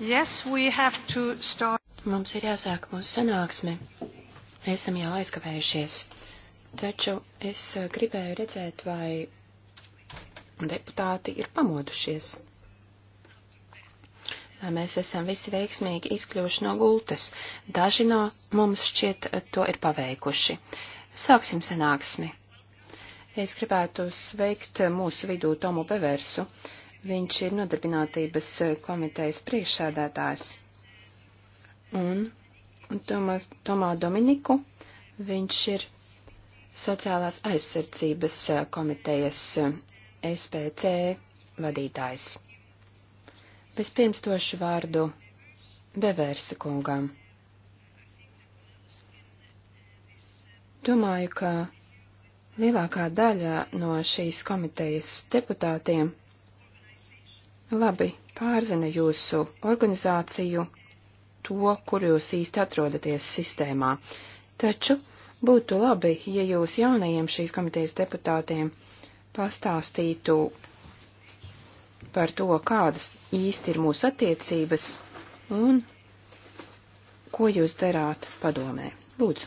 Yes, we have to start. Mums ir jāsāk mūsu sanāksme. Esam jau aizkavējušies. Taču es eh, gribēju redzēt, vai deputāti ir pamodušies. Vai mēs esam visi veiksmīgi izkļuvuši no gultas. Daži no mums šķiet eh, to ir paveikuši. Sāksim sanāksmi. Es gribētu sveikt mūsu vidū Tomu Beversu. Uh, Viņš ir nodarbinātības eh, komitejas priekšsēdētājs. Un, un Tomas, Tomā Dominiku, viņš ir sociālās aizsardzības eh, komitejas eh, SPC vadītājs. Vispirms došu vārdu Bevērsa kungam. Domāju, ka lielākā daļa no šīs komitejas deputātiem labi pārzina jūsu organizāciju, to, kur jūs īsti atrodaties sistēmā. Taču būtu labi, ja jūs jaunajiem šīs komitejas deputātiem pastāstītu par to, kādas īsti ir mūsu attiecības un ko jūs darāt padomē. Lūdzu.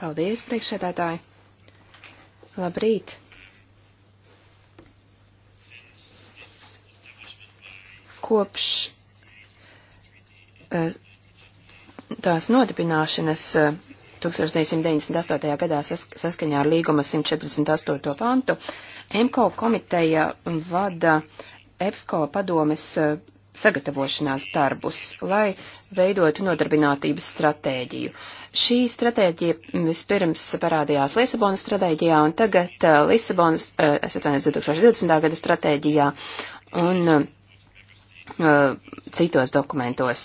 Paldies, priekšsēdētāji. Labrīt. Kopš eh, tās nodibināšanas 1998. Eh, gadā saskaņā ar līguma 148. pantu MKO komiteja vada EPSCO padomes eh, sagatavošanās darbus, lai veidotu nodarbinātības stratēģiju. Šī stratēģija vispirms parādījās Lisabonas stratēģijā un tagad Lisabonas, es atceros, 2020. gada stratēģijā, un Uh, citos dokumentos.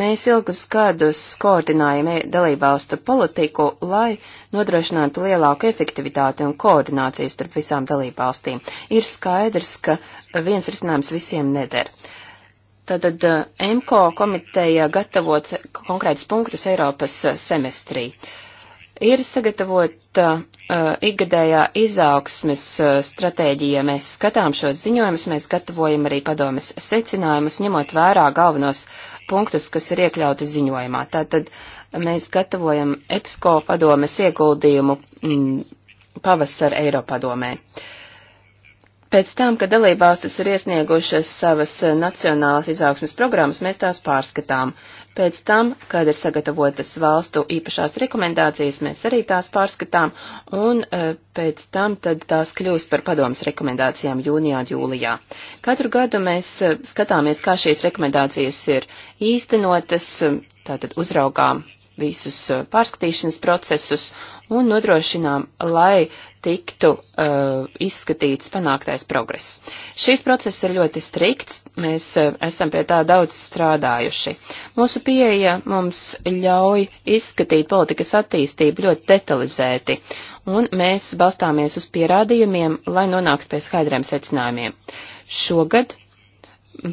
Mēs ilgus gadus koordinējam e, dalībvalstu politiku, lai nodrošinātu lielāku efektivitāti un koordināciju starp visām dalībvalstīm. Ir skaidrs, ka viens risinājums visiem neder. Tātad uh, MKO komiteja gatavot konkrētus punktus Eiropas uh, semestrī. Uh, Ir sagatavota uh, uh, ikgadējā izaugsmes uh, stratēģija. Mēs skatām šos ziņojumus, mēs gatavojam arī padomes secinājumus, ņemot vērā galvenos punktus, kas ir iekļauti ziņojumā. Tātad mēs gatavojam EPSCO padomes ieguldījumu mm, pavasar Eiropadomē. Uh, Pēc tam, kad dalībvalstis ir iesniegušas savas uh, nacionālās izaugsmes programmas, mēs tās pārskatām. Pēc tam, kad ir sagatavotas valstu īpašās rekomendācijas, mēs arī tās pārskatām, un e, pēc tam tad tās kļūst par padomas rekomendācijām jūnijā, jūlijā. Katru gadu mēs e, skatāmies, kā šīs rekomendācijas ir īstenotas, e, tātad uzraugām visus uh, pārskatīšanas procesus un nodrošinām, lai tiktu uh, izskatīts panāktais progress. Šīs process ir ļoti strikts, mēs uh, esam pie tā daudz strādājuši. Mūsu pieeja mums ļauj izskatīt politikas attīstību ļoti detalizēti, un mēs balstāmies uz pierādījumiem, lai nonāktu pie skaidriem secinājumiem. Šogad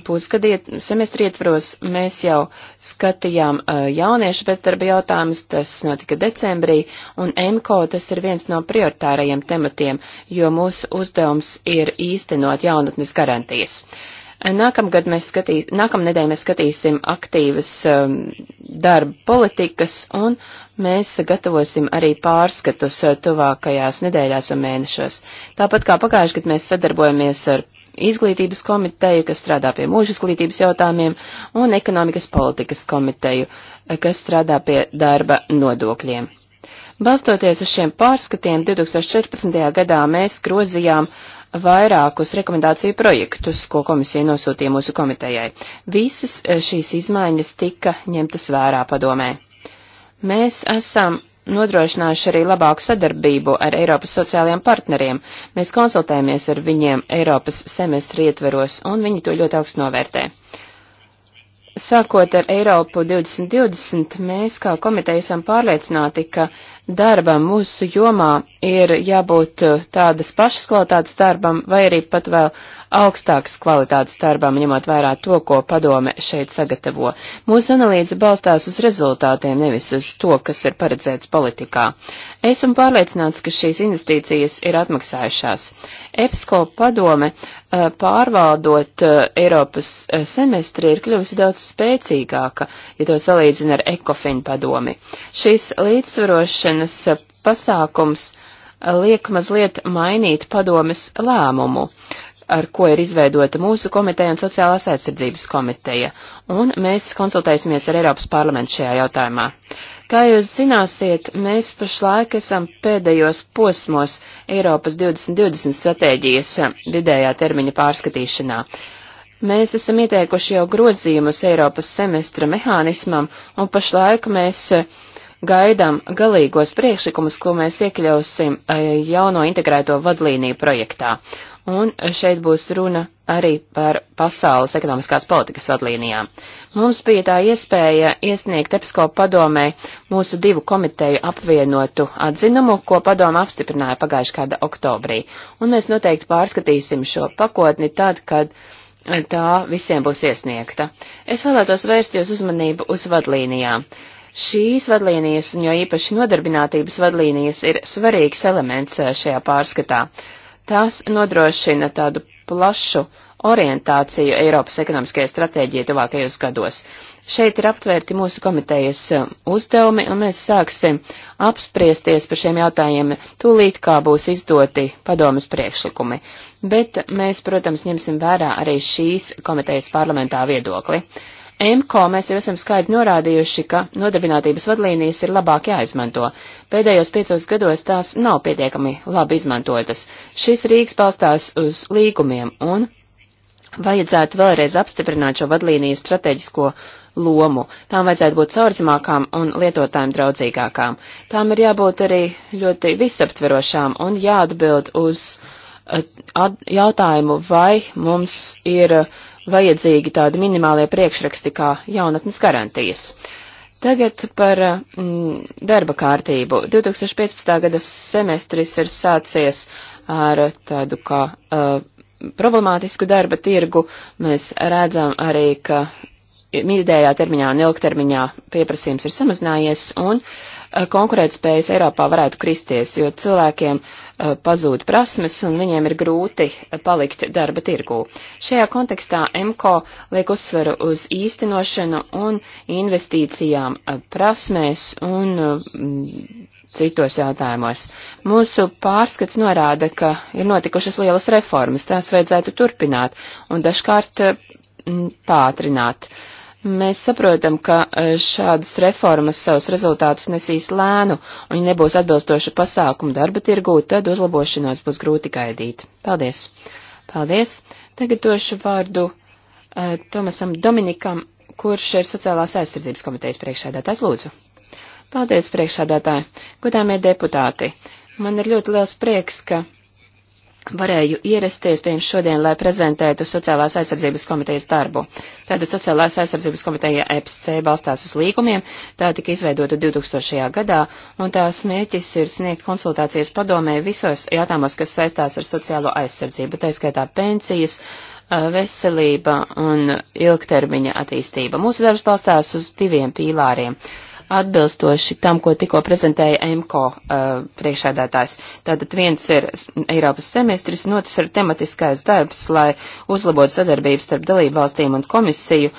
pusgadiet semestri ietvaros mēs jau skatījām uh, jauniešu bezdarba jautājumus, tas notika decembrī, un MKO tas ir viens no prioritārajiem tematiem, jo mūsu uzdevums ir īstenot jaunatnes garantijas. Nākamgad mēs skatīs, nākamnedēļ mēs skatīsim aktīvas um, darba politikas, un mēs gatavosim arī pārskatus tuvākajās nedēļās un mēnešos. Tāpat kā pagājuši, kad mēs sadarbojamies ar izglītības komiteju, kas strādā pie mūža izglītības jautājumiem, un ekonomikas politikas komiteju, kas strādā pie darba nodokļiem. Balstoties uz šiem pārskatiem, 2014. gadā mēs grozījām vairākus rekomendāciju projektus, ko komisija nosūtīja mūsu komitejai. Visas eh, šīs izmaiņas tika ņemtas vērā padomē. Mēs esam nodrošinājuši arī labāku sadarbību ar Eiropas sociālajiem partneriem. Mēs konsultējamies ar viņiem Eiropas semestri ietveros, un viņi to ļoti augstu novērtē. Sākot ar Eiropu 2020, mēs kā komiteja esam pārliecināti, ka darbam mūsu jomā ir jābūt tādas pašas kvalitātes darbam vai arī pat vēl uh, augstākas kvalitātes darbam, ņemot vērā to, ko padome šeit sagatavo. Mūsu analīze balstās uz rezultātiem, nevis uz to, kas ir paredzēts politikā. Esmu pārliecināts, ka šīs investīcijas ir atmaksājušās. EPSCO padome eh, pārvaldot eh, Eiropas eh, semestri ir kļuvusi daudz spēcīgāka, ja to salīdzina ar ECOFIN padomi. Šīs līdzsvarošanas pasākums liek mazliet mainīt padomes lēmumu ar ko ir izveidota mūsu komiteja un sociālās aizsardzības komiteja, un mēs konsultēsimies ar Eiropas parlamentu šajā jautājumā. Kā jūs zināsiet, mēs pašlaik esam pēdējos posmos Eiropas 2020 stratēģijas vidējā termiņa pārskatīšanā. Mēs esam ieteikuši jau grozījumus Eiropas semestra mehānismam, un pašlaik mēs eh, gaidām galīgos priekšlikumus, ko mēs iekļausim eh, jauno integrēto vadlīniju projektā un šeit būs runa arī par pasaules ekonomiskās politikas vadlīnijām. Mums bija tā iespēja iesniegt EPSCO padomē mūsu divu komiteju apvienotu atzinumu, ko padoma apstiprināja pagājušā gada oktobrī, un mēs noteikti pārskatīsim šo pakotni tad, kad eh, tā visiem būs iesniegta. Es vēlētos vērst jūs uzmanību uz vadlīnijām. Šīs vadlīnijas, un jo īpaši nodarbinātības vadlīnijas, ir svarīgs elements eh, šajā pārskatā. Tas nodrošina tādu plašu orientāciju Eiropas ekonomiskajai stratēģijai tuvākajos gados. Šeit ir aptvērti mūsu komitejas eh, uzdevumi, un mēs sāksim apspriesties par šiem jautājumiem tūlīt, kā būs izdoti padomas priekšlikumi. Bet mēs, protams, ņemsim vērā arī šīs komitejas parlamentā viedokli. Uh, MKO mēs jau esam skaidri norādījuši, ka nodarbinātības vadlīnijas ir labāk jāizmanto. Pēdējos piecos gados tās nav pietiekami labi izmantotas. Šis rīks balstās uz līgumiem un vajadzētu vēlreiz apstiprināt šo vadlīniju strateģisko lomu. Tām vajadzētu būt caurzemākām un lietotājiem draudzīgākām. Tām ir jābūt arī ļoti visaptverošām un jāatbild uz eh, at, jautājumu, vai mums ir uh, vajadzīgi tādi minimālie priekšraksti kā jaunatnes garantijas. Tagad par mm, darba kārtību. 2015. gada semestris ir sācies ar tādu kā uh, problemātisku darba tirgu. Mēs redzam arī, ka vidējā termiņā un ilgtermiņā pieprasījums ir samazinājies un eh, konkurētspējas Eiropā varētu kristies, jo cilvēkiem eh, pazūd prasmes un viņiem ir grūti palikt darba tirgū. Šajā kontekstā MKO liek uzsveru uz īstenošanu un investīcijām eh, prasmēs un mm, citos jautājumos. Mūsu pārskats norāda, ka ir notikušas lielas reformas, tās vajadzētu turpināt un dažkārt pātrināt. Uh, Mēs saprotam, ka e, šādas reformas savus rezultātus nesīs lēnu, un ja nebūs atbilstoša pasākuma darba tirgū, tad uzlabošanos būs grūti gaidīt. Paldies! Paldies! Tagad došu vārdu uh, Tomasam Dominikam, kurš ir sociālās aizsardzības komitejas priekšsēdētājs. Lūdzu! Paldies, priekšsādātāji, godāmie deputāti! Man ir ļoti liels prieks, ka varēju ierasties pirms šodien, lai prezentētu sociālās aizsardzības komitejas darbu. Tātad sociālās aizsardzības komiteja EPSC balstās uz līgumiem, tā tika izveidota 2000. gadā, un tās mērķis ir sniegt konsultācijas padomē visos jautājumos, kas saistās ar sociālo aizsardzību, tā skaitā pensijas, veselība un ilgtermiņa attīstība. Mūsu darbs balstās uz diviem pīlāriem. Uh, atbilstoši tam, ko tikko prezentēja EMCO uh, priekšādātājs. Tātad viens ir Eiropas semestris, un otrs ir tematiskais darbs, lai uzlabotu sadarbību starp dalību valstīm un komisiju,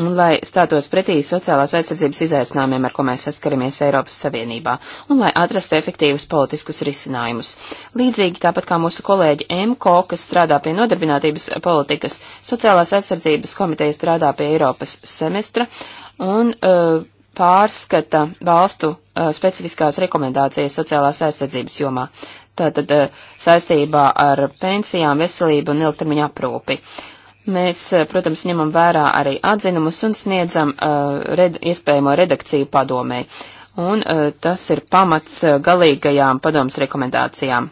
un lai stātos pretī sociālās aizsardzības izaicinājumiem, ar ko mēs saskaramies Eiropas Savienībā, un lai atrastu efektīvus politiskus risinājumus. Līdzīgi tāpat kā mūsu kolēģi EMCO, kas strādā pie nodarbinātības politikas, sociālās aizsardzības komiteja strādā pie Eiropas semestra, un uh, pārskata valstu uh, specifiskās rekomendācijas sociālās aizsardzības jomā. Tātad uh, saistībā ar pensijām, veselību un ilgtermiņa aprūpi. Mēs, eh, protams, ņemam vērā arī atzinumus un sniedzam uh, red, iespējamo redakciju padomē. Un uh, tas ir pamats galīgajām padomas rekomendācijām.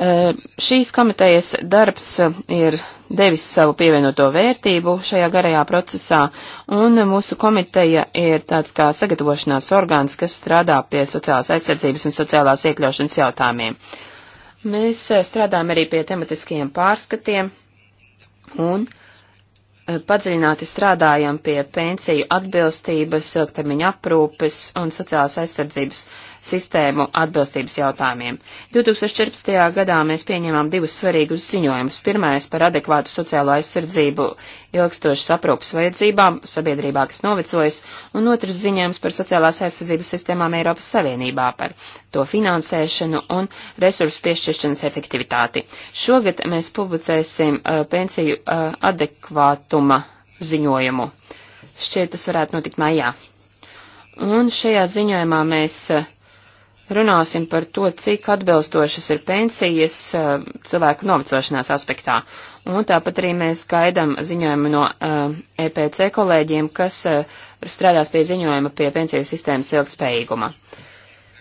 Eh, šīs komitejas darbs eh, ir devis savu pievienoto vērtību šajā garajā procesā, un mūsu komiteja ir tāds kā sagatavošanās orgāns, kas strādā pie sociālās aizsardzības un sociālās iekļaušanas jautājumiem. Mēs eh, strādājam arī pie tematiskiem pārskatiem, un uh, Eh, padziļināti strādājam pie pensiju atbilstības, ilgtermiņa aprūpes un sociālās aizsardzības sistēmu atbilstības jautājumiem. 2014. gadā mēs pieņēmām divus svarīgus ziņojumus. Pirmais par adekvātu sociālo aizsardzību ilgstošas aprūpas vajadzībām sabiedrībā, kas novecojas, un otrs ziņojums par sociālās aizsardzības sistēmām Eiropas Savienībā par to finansēšanu un resursu piešķiršanas efektivitāti. Šogad mēs publicēsim uh, pensiju uh, adekvātuma ziņojumu. Šķiet, tas varētu notikt maijā. Un šajā ziņojumā mēs uh, runāsim par to, cik atbilstošas ir pensijas eh, cilvēku novecošanās aspektā. Un tāpat arī mēs gaidām ziņojumu no uh, eh, EPC kolēģiem, kas uh, strādās pie ziņojuma pie pensiju sistēmas ilgspējīguma.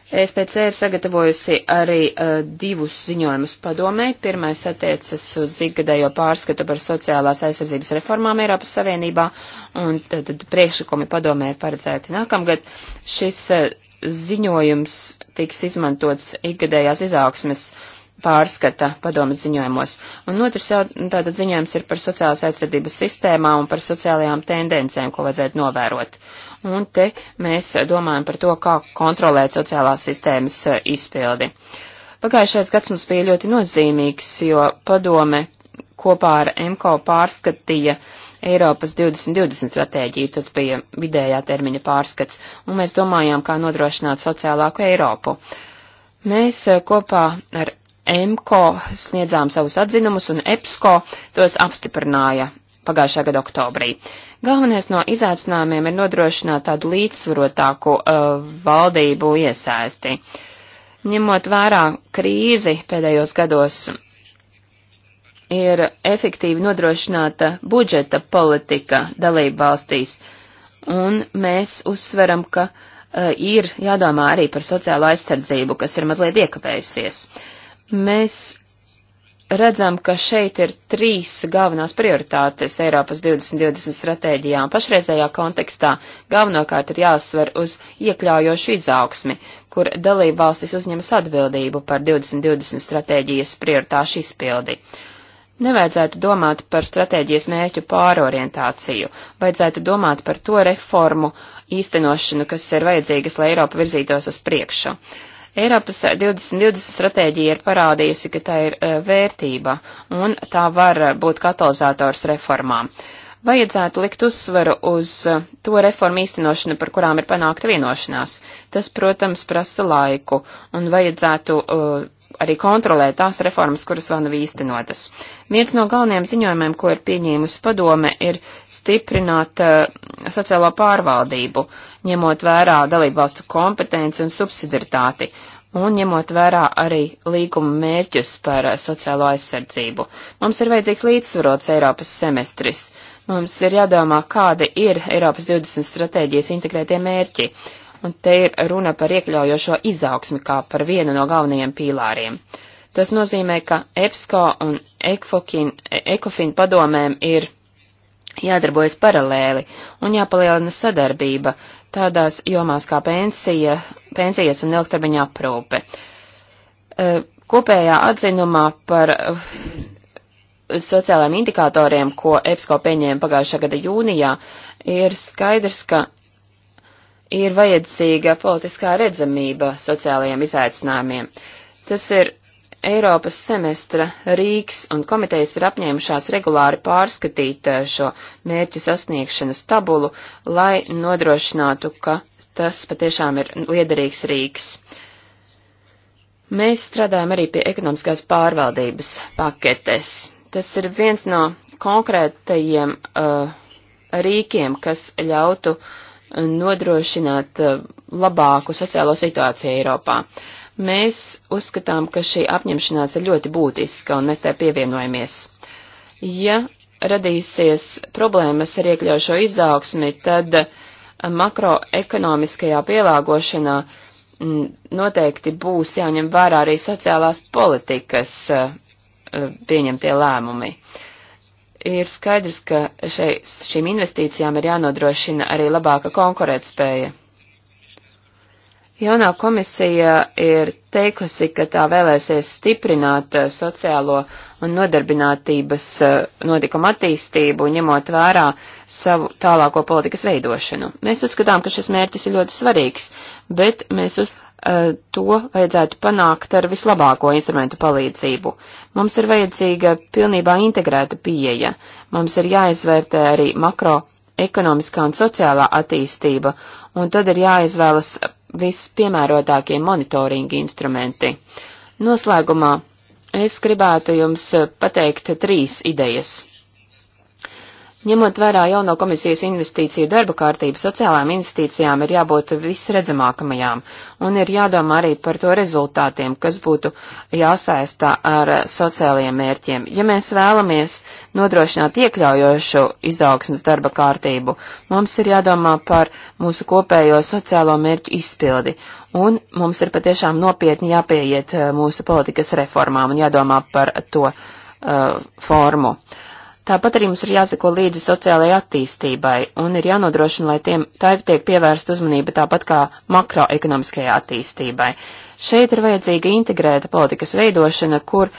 ESPC ir sagatavojusi arī uh, divus ziņojumus padomē. Pirmais attiecas uz ikgadējo pārskatu par sociālās aizsardzības reformām Eiropas Savienībā, un tad, tad priekšlikumi padomē ir paredzēti nākamgad. Šis uh, ziņojums tiks izmantots ikgadējās izaugsmes pārskata padomas ziņojumos. Un otrs jau tātad ziņojums ir par sociālās aizsardzības sistēmām un par sociālajām tendencēm, ko vajadzētu novērot. Un te mēs domājam par to, kā kontrolēt sociālās sistēmas eh, izpildi. Pagājušais gads mums bija ļoti nozīmīgs, jo padome kopā ar MKO pārskatīja uh, Eiropas 2020 stratēģiju, tas bija vidējā termiņa pārskats, un mēs domājām, kā nodrošināt sociālāku Eiropu. Mēs eh, kopā ar EMCO sniedzām savus atzinumus, un EPSCO tos apstiprināja pagājušā gada oktobrī. Galvenais no izaicinājumiem ir nodrošināt tādu līdzsvarotāku uh, valdību iesaisti. Ņemot vērā krīzi pēdējos gados, ir efektīvi nodrošināta budžeta politika dalību valstīs, un mēs uzsveram, ka uh, ir jādomā arī par sociālo aizsardzību, kas ir mazliet iekavējusies. Mēs redzam, ka šeit ir trīs galvenās prioritātes Eiropas 2020 stratēģijā un pašreizējā kontekstā galvenokārt ir jāsver uz iekļaujošu izaugsmi, kur dalība valstis uzņemas atbildību par 2020 stratēģijas prioritāšu izpildi. Uh, Nevajadzētu domāt par stratēģijas mērķu pārorientāciju, vajadzētu domāt par to reformu īstenošanu, kas ir vajadzīgas, lai Eiropa virzītos uz priekšu. Eiropas 2020 stratēģija ir parādījusi, ka tā ir eh, vērtība un tā var būt katalizators reformām. Vajadzētu likt uzsvaru uz eh, to reformu īstenošanu, par kurām ir panākta vienošanās. Tas, protams, prasa laiku un vajadzētu uh, arī kontrolēt tās reformas, kuras vēl nav īstenotas. Viens no galvenajiem ziņojumiem, ko ir pieņēmusi padome, ir stiprināt uh, sociālo pārvaldību, ņemot vērā dalību valstu kompetenci un subsidiritāti, un ņemot vērā arī līguma mērķus par uh, sociālo aizsardzību. Mums ir vajadzīgs līdzsvarots Eiropas semestris. Mums ir jādomā, kādi ir Eiropas 20 stratēģijas integrētie mērķi un te ir runa par iekļaujošo izaugsmi kā par vienu no galvenajiem pīlāriem. Tas nozīmē, ka EPSCO un ECOFIN, ECOFIN padomēm ir jādarbojas paralēli un jāpalielina sadarbība tādās jomās kā pensija, pensijas un ilgtermiņa aprūpe. E, kopējā atzinumā par e, sociālajiem indikatoriem, ko EPSCO pieņēma pagājušā gada jūnijā, ir skaidrs, ka ir vajadzīga politiskā redzamība sociālajiem izaicinājumiem. Tas ir Eiropas semestra Rīgas un komitejas ir apņēmušās regulāri pārskatīt eh, šo mērķu sasniegšanas tabulu, lai nodrošinātu, ka tas patiešām ir liederīgs Rīgas. Mēs strādājam arī pie ekonomiskās pārvaldības paketes. Tas ir viens no konkrētajiem uh, rīkiem, kas ļautu uh, nodrošināt eh, labāku sociālo situāciju Eiropā. Mēs uzskatām, ka šī apņemšanās ir ļoti būtiska un mēs tai pievienojamies. Ja radīsies problēmas ar iekļaušo izaugsmi, tad eh, makroekonomiskajā pielāgošanā mm, noteikti būs jāņem vērā arī sociālās politikas eh, pieņemtie lēmumi. Uh, ir skaidrs, ka šai, šīm investīcijām ir jānodrošina arī labāka konkurētspēja. Jaunā komisija ir teikusi, ka tā vēlēsies stiprināt eh, sociālo un nodarbinātības eh, notikumu attīstību, ņemot vērā savu tālāko politikas veidošanu. Mēs uzskatām, ka šis mērķis ir ļoti svarīgs, bet mēs uzskatām, Eh, to vajadzētu panākt ar vislabāko instrumentu palīdzību. Mums ir vajadzīga pilnībā integrēta pieeja, mums ir jāizvērtē arī makroekonomiskā un sociālā attīstība, un tad ir jāizvēlas vispiemērotākie monitoringa instrumenti. Noslēgumā es gribētu jums pateikt trīs idejas. Ņemot vērā jauno komisijas investīciju darba kārtību, sociālām investīcijām ir jābūt visredzamākamajām, un ir jādomā arī par to rezultātiem, kas būtu jāsaistā ar sociālajiem mērķiem. Ja mēs vēlamies nodrošināt iekļaujošu izaugsmas darba kārtību, mums ir jādomā par mūsu kopējo sociālo mērķu izpildi, un mums ir patiešām nopietni jāpieiet eh, mūsu politikas reformām un jādomā par to uh, formu. Uh, Tāpat arī mums ir jāseko līdzi sociālajai attīstībai un ir jānodrošina, lai tiem tai tiek pievērsta uzmanība tāpat kā makroekonomiskajai attīstībai. Šeit ir vajadzīga integrēta politikas veidošana, kur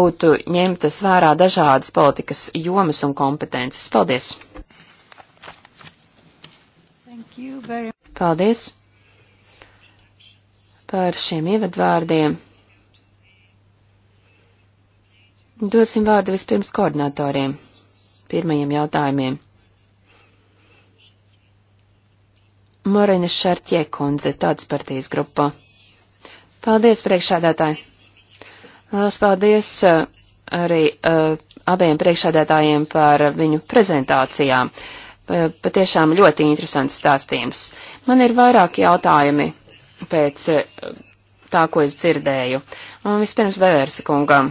būtu ņemtas vērā dažādas politikas jomas un kompetences. Paldies! Paldies par šiem ievadvārdiem. Dosim vārdu vispirms koordinatoriem pirmajiem jautājumiem. Morena Šartie kundze, tāds partijas grupa. Paldies, priekšādātāji! Lielas paldies uh, arī uh, abiem priekšādātājiem par viņu prezentācijām. Uh, patiešām ļoti interesants stāstījums. Man ir vairāki jautājumi pēc uh, tā, ko es dzirdēju. Un vispirms Beversa kungam.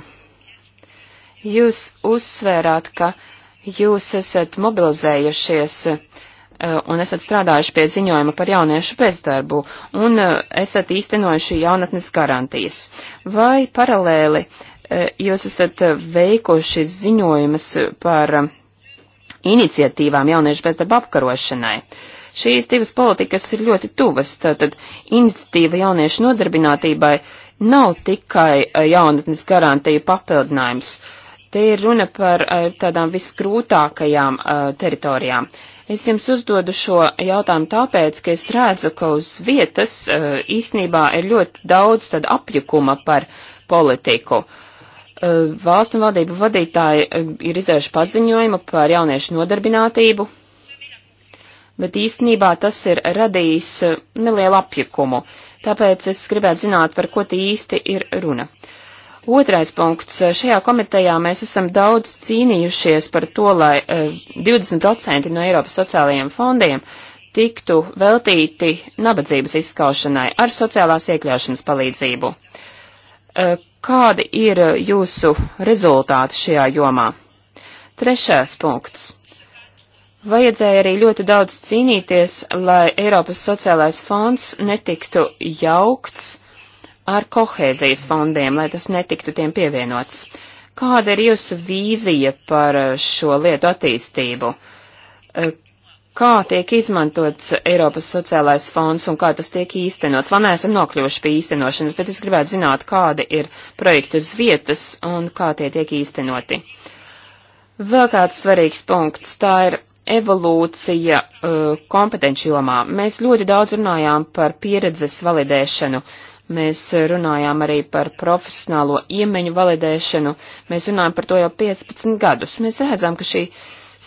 Jūs uzsvērāt, ka uh, jūs esat mobilizējušies eh, un esat strādājuši pie ziņojuma par jauniešu bezdarbu un eh, esat īstenojuši jaunatnes garantijas. Vai paralēli eh, jūs esat veikuši ziņojumus par iniciatīvām jauniešu bezdarba apkarošanai? Šīs divas politikas ir ļoti tuvas, tātad iniciatīva jauniešu nodarbinātībai nav tikai jaunatnes garantija papildinājums. Uh, Te ir runa par eh, tādām visgrūtākajām eh, teritorijām. Es jums uzdodu šo jautājumu tāpēc, ka es redzu, ka uz vietas eh, īsnībā ir ļoti daudz tad apjukuma par politiku. Valstu un valdību vadītāji ir izdevuši paziņojumu par jauniešu nodarbinātību, bet īstenībā tas ir radījis nelielu apjukumu. Tāpēc es gribētu zināt, par ko te īsti ir runa. Otrais punkts. Šajā komitejā mēs esam daudz cīnījušies par to, lai 20% eh, no Eiropas sociālajiem fondiem tiktu veltīti nabadzības izskaušanai ar sociālās iekļaušanas palīdzību. Eh, kādi ir jūsu rezultāti šajā jomā? Trešais punkts. Vajadzēja arī ļoti daudz cīnīties, lai Eiropas sociālais fonds netiktu jaukts, ar kohēzijas fondiem, lai tas netiktu tiem pievienots. Kāda ir jūsu vīzija par eh, šo lietu attīstību? Eh, kā tiek izmantots Eiropas sociālais fonds un kā tas tiek īstenots? Vēl neesam nokļuvuši pie īstenošanas, bet es gribētu zināt, kādi ir projekti uz vietas un kā tie tiek īstenoti. Vēl kāds svarīgs punkts - tā ir evolūcija eh, kompetenci jomā. Mēs ļoti daudz runājām par pieredzes validēšanu. Uh, Mēs runājām arī par profesionālo iemeņu validēšanu. Mēs runājam par to jau 15 gadus. Mēs redzam, ka šī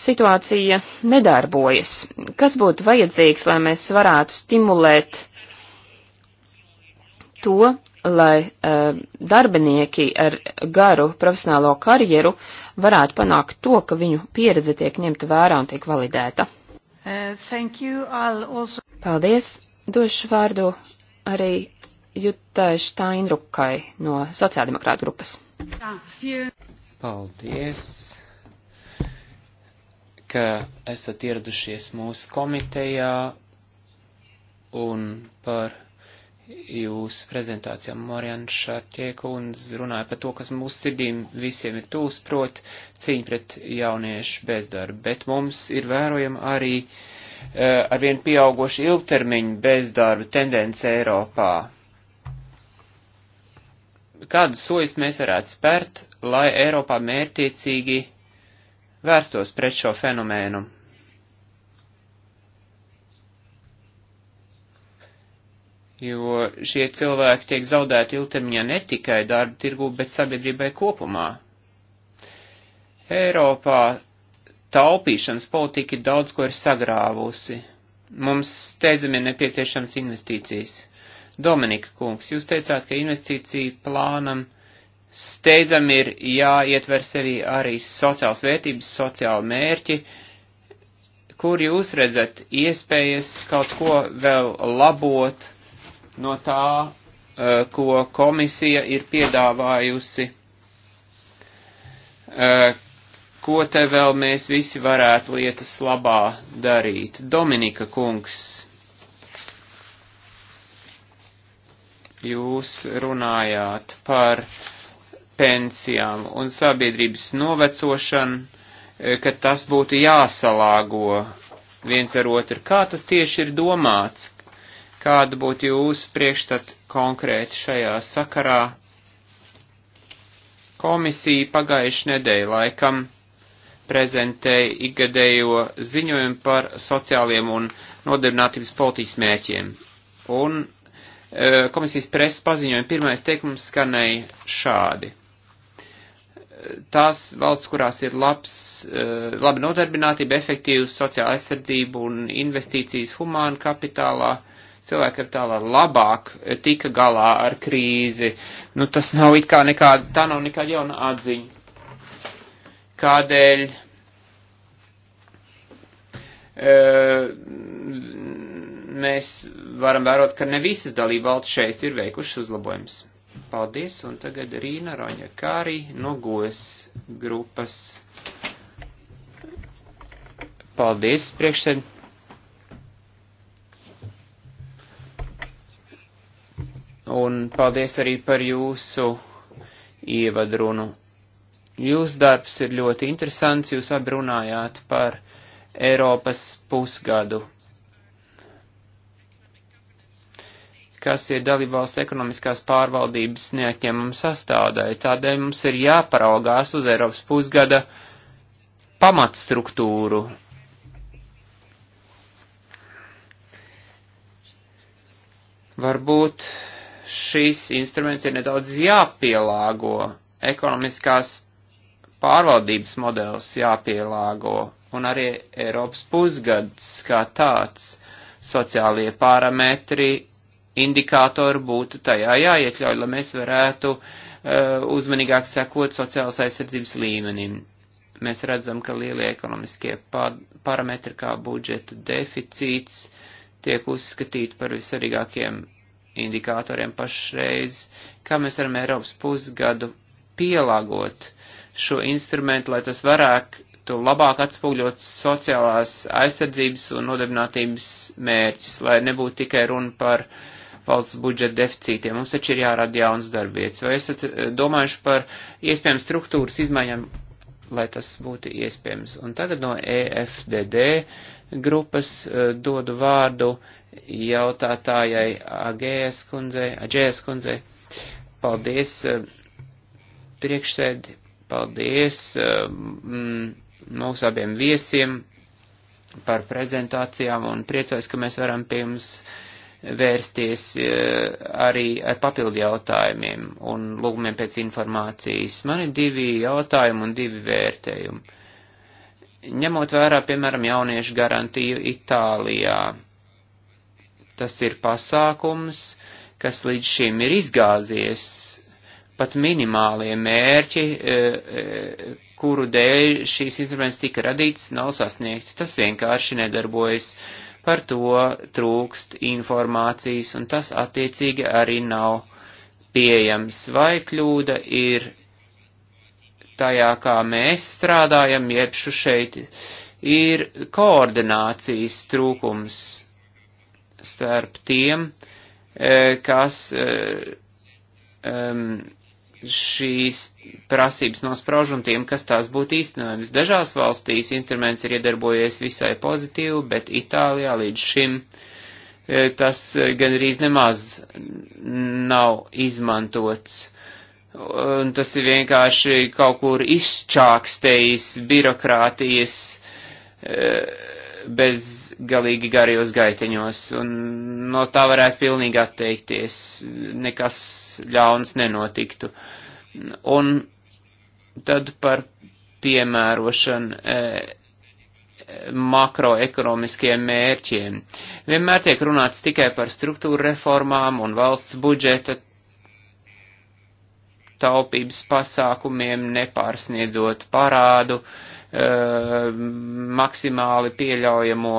situācija nedarbojas. Kas būtu vajadzīgs, lai mēs varētu stimulēt to, lai uh, darbinieki ar garu profesionālo karjeru varētu panākt to, ka viņu pieredze tiek ņemta vērā un tiek validēta. Uh, also... Paldies! Došu vārdu arī Jutai Štainrukai no sociāldemokrāta grupas. Paldies, ka esat ieradušies mūsu komitejā un par jūsu prezentācijām Marianne Šartieka un runāja par to, kas mūsu sirdīm visiem ir tūs, prot cīņa pret jauniešu bezdarbu, bet mums ir vērojama arī uh, arvien pieaugoši ilgtermiņu bezdarbu tendence Eiropā kādas sojas mēs varētu spērt, lai Eiropā mērtiecīgi vērstos pret šo fenomēnu. Jo šie cilvēki tiek zaudēti ilgtermiņā ne tikai darba tirgū, bet sabiedrībai kopumā. Eiropā taupīšanas politika daudz ko ir sagrāvusi. Mums steidzami ir nepieciešams investīcijas. Dominika kungs, jūs teicāt, ka investīciju plānam steidzam ir jāietver sevi arī sociāls vērtības, sociāli mērķi, kur jūs redzat iespējas kaut ko vēl labot no tā, eh, ko komisija ir piedāvājusi, eh, ko te vēl mēs visi varētu lietas labā darīt. Dominika kungs. Jūs runājāt par pensijām un sabiedrības novecošanu, eh, ka tas būtu jāsalāgo viens ar otru. Kā tas tieši ir domāts? Kāda būtu jūsu priekšstata konkrēti šajā sakarā? Komisija pagājuši nedēļa laikam prezentēja ikgadējo ziņojumu par sociāliem un nodarbinātības politikas mēķiem. Un komisijas preses paziņojuma pirmais teikums skanēja šādi. Tās valsts, kurās ir labs, laba nodarbinātība, efektīvas sociāla aizsardzība un investīcijas humāna kapitālā, cilvēka kapitālā labāk tika galā ar krīzi. Nu, tas nav it kā nekāda, tā nav nekāda jauna atziņa. Kādēļ? E, mēs varam vērot, ka ne visas dalībvalsts šeit ir veikušas uzlabojumus. Paldies, un tagad Rīna Roņa Kārī no GOS grupas. Paldies, priekšsēd. Un paldies arī par jūsu ievadrunu. Jūsu darbs ir ļoti interesants, jūs abrunājāt par Eiropas pusgadu kas ir dalībvalsts ekonomiskās pārvaldības neatņemama sastādāja. Tādēļ mums ir jāparaugās uz Eiropas pusgada pamatstruktūru. Varbūt šīs instruments ir nedaudz jāpielāgo, ekonomiskās pārvaldības modelis jāpielāgo, un arī Eiropas pusgads kā tāds, sociālie parametri indikātori būtu tajā jāiekļauj, lai mēs varētu uh, uzmanīgāk sekot sociālas aizsardzības līmenim. Mēs redzam, ka lielie ekonomiskie parametri kā budžeta deficīts tiek uzskatīti par visvarīgākiem indikātoriem pašreiz, kā mēs varam Eiropas pusgadu pielāgot šo instrumentu, lai tas varētu labāk atspūgļot sociālās aizsardzības un nodarbinātības mērķis, lai nebūtu tikai runa par uh, valsts budžeta deficītiem. Mums taču ir jārada jauns darbietis. Vai esat eh, domājuši par iespējām struktūras izmaiņām, lai tas būtu iespējams? Un tagad no EFDD grupas eh, dodu vārdu jautātājai Agēs kundzei. Agēs kundzei. Paldies eh, priekšsēdi, paldies mm, mūsu abiem viesiem par prezentācijām un priecājos, ka mēs varam pie jums uh, vērsties e, arī ar papildu jautājumiem un lūgumiem pēc informācijas. Man ir divi jautājumi un divi vērtējumi. Ņemot vērā, piemēram, jauniešu garantiju Itālijā, tas ir pasākums, kas līdz šim ir izgāzies pat minimālie mērķi, e, e, kuru dēļ šīs instruments tika radīts, nav sasniegts. Tas vienkārši nedarbojas. Uh, par to trūkst informācijas, un tas attiecīgi arī nav pieejams. Vai kļūda ir tajā, kā mēs strādājam, jeb šeit ir koordinācijas trūkums starp tiem, eh, kas um, šīs prasības nosprauž un tiem, kas tās būtu īstenojams. Dažās valstīs instruments ir iedarbojies visai pozitīvi, bet Itālijā līdz šim e, tas gandrīz nemaz nav izmantots. Un tas ir vienkārši kaut kur izčākstējis birokrātijas e, bezgalīgi garijos gaiteņos, un no tā varētu pilnīgi atteikties, nekas ļauns nenotiktu. Un tad par piemērošanu e, makroekonomiskiem mērķiem. Vienmēr tiek runāts tikai par struktūra reformām un valsts budžeta taupības pasākumiem, nepārsniedzot parādu. E, Eh, maksimāli pieļaujamo.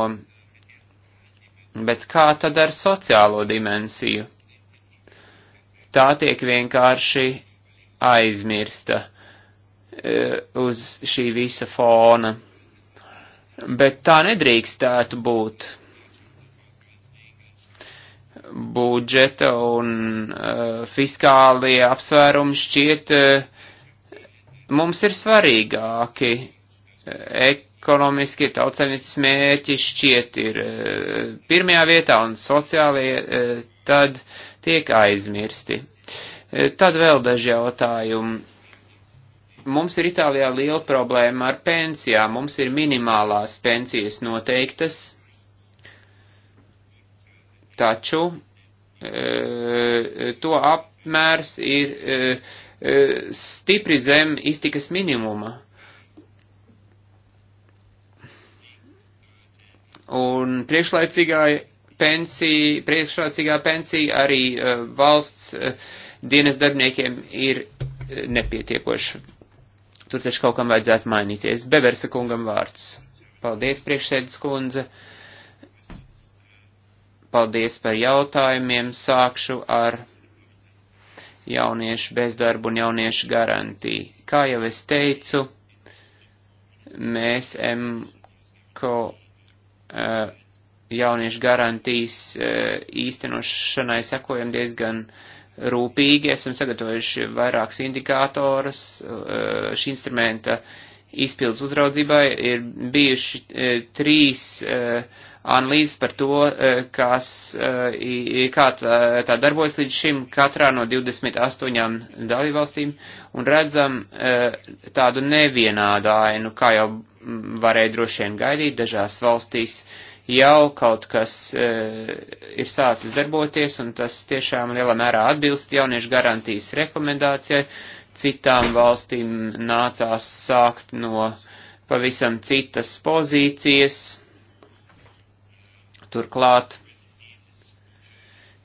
Bet kā tad ar sociālo dimensiju? Tā tiek vienkārši aizmirsta eh, uz šī visa fona. Bet tā nedrīkstētu būt. Budžeta un uh, fiskālie apsvērumi šķiet uh, mums ir svarīgāki ekonomiskie tautsainicas mērķi šķiet ir e, pirmajā vietā un sociālie e, tad tiek aizmirsti. E, tad vēl daži jautājumi. Mums ir Itālijā liela problēma ar pensijām. Mums ir minimālās pensijas noteiktas, taču to apmērs ir stipri zem iztikas minimuma. Un priekšlaicīgā pensija, priekšlaicīgā pensija arī uh, valsts uh, dienas darbiniekiem ir uh, nepietiekoša. Tur taču kaut kam vajadzētu mainīties. Beversa kungam vārds. Paldies, priekšsēdus kundze. Paldies par jautājumiem. Sākšu ar jauniešu bezdarbu un jauniešu garantiju. Kā jau es teicu, mēs MKO Eh, jauniešu garantijas eh, īstenošanai sekojam diezgan rūpīgi. Esam sagatavojuši vairākus indikātorus eh, šī instrumenta izpildus uzraudzībai. Ir bijuši trīs analīzes par to, kas, kā tā, tā darbojas līdz šim katrā no 28 dalībvalstīm, un redzam tādu nevienādu ainu, kā jau varēja droši vien gaidīt, dažās valstīs jau kaut kas e, ir sācis darboties, un tas tiešām lielā mērā atbilst jauniešu garantijas rekomendācijai. Citām valstīm nācās sākt no pavisam citas pozīcijas. Turklāt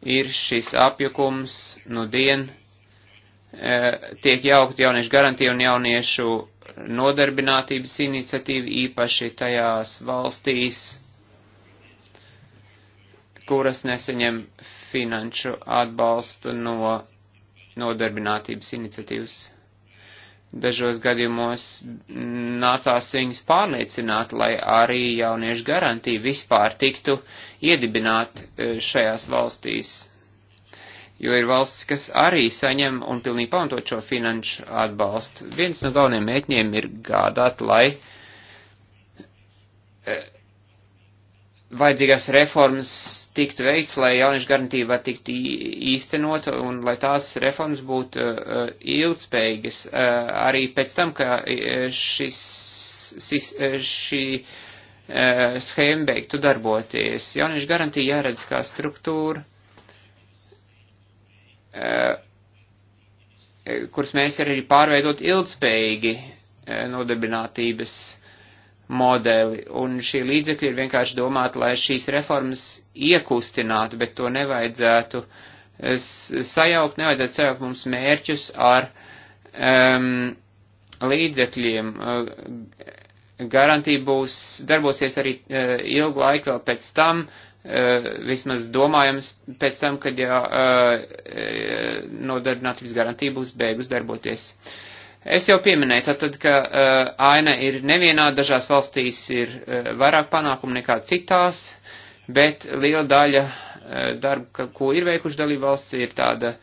ir šis apjukums nu dien, e, tiek jaukt jauniešu garantija un jauniešu nodarbinātības iniciatīva īpaši tajās valstīs, kuras neseņem finanšu atbalstu no nodarbinātības iniciatīvas. Dažos gadījumos nācās viņus pārliecināt, lai arī jauniešu garantija vispār tiktu iedibināt eh, šajās valstīs jo ir valstis, kas arī saņem un pilnīgi pamatot šo finanšu atbalstu. Viens no galvenajiem mēķiem ir gādāt, lai e, vajadzīgās reformas tiktu veikts, lai jauniešu garantībā tiktu īstenot un lai tās reformas būtu uh, ilgspējīgas uh, arī pēc tam, ka šis, šis, šī uh, schēma beigtu darboties. Jauniešu garantija jāredz kā struktūra. Uh, Eh, eh, kurus mēs arī pārveidot ilgspējīgi eh, nodarbinātības modeli, un šī līdzekļa ir vienkārši domāta, lai šīs reformas iekustinātu, bet to nevajadzētu sajaukt, nevajadzētu sajaukt mums mērķus ar um, līdzekļiem. Garantija būs, darbosies arī uh, ilgu laiku vēl pēc tam, uh, Eh, vismaz domājams pēc tam, kad jau eh, nodarbinātības garantija būs beigus darboties. Es jau pieminēju, tātad, ka uh, aina ir nevienā, dažās valstīs ir uh, vairāk panākumu nekā citās, bet liela daļa uh, darba, ko ir veikuši dalību valsts, ir tāda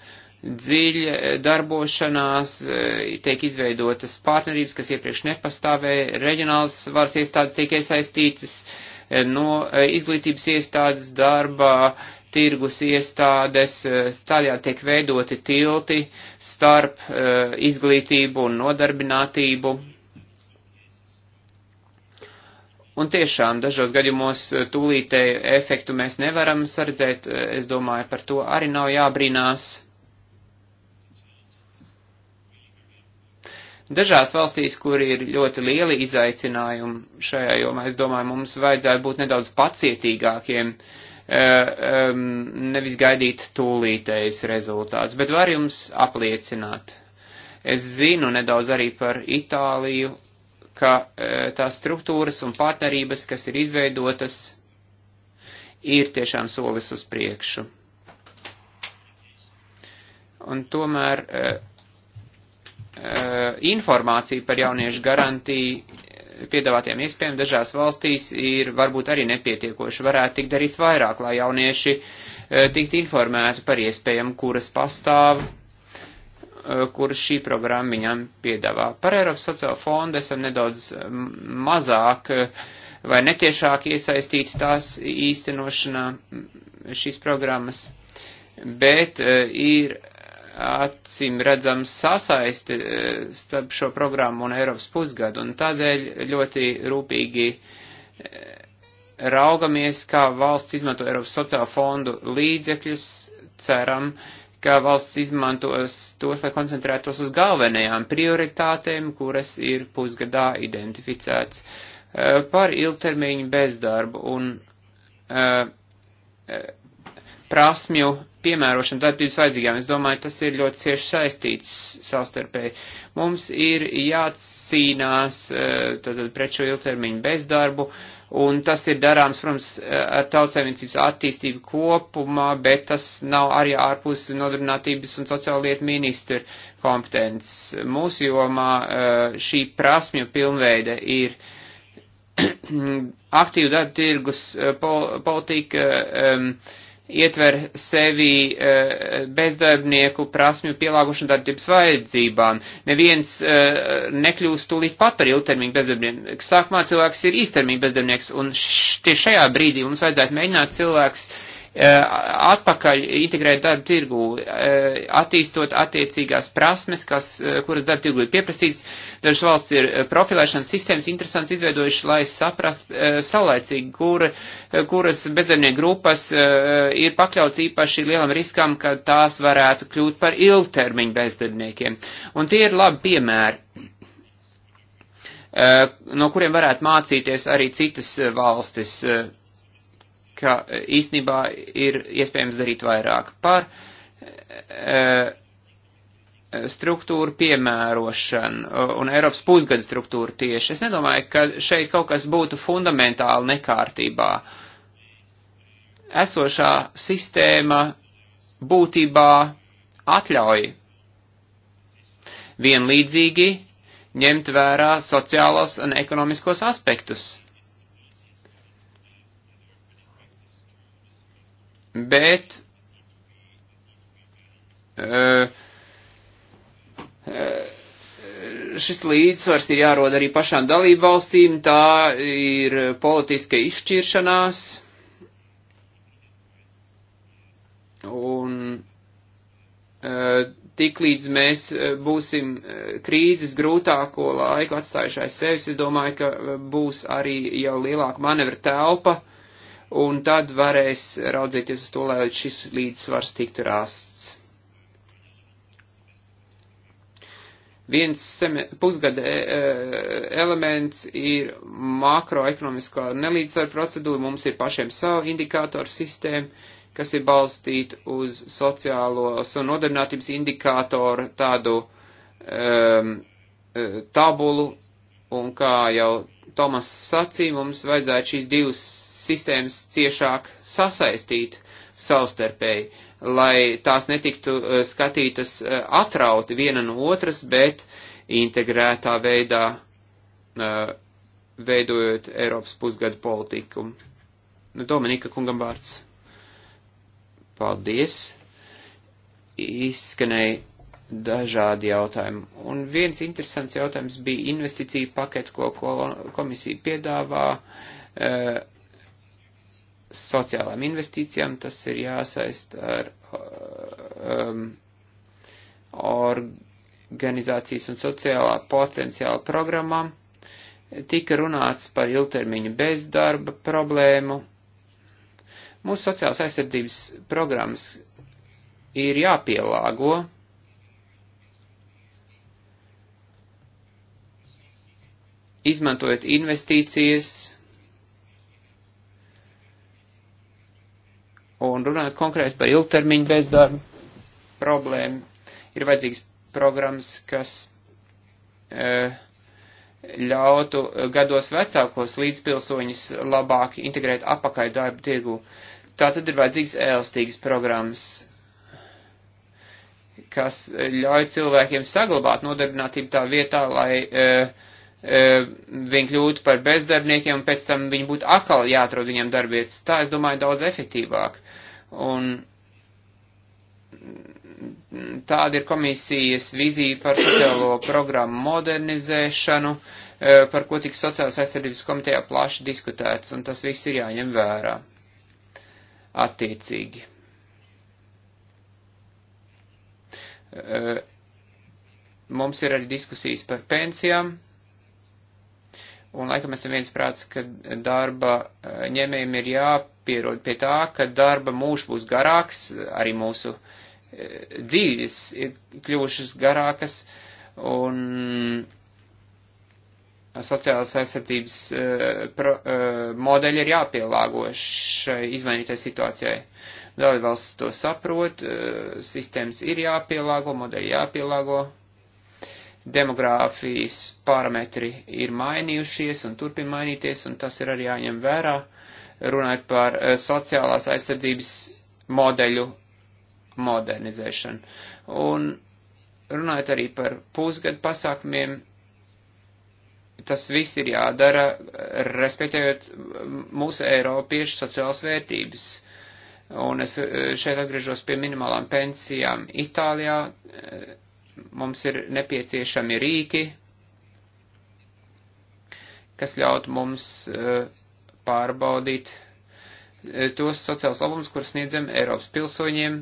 dziļa darbošanās, uh, tiek izveidotas partnerības, kas iepriekš nepastāvēja, reģionāls varas iestādes tiek iesaistītas, uh, Eh, no eh, izglītības iestādes darbā, tirgus iestādes, eh, tādējādi tiek veidoti tilti starp izglītību un nodarbinātību. Un tiešām dažos gadījumos tūlītēju efektu mēs nevaram sardzēt, es domāju, par to arī nav jābrīnās. Dažās valstīs, kur ir ļoti lieli izaicinājumi šajā jomā, es domāju, mums vajadzētu būt nedaudz pacietīgākiem, eh, ehm, nevis gaidīt tūlītējs rezultāts, bet var jums apliecināt. Es zinu nedaudz arī par Itāliju, ka eh, tās struktūras un partnerības, kas ir izveidotas, ir tiešām solis uz priekšu. Un tomēr eh, Eh, informācija par jauniešu garantiju eh, piedāvātiem iespējām dažās valstīs ir varbūt arī nepietiekoši. Varētu tikt darīts vairāk, lai jaunieši eh, tikt informēti par iespējām, kuras pastāv, kuras šī programma viņam piedāvā. Par Eiropas sociālo fondu esam nedaudz mazāk vai netiešāk iesaistīti tās īstenošanā mm, šīs programmas, bet ir acīm redzams sasaisti e, starp šo programmu un Eiropas pusgadu, un tādēļ ļoti rūpīgi e, raugamies, kā valsts izmanto Eiropas sociālo fondu līdzekļus, ceram, ka valsts izmantos tos, lai koncentrētos uz galvenajām prioritātēm, kuras ir pusgadā identificēts e, par ilgtermiņu bezdarbu un prasmju piemērošanu darbības vajadzīgām. Es domāju, tas ir ļoti cieši saistīts savstarpēji. Mums ir jācīnās tātad, eh, pret šo ilgtermiņu bezdarbu, un tas ir darāms, protams, eh, ar tautsēmniecības attīstību kopumā, bet tas nav arī ārpus nodarbinātības un sociāla lietu ministra kompetences. Mūsu jomā eh, šī prasmju pilnveide ir aktīva darba tirgus politika. Um, ietver sevi e, bezdarbnieku prasmju pielāgošanu darbības vajadzībām. Neviens e, nekļūst tūlīt pat par ilgtermiņu bezdarbnieku. Sākumā cilvēks ir īstermiņu bezdarbnieks, un tieši šajā brīdī mums vajadzētu mēģināt cilvēks Eh, atpakaļ integrēt darba tirgu, eh, attīstot attiecīgās prasmes, kas, eh, kuras darba tirgu ir pieprasīts. Dažas valsts ir profilēšanas sistēmas interesants izveidojuši, lai saprast saulēcīgi, kur, kuras bezdarbnieku grupas ir pakļauts īpaši lielam riskam, ka tās varētu kļūt par ilgtermiņu bezdarbniekiem. Un tie ir labi piemēri no kuriem varētu mācīties arī citas valstis ka īstenībā ir iespējams darīt vairāk par eh, struktūru piemērošanu un Eiropas pusgada struktūru tieši. Es nedomāju, ka šeit kaut kas būtu fundamentāli nekārtībā. Esošā sistēma būtībā atļauj vienlīdzīgi ņemt vērā sociālos un ekonomiskos aspektus bet eh, eh, šis līdzsvars ir jārod arī pašām dalību valstīm, tā ir politiska izšķiršanās. Un eh, tiklīdz mēs būsim krīzes grūtāko laiku atstājušais sevis, es domāju, ka būs arī jau lielāka manevra telpa uh, un tad varēs raudzīties uz to, lai šis līdzsvars tiktu rasts. Viens pusgada e, e, elements ir makroekonomiskā nelīdzsvara procedūra, mums ir pašiem savu indikātoru sistēmu, kas ir balstīta uz sociālos un nodarbinātības indikātoru tādu um, tabulu, Un kā jau Tomas sacīja, mums vajadzētu šīs divas sistēmas ciešāk sasaistīt savstarpēji, lai tās netiktu eh, skatītas eh, atrauti viena no otras, bet integrētā veidā eh, veidojot Eiropas pusgadu politiku. Dominika kungam vārds. Paldies. Izskanēja dažādi jautājumi. Un viens interesants jautājums bija investīcija paketi, ko komisija piedāvā e, sociālām investīcijām. Tas ir jāsaist ar um, organizācijas un sociālā potenciāla programmām. Tika runāts par ilgtermiņu bezdarba problēmu. Mūsu sociālās aizsardzības programmas ir jāpielāgo izmantojot investīcijas un runājot konkrēti par ilgtermiņu bezdarbu problēmu, ir vajadzīgs programmas, kas e, ļautu gados vecākos līdzpilsoņus labāk integrēt apakai darba tirgu. Tā tad ir vajadzīgs ēlastīgas programmas, kas ļauj cilvēkiem saglabāt nodarbinātību tā vietā, lai uh, e, E, viņi kļūtu par bezdarbniekiem un pēc tam viņi būtu atkal jāatrod viņiem darbietas. Tā, es domāju, daudz efektīvāk. Un tāda ir komisijas vizija par sociālo programmu modernizēšanu, e, par ko tik sociālās aizsardzības komitejā plaši diskutēts, un tas viss ir jāņem vērā attiecīgi. E, mums ir arī diskusijas par pensijām Un laikam esam viens prāts, ka darba eh, ņēmējiem ir jāpierod pie tā, ka darba mūžs būs garāks, arī mūsu eh, dzīves ir kļuvušas garākas, un sociālās aizsardzības eh, modeļi ir jāpielāgo šai izmainītai situācijai. Dalībvalsts to saprot, sistēmas ir jāpielāgo, modeļi jāpielāgo demogrāfijas parametri ir mainījušies un turpin mainīties, un tas ir arī jāņem vērā, runājot par eh, sociālās aizsardzības modeļu modernizēšanu. Un runājot arī par pusgadu pasākumiem, tas viss ir jādara, eh, respektējot mūsu Eiropiešu sociālas vērtības. Un es eh, šeit atgriežos pie minimālām pensijām Itālijā Mums ir nepieciešami rīki, kas ļaut mums eh, pārbaudīt eh, tos sociāls labums, kurus sniedzam Eiropas pilsoņiem,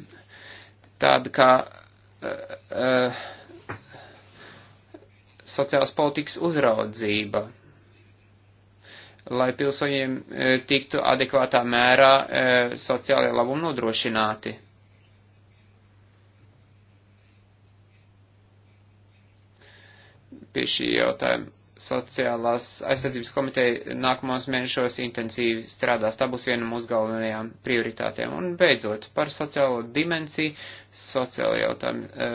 tāda kā uh, eh, uh, sociāls politikas uzraudzība, lai pilsoņiem uh, tiktu adekvātā mērā sociālajie labumi nodrošināti. pie šī jautājuma. Sociālās aizsardzības komiteja nākamos mēnešos intensīvi strādās. Tā būs viena no mūsu galvenajām prioritātēm. Un beidzot, par sociālo dimensiju, sociālo jautājumu e,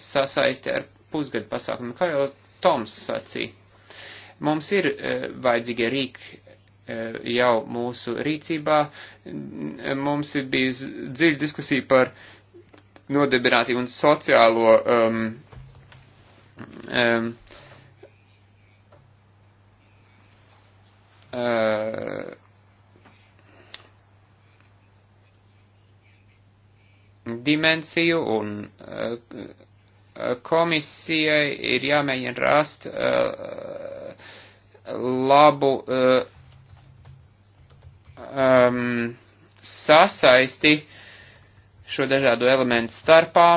sasaisti ar pusgadu pasākumu, kā jau Toms sacīja. Mums ir e, vajadzīgie rīki eh, jau mūsu rīcībā. Mums ir bijusi dziļa diskusija par nodibinātību un sociālo um, um, Uh, dimensiju un uh, komisijai ir jāmēģina rast uh, labu um, sasaisti šo dažādu elementu starpā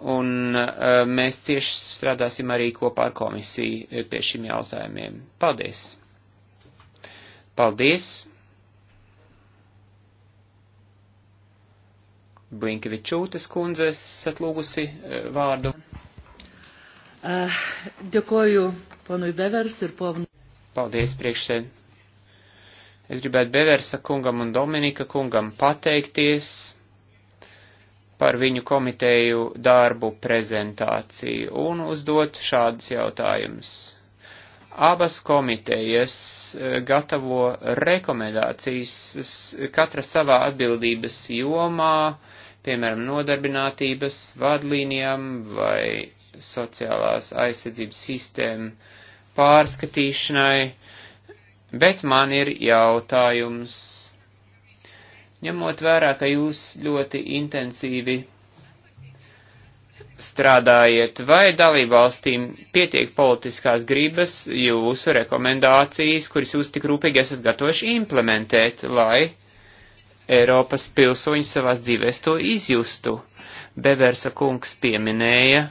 un uh, mēs cieši strādāsim arī kopā ar komisiju eh, pie šiem jautājumiem. Paldies! Paldies! Blinkevičūtes kundze esat lūgusi uh, eh, vārdu. Uh, Dēkoju ponui Bevers ir povnu. Paldies priekšsēd. Es gribētu Beversa kungam un Dominika kungam pateikties par viņu komiteju darbu prezentāciju un uzdot šādus jautājumus. Abas komitejas e, gatavo rekomendācijas katra savā atbildības jomā, piemēram, nodarbinātības vadlīnijām vai sociālās aizsardzības sistēmu pārskatīšanai, bet man ir jautājums Ņemot vērā, ka jūs ļoti intensīvi strādājiet, vai dalībvalstīm pietiek politiskās gribas jūsu rekomendācijas, kuras jūs tik rūpīgi esat gatavuši implementēt, lai Eiropas pilsoņi savās dzīvēs to izjustu. Beversa kungs pieminēja,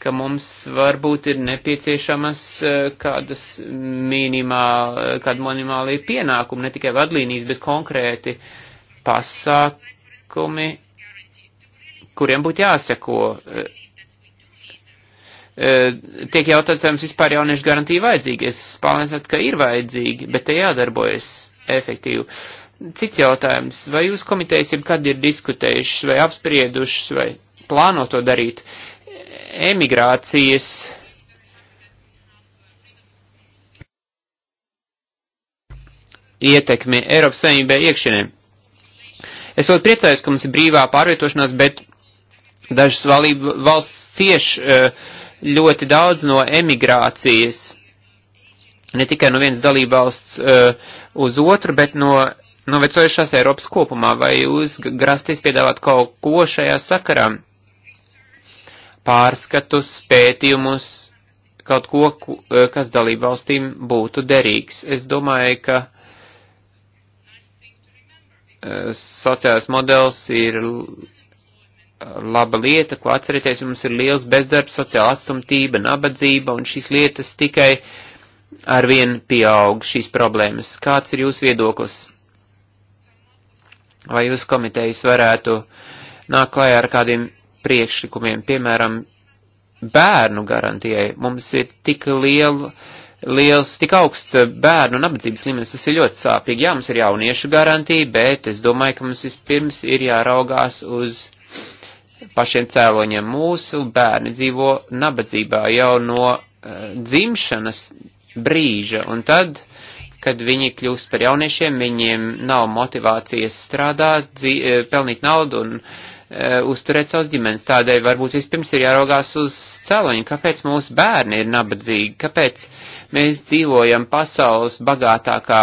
ka mums varbūt ir nepieciešamas eh, kādas minimāli, kāda minimālī pienākuma, ne tikai vadlīnijas, bet konkrēti uh, pasākumi, kuriem būtu jāseko. E, e, tiek jautāts, vai mums vispār jauniešu garantija vajadzīga. Es pārliecināts, ka ir vajadzīga, bet te jādarbojas efektīvi. Cits jautājums, vai jūs komitejas jau kad ir diskutējušas vai apspriedušas vai plāno to darīt? Emigrācijas ietekmi Eiropas saimnībai iekšienē. Es ļoti priecājos, ka mums ir brīvā pārvietošanās, bet dažas valība, valsts cieš eh, ļoti daudz no emigrācijas. Ne tikai no vienas dalībvalsts eh, uz otru, bet no novecojušās Eiropas kopumā. Vai jūs grasties piedāvāt kaut ko šajā sakarā? Pārskatus, pētījumus, kaut ko, eh, kas dalībvalstīm būtu derīgs. Es domāju, ka Eh, sociālais modelis ir eh, laba lieta, ko atcerieties, mums ir liels bezdarbs, sociāla atstumtība, nabadzība, un šīs lietas tikai arvien pieaug šīs problēmas. Kāds ir jūsu viedoklis? Vai jūs komitejas varētu nākt klājā ar kādiem priekšlikumiem, piemēram, bērnu garantijai? Mums ir tik liela liels, tik augsts eh, bērnu un apdzības līmenis, tas ir ļoti sāpīgi. Jā, mums ir jauniešu garantija, bet es domāju, ka mums vispirms ir jāraugās uz pašiem cēloņiem. Mūsu bērni dzīvo nabadzībā jau no uh, dzimšanas brīža, un tad, kad viņi kļūst par jauniešiem, viņiem nav motivācijas strādāt, dzī, eh, pelnīt naudu un uh, uzturēt savus ģimenes. Tādēļ varbūt vispirms ir jāraugās uz cēloņu, kāpēc mūsu bērni ir nabadzīgi, kāpēc uh, Mēs dzīvojam pasaules bagātākā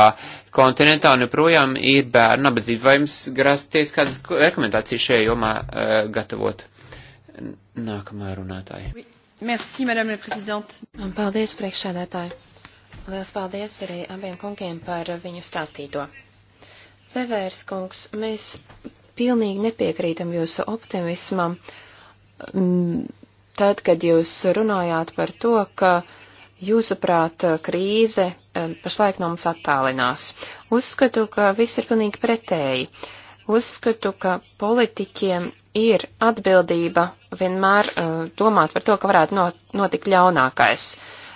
kontinentā un joprojām ir bērnu nabadzība. Vai jums grasties kādas rekomendācijas šajā jomā uh, gatavot? Nākamā runātāja. Merci, madame la présidente. Paldies, priekšsēdētāji. Liels paldies arī abiem kungiem par viņu stāstīto. Pevērs kungs, mēs pilnīgi nepiekrītam jūsu optimismam. Tad, kad jūs runājāt par to, ka uh, jūsuprāt, eh, krīze eh, pašlaik no mums attālinās? Uzskatu, ka viss ir pilnīgi pretēji. Uzskatu, ka politiķiem ir atbildība vienmēr eh, domāt par to, ka varētu notikt ļaunākais.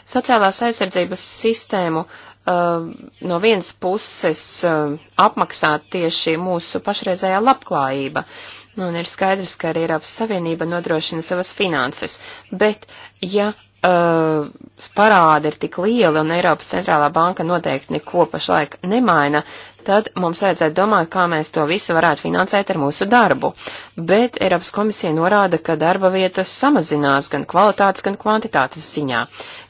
Sociālās aizsardzības sistēmu no vienas puses apmaksāt tieši mūsu pašreizējā labklājība, nu, Un ir skaidrs, ka arī Eiropas Savienība nodrošina savas finanses. Bet, ja uh, parādi ir tik lieli un Eiropas centrālā banka noteikti neko pašlaik nemaina, tad mums vajadzētu domāt, kā mēs to visu varētu finansēt ar mūsu darbu. Bet Eiropas komisija norāda, ka darba vietas samazinās gan kvalitātes, gan kvantitātes ziņā.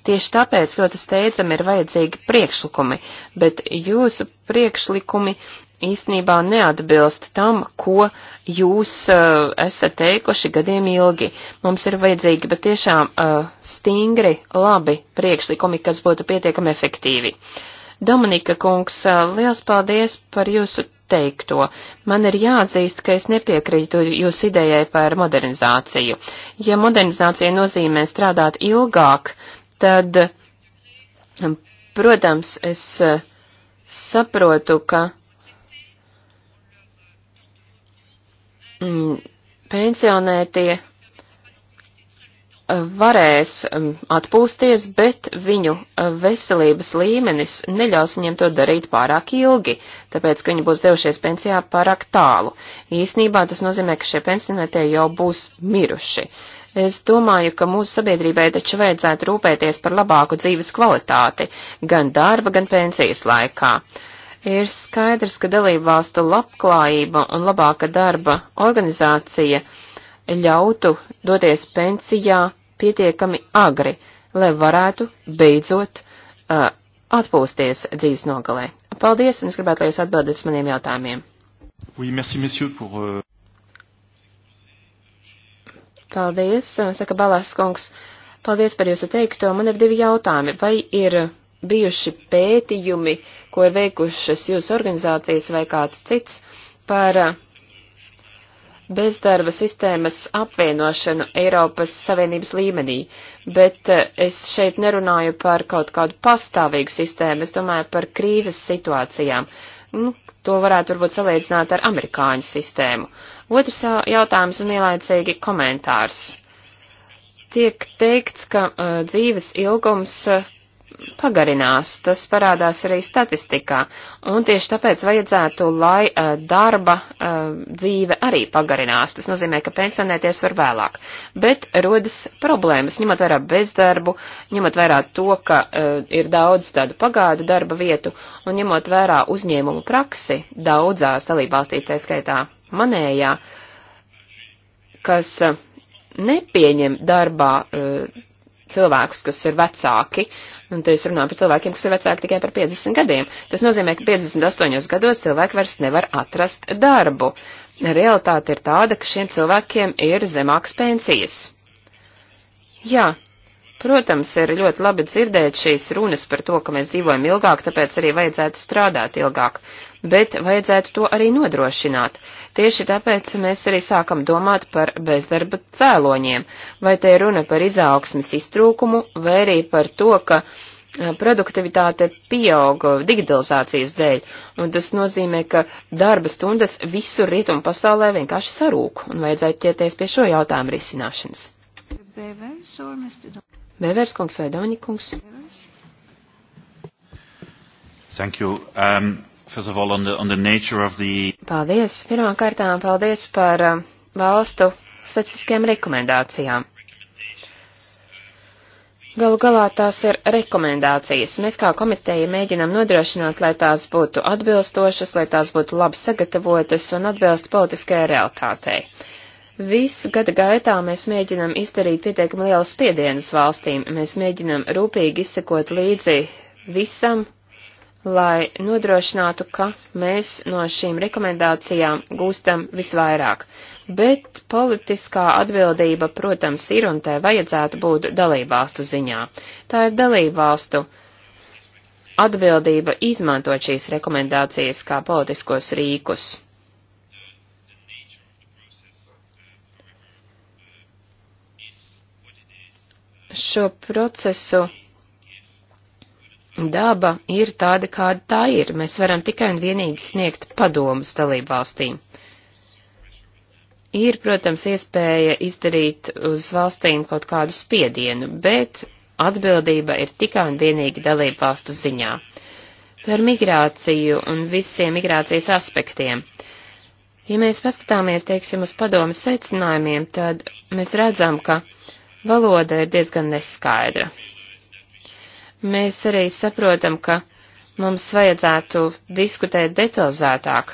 Tieši tāpēc ļoti steidzami ir vajadzīgi priekšlikumi, bet jūsu priekšlikumi īstenībā neatbilst tam, ko jūs uh, esat teikuši gadiem ilgi. Mums ir vajadzīgi pat tiešām uh, eh, stingri, labi priekšlikumi, kas būtu pietiekami efektīvi. Dominika kungs, uh, liels paldies par jūsu teikto. Man ir jāatzīst, ka es nepiekrītu jūsu idejai par modernizāciju. Ja modernizācija nozīmē strādāt ilgāk, tad, protams, es saprotu, ka Mm, pensionētie eh, varēs mm, atpūsties, bet viņu eh, veselības līmenis neļaus viņiem to darīt pārāk ilgi, tāpēc, ka viņi būs devušies pensijā pārāk tālu. Īsnībā tas nozīmē, ka šie pensionētie jau būs miruši. Es domāju, ka mūsu sabiedrībai taču vajadzētu rūpēties par labāku dzīves kvalitāti gan darba, gan pensijas laikā. Uh, Ir skaidrs, ka dalību valstu labklājība un labāka darba organizācija ļautu doties pensijā pietiekami agri, lai varētu beidzot uh, atpūsties dzīves nogalē. Paldies, un es gribētu, lai jūs atbildat uz maniem jautājumiem. Oui, merci, monsieur, pour, uh... Paldies, saka Balās kungs. Paldies par jūsu teikto. Man ir divi jautājumi. Vai ir bijuši pētījumi, ko ir veikušas jūsu organizācijas vai kāds cits par uh, bezdarba sistēmas apvienošanu Eiropas Savienības līmenī, bet uh, es šeit nerunāju par kaut kādu pastāvīgu sistēmu, es domāju par krīzes situācijām. Nu, to varētu varbūt salīdzināt ar amerikāņu sistēmu. Otrs jautājums un ielaicīgi komentārs. Tiek teikts, ka uh, dzīves ilgums uh, pagarinās, tas parādās arī statistikā, un tieši tāpēc vajadzētu, lai uh, darba uh, dzīve arī pagarinās, tas nozīmē, ka pensionēties var vēlāk, bet rodas problēmas, ņemot vērā bezdarbu, ņemot vērā to, ka uh, ir daudz tādu pagādu darba vietu, un ņemot vērā uzņēmumu praksi daudzās dalībvalstīs, tā skaitā manējā, kas uh, nepieņem darbā uh, cilvēkus, kas ir vecāki, uh, Un te es runāju par cilvēkiem, kas ir vecāki tikai par 50 gadiem. Tas nozīmē, ka 58 gados cilvēki vairs nevar atrast darbu. Realitāte ir tāda, ka šiem cilvēkiem ir zemākas pensijas. Jā, protams, ir ļoti labi dzirdēt šīs runas par to, ka mēs dzīvojam ilgāk, tāpēc arī vajadzētu strādāt ilgāk bet vajadzētu to arī nodrošināt. Tieši tāpēc mēs arī sākam domāt par bezdarba cēloņiem, vai te ir runa par izaugsmes iztrūkumu, vai arī par to, ka eh, produktivitāte pieauga digitalizācijas dēļ, un tas nozīmē, ka darba stundas visur rietumu pasaulē vienkārši sarūk, un vajadzētu ķerties pie šo jautājumu risināšanas. Bevers kungs vai Donikungs? Thank you. Um, All, on the, on the the... Paldies! Pirmkārtām paldies par uh, valstu specifiskajām rekomendācijām. Galu galā tās ir rekomendācijas. Mēs kā komiteja mēģinam nodrošināt, lai tās būtu atbilstošas, lai tās būtu labi sagatavotas un atbilst politiskajai realitātei. Visu gada gaitā mēs mēģinam izdarīt pietiekami lielu spiedienu uz valstīm. Mēs mēģinam rūpīgi izsekot līdzi visam, lai nodrošinātu, ka mēs no šīm rekomendācijām gūstam visvairāk. Bet politiskā atbildība, protams, ir un tai vajadzētu būt dalībvalstu ziņā. Tā ir dalībvalstu atbildība izmantot šīs rekomendācijas kā politiskos rīkus. Šo procesu daba ir tāda, kāda tā ir. Mēs varam tikai un vienīgi sniegt padomus dalību valstīm. Ir, protams, iespēja izdarīt uz valstīm kaut kādu spiedienu, bet atbildība ir tikai un vienīgi dalību valstu ziņā. Par migrāciju un visiem migrācijas aspektiem. Ja mēs paskatāmies, teiksim, uz padomas secinājumiem, tad mēs redzam, ka valoda ir diezgan neskaidra. Mēs arī saprotam, ka mums vajadzētu diskutēt detalizētāk.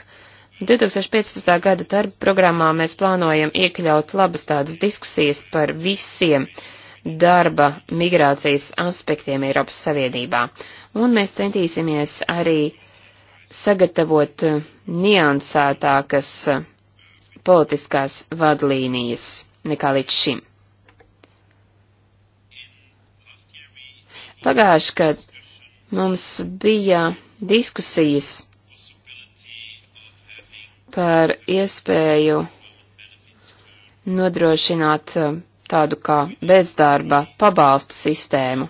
2015. gada darba programmā mēs plānojam iekļaut labas tādas diskusijas par visiem darba migrācijas aspektiem Eiropas Savienībā, un mēs centīsimies arī sagatavot eh, niansētākas eh, politiskās vadlīnijas nekā līdz šim. Pagājuši, kad mums bija diskusijas par iespēju nodrošināt eh, tādu kā bezdarba pabalstu sistēmu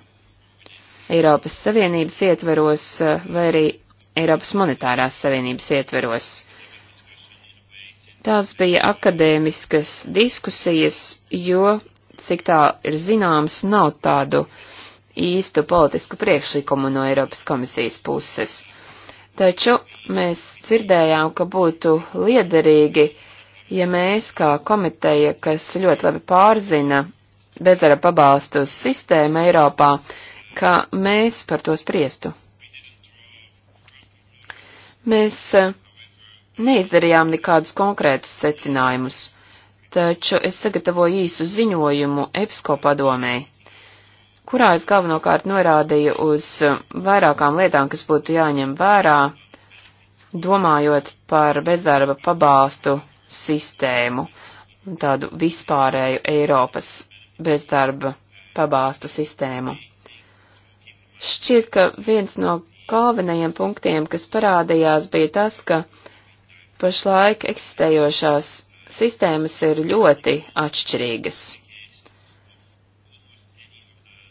Eiropas Savienības ietveros eh, vai arī Eiropas monetārās savienības ietveros. Tās bija akadēmiskas diskusijas, jo, cik tā ir zināms, nav tādu uh, īstu politisku priekšlikumu no Eiropas komisijas puses. Taču mēs dzirdējām, ka būtu liederīgi, ja mēs kā komiteja, kas ļoti labi pārzina bezara pabalstu sistēmu Eiropā, ka mēs par to spriestu. Mēs eh, neizdarījām nekādus konkrētus secinājumus, taču es sagatavoju īsu ziņojumu EPSCO padomēji kurā es galvenokārt norādīju uz vairākām lietām, kas būtu jāņem vērā, domājot par bezdarba pabalstu sistēmu, tādu vispārēju Eiropas bezdarba pabalstu sistēmu. Šķiet, ka viens no galvenajiem punktiem, kas parādījās, bija tas, ka pašlaik eksistējošās sistēmas ir ļoti atšķirīgas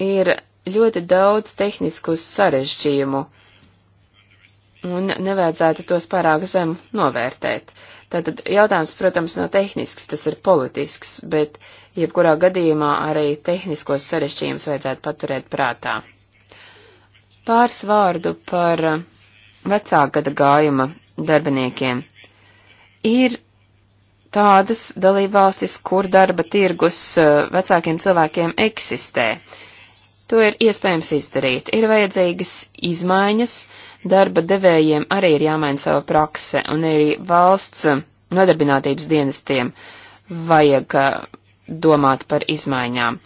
ir ļoti daudz tehnisku sarežģījumu, un nevajadzētu tos pārāk zem novērtēt. Tātad jautājums, protams, nav tehnisks, tas ir politisks, bet jebkurā gadījumā arī tehniskos sarežģījumus vajadzētu paturēt prātā. Pāris vārdu par vecāka gada gājuma darbiniekiem. Ir tādas dalībvalstis, kur darba tirgus eh, vecākiem cilvēkiem eksistē. Uh, To ir iespējams izdarīt. Ir vajadzīgas izmaiņas, darba devējiem arī ir jāmaina sava prakse, un arī valsts nodarbinātības dienestiem vajag uh, domāt par izmaiņām.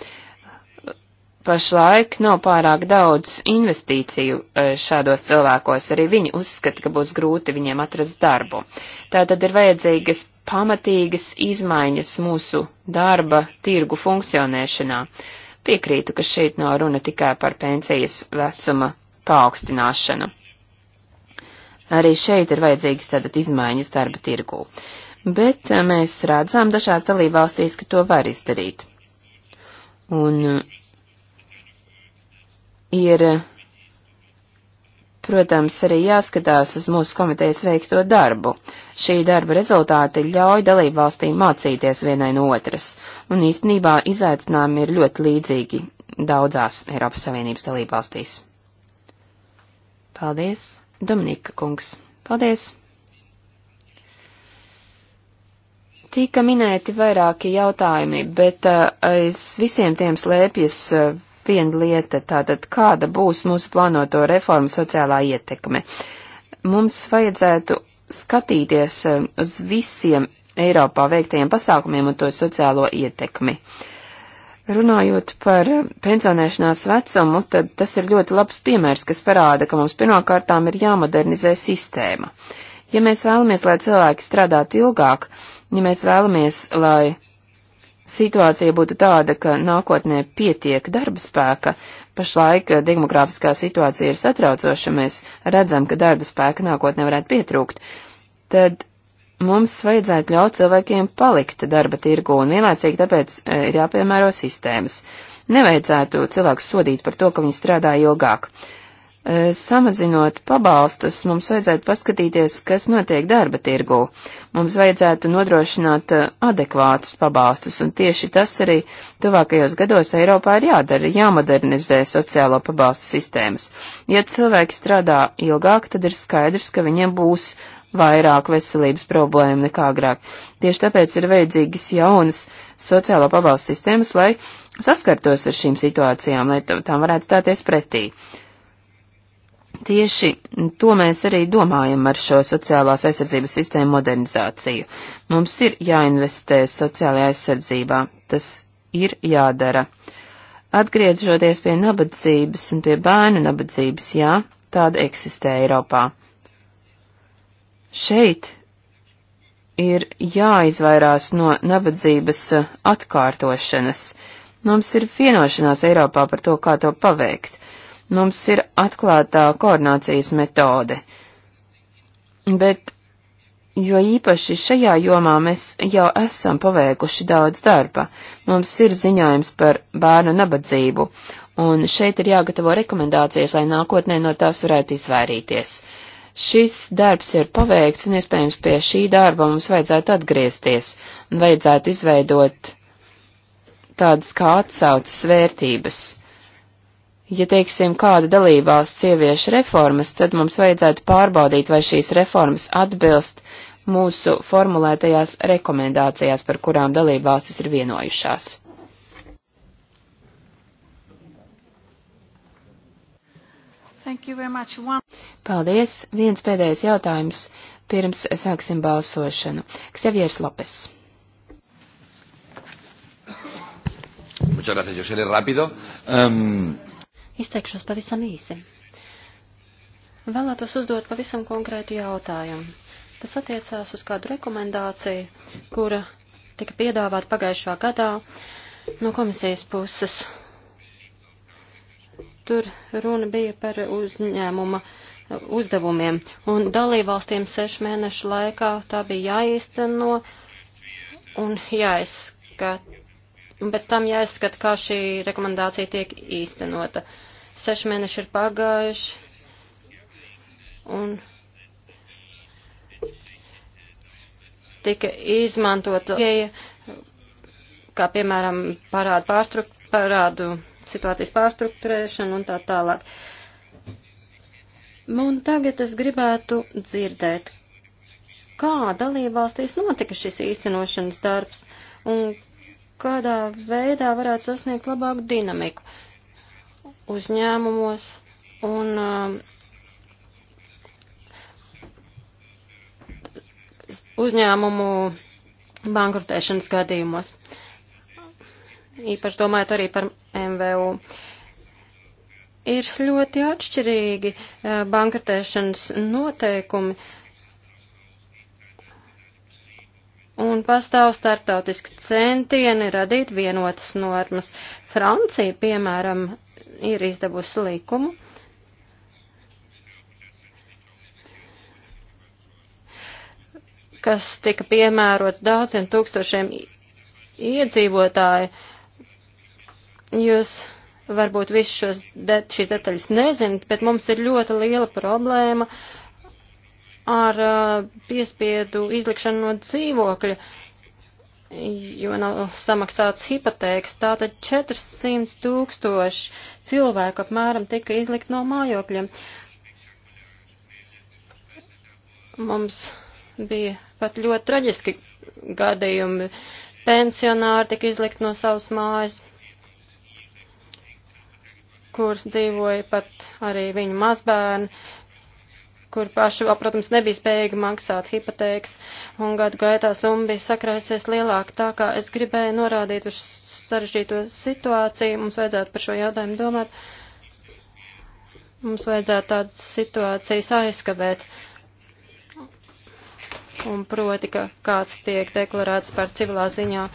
Pašlaik nav pārāk daudz investīciju uh, šādos cilvēkos, arī viņi uzskata, ka būs grūti viņiem atrast darbu. Tātad ir vajadzīgas pamatīgas izmaiņas mūsu darba tirgu funkcionēšanā. Uh, Piekrītu, ka šeit nav runa tikai par pensijas vecuma paaugstināšanu. Arī šeit ir vajadzīgas tātad izmaiņas darba tirgū. Bet eh, mēs redzam dažās dalībvalstīs, ka to var izdarīt. Un eh, ir Protams, arī jāskatās uz mūsu komitejas veikto darbu. Šī darba rezultāti ļauj dalībvalstīm mācīties vienai no otras, un īstenībā izaicinājumi ir ļoti līdzīgi daudzās Eiropas Savienības dalībvalstīs. Paldies, Dominika kungs. Paldies! tika minēti vairāki jautājumi, bet aiz uh, visiem tiem slēpjas uh, viena lieta, tātad kāda būs mūsu plānoto reformu sociālā ietekme. Mums vajadzētu skatīties um, uz visiem Eiropā veiktajiem pasākumiem un to sociālo ietekmi. Runājot par um, pensionēšanās vecumu, tad tas ir ļoti labs piemērs, kas parāda, ka mums pirmkārtām ir jāmodernizē sistēma. Ja mēs vēlamies, lai cilvēki strādātu ilgāk, ja mēs vēlamies, lai situācija būtu tāda, ka nākotnē pietiek darba spēka, pašlaik eh, demogrāfiskā situācija ir satraucoša, mēs redzam, ka darba spēka nākotnē varētu pietrūkt, tad mums vajadzētu ļaut cilvēkiem palikt darba tirgu un vienlaicīgi tāpēc eh, ir jāpiemēro sistēmas. Nevajadzētu cilvēkus sodīt par to, ka viņi strādā ilgāk. E, samazinot pabalstus, mums vajadzētu paskatīties, kas notiek darba tirgū. Mums vajadzētu nodrošināt e, adekvātus pabalstus, un tieši tas arī tuvākajos gados Eiropā ir jādara, jāmodernizē sociālo pabalstu sistēmas. Ja cilvēki strādā ilgāk, tad ir skaidrs, ka viņiem būs vairāk veselības problēmu nekā agrāk. Tieši tāpēc ir vajadzīgas jaunas sociālo pabalstu sistēmas, lai saskartos ar šīm situācijām, lai tam varētu stāties pretī. Uh, Tieši to mēs arī domājam ar šo sociālās aizsardzības sistēmu modernizāciju. Mums ir jāinvestē sociālajā aizsardzībā, tas ir jādara. Atgriežoties pie nabadzības un pie bērnu nabadzības, jā, tāda eksistē Eiropā. Šeit ir jāizvairās no nabadzības atkārtošanas. Mums ir vienošanās Eiropā par to, kā to paveikt. Mums ir atklātā koordinācijas metode. Bet, jo īpaši šajā jomā mēs jau esam paveikuši daudz darba, mums ir ziņojums par bērnu nabadzību, un šeit ir jāgatavo rekomendācijas, lai nākotnē no tās varētu izvairīties šis darbs ir paveikts, un iespējams pie šī darba mums vajadzētu atgriezties un vajadzētu izveidot tādas kā atsaucas vērtības ja, teiksim, kāda dalībvalsts ievieš reformas, tad mums vajadzētu pārbaudīt, vai šīs reformas atbilst mūsu formulētajās rekomendācijās, par kurām dalībvalstis ir vienojušās. One... Paldies. Viens pēdējais jautājums pirms sāksim balsošanu. Ksevieris Lopes. Muchas gracias. Yo seré rápido. Um, Izteikšos pavisam īsi. Vēlētos uzdot pavisam konkrētu jautājumu. Tas attiecās uz kādu rekomendāciju, kura tika piedāvāta pagājušā gadā no komisijas puses. Tur runa bija par uzņēmuma uzdevumiem, un dalībvalstīm sešu mēnešu laikā tā bija jāīsteno un jāizskata, un pēc tam jāizskata, kā šī rekomendācija tiek īstenota. Uh, seši mēneši ir pagājuši, un tika izmantota pieeja, kā piemēram parādu, pārstruk, parādu situācijas pārstruktūrēšanu un tā tālāk. Un tagad es gribētu dzirdēt, kā dalībvalstīs notika šis īstenošanas darbs un kādā veidā varētu sasniegt labāku dinamiku. Uh, uzņēmumos un um, uzņēmumu bankrutēšanas gadījumos. Īpaši domājot arī par MVU. Ir ļoti atšķirīgi uh, bankrutēšanas noteikumi un pastāv starptautiski centieni radīt vienotas normas. Francija, piemēram, ir izdevusi likumu. kas tika piemērots daudziem tūkstošiem iedzīvotāju. Jūs varbūt visu šos de šīs detaļas nezinat, bet mums ir ļoti liela problēma ar uh, piespiedu izlikšanu no dzīvokļa. Uh, jo nav samaksāts hipotēks. Tātad 400 tūkstoši cilvēku apmēram tika izlikt no mājokļiem. Mums bija pat ļoti traģiski gadījumi. Pensionāri tika izlikt no savas mājas, kur dzīvoja pat arī viņu mazbērni kur paši, protams, nebija spējīgi maksāt hipotēkas, un gadu gaitā summa bija sakrājusies lielāka, tā kā es gribēju norādīt uz sarežģīto situāciju, mums vajadzētu par šo jautājumu domāt, mums vajadzētu tādas situācijas aizskavēt, un proti, ka kāds tiek deklarēts par civilā ziņā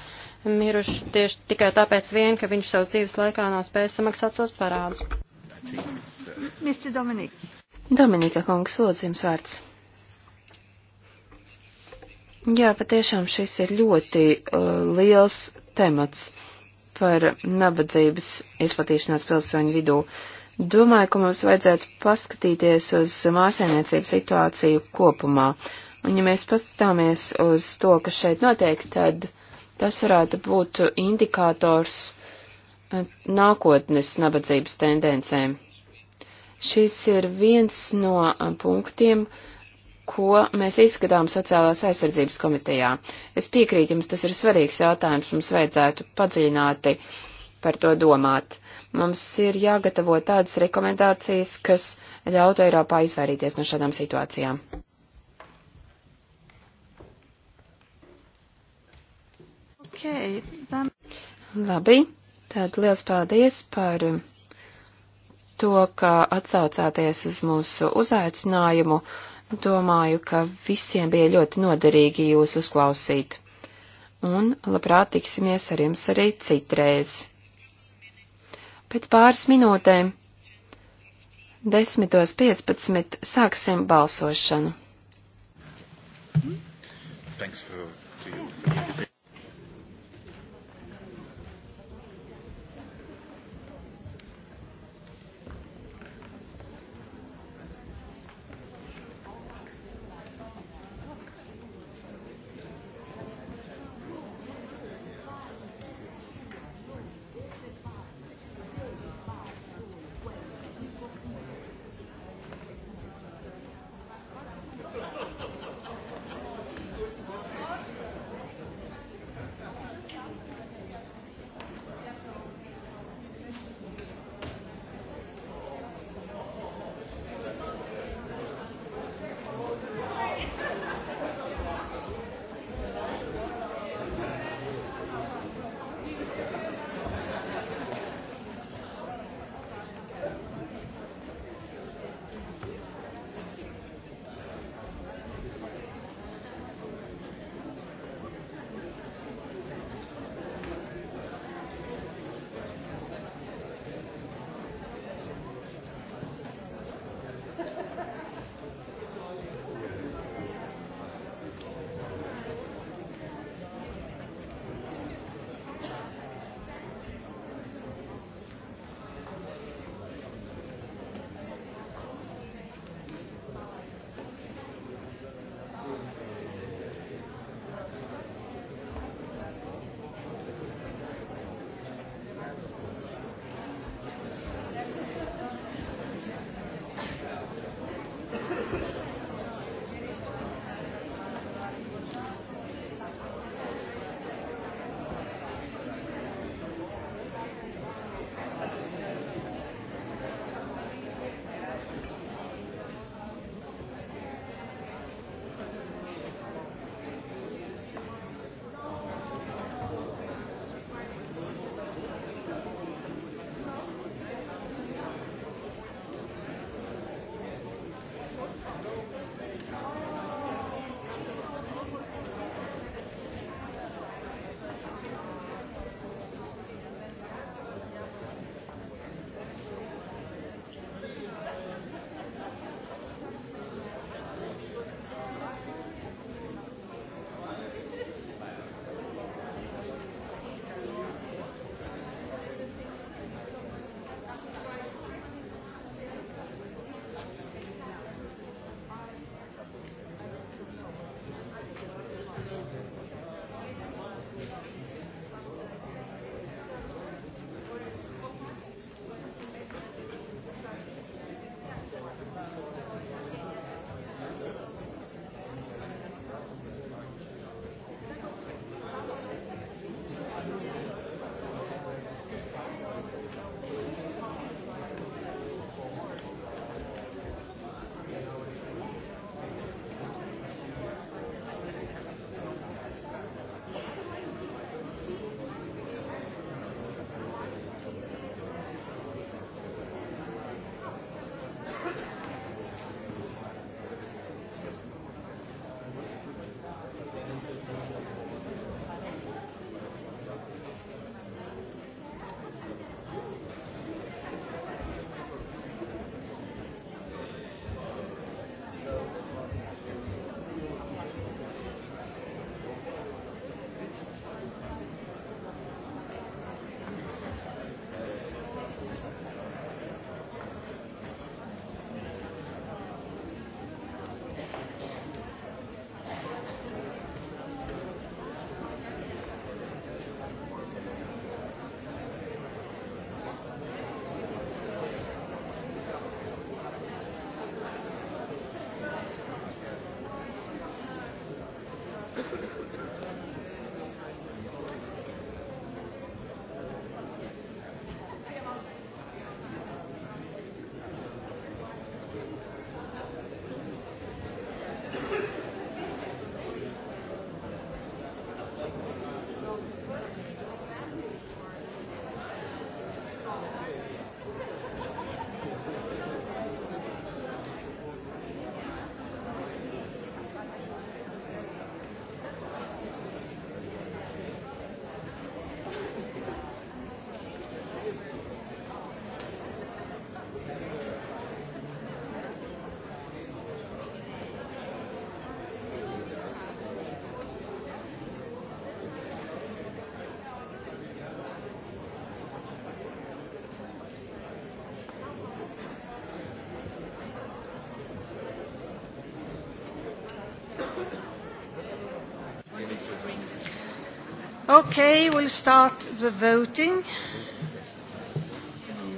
miruši tieši tikai tāpēc vien, ka viņš savas dzīves laikā nav spējis samaksāt savus parādus. Mr. Dominique. Dominika kungs, lūdzu jums vārds. Jā, patiešām šis ir ļoti uh, liels temats par nabadzības izplatīšanās pilsoņu vidū. Domāju, ka mums vajadzētu paskatīties uz māsēniecību situāciju kopumā. Un ja mēs paskatāmies uz to, kas šeit notiek, tad tas varētu būt indikators uh, nākotnes nabadzības tendencēm. Šis ir viens no punktiem, ko mēs izskatām sociālās aizsardzības komitejā. Es piekrītu jums, tas ir svarīgs jautājums, mums vajadzētu padziļināti par to domāt. Mums ir jāgatavo tādas rekomendācijas, kas ļautu Eiropā izvairīties no šādām situācijām. Okay, then... Labi, tad liels paldies par to, ka atsaucāties uz mūsu uzaicinājumu. Domāju, ka visiem bija ļoti noderīgi jūs uzklausīt. Un labprāt tiksimies ar jums arī citreiz. Pēc pāris minūtēm, 10.15, sāksim balsošanu. Thanks for, to you. Okay, we'll start the voting.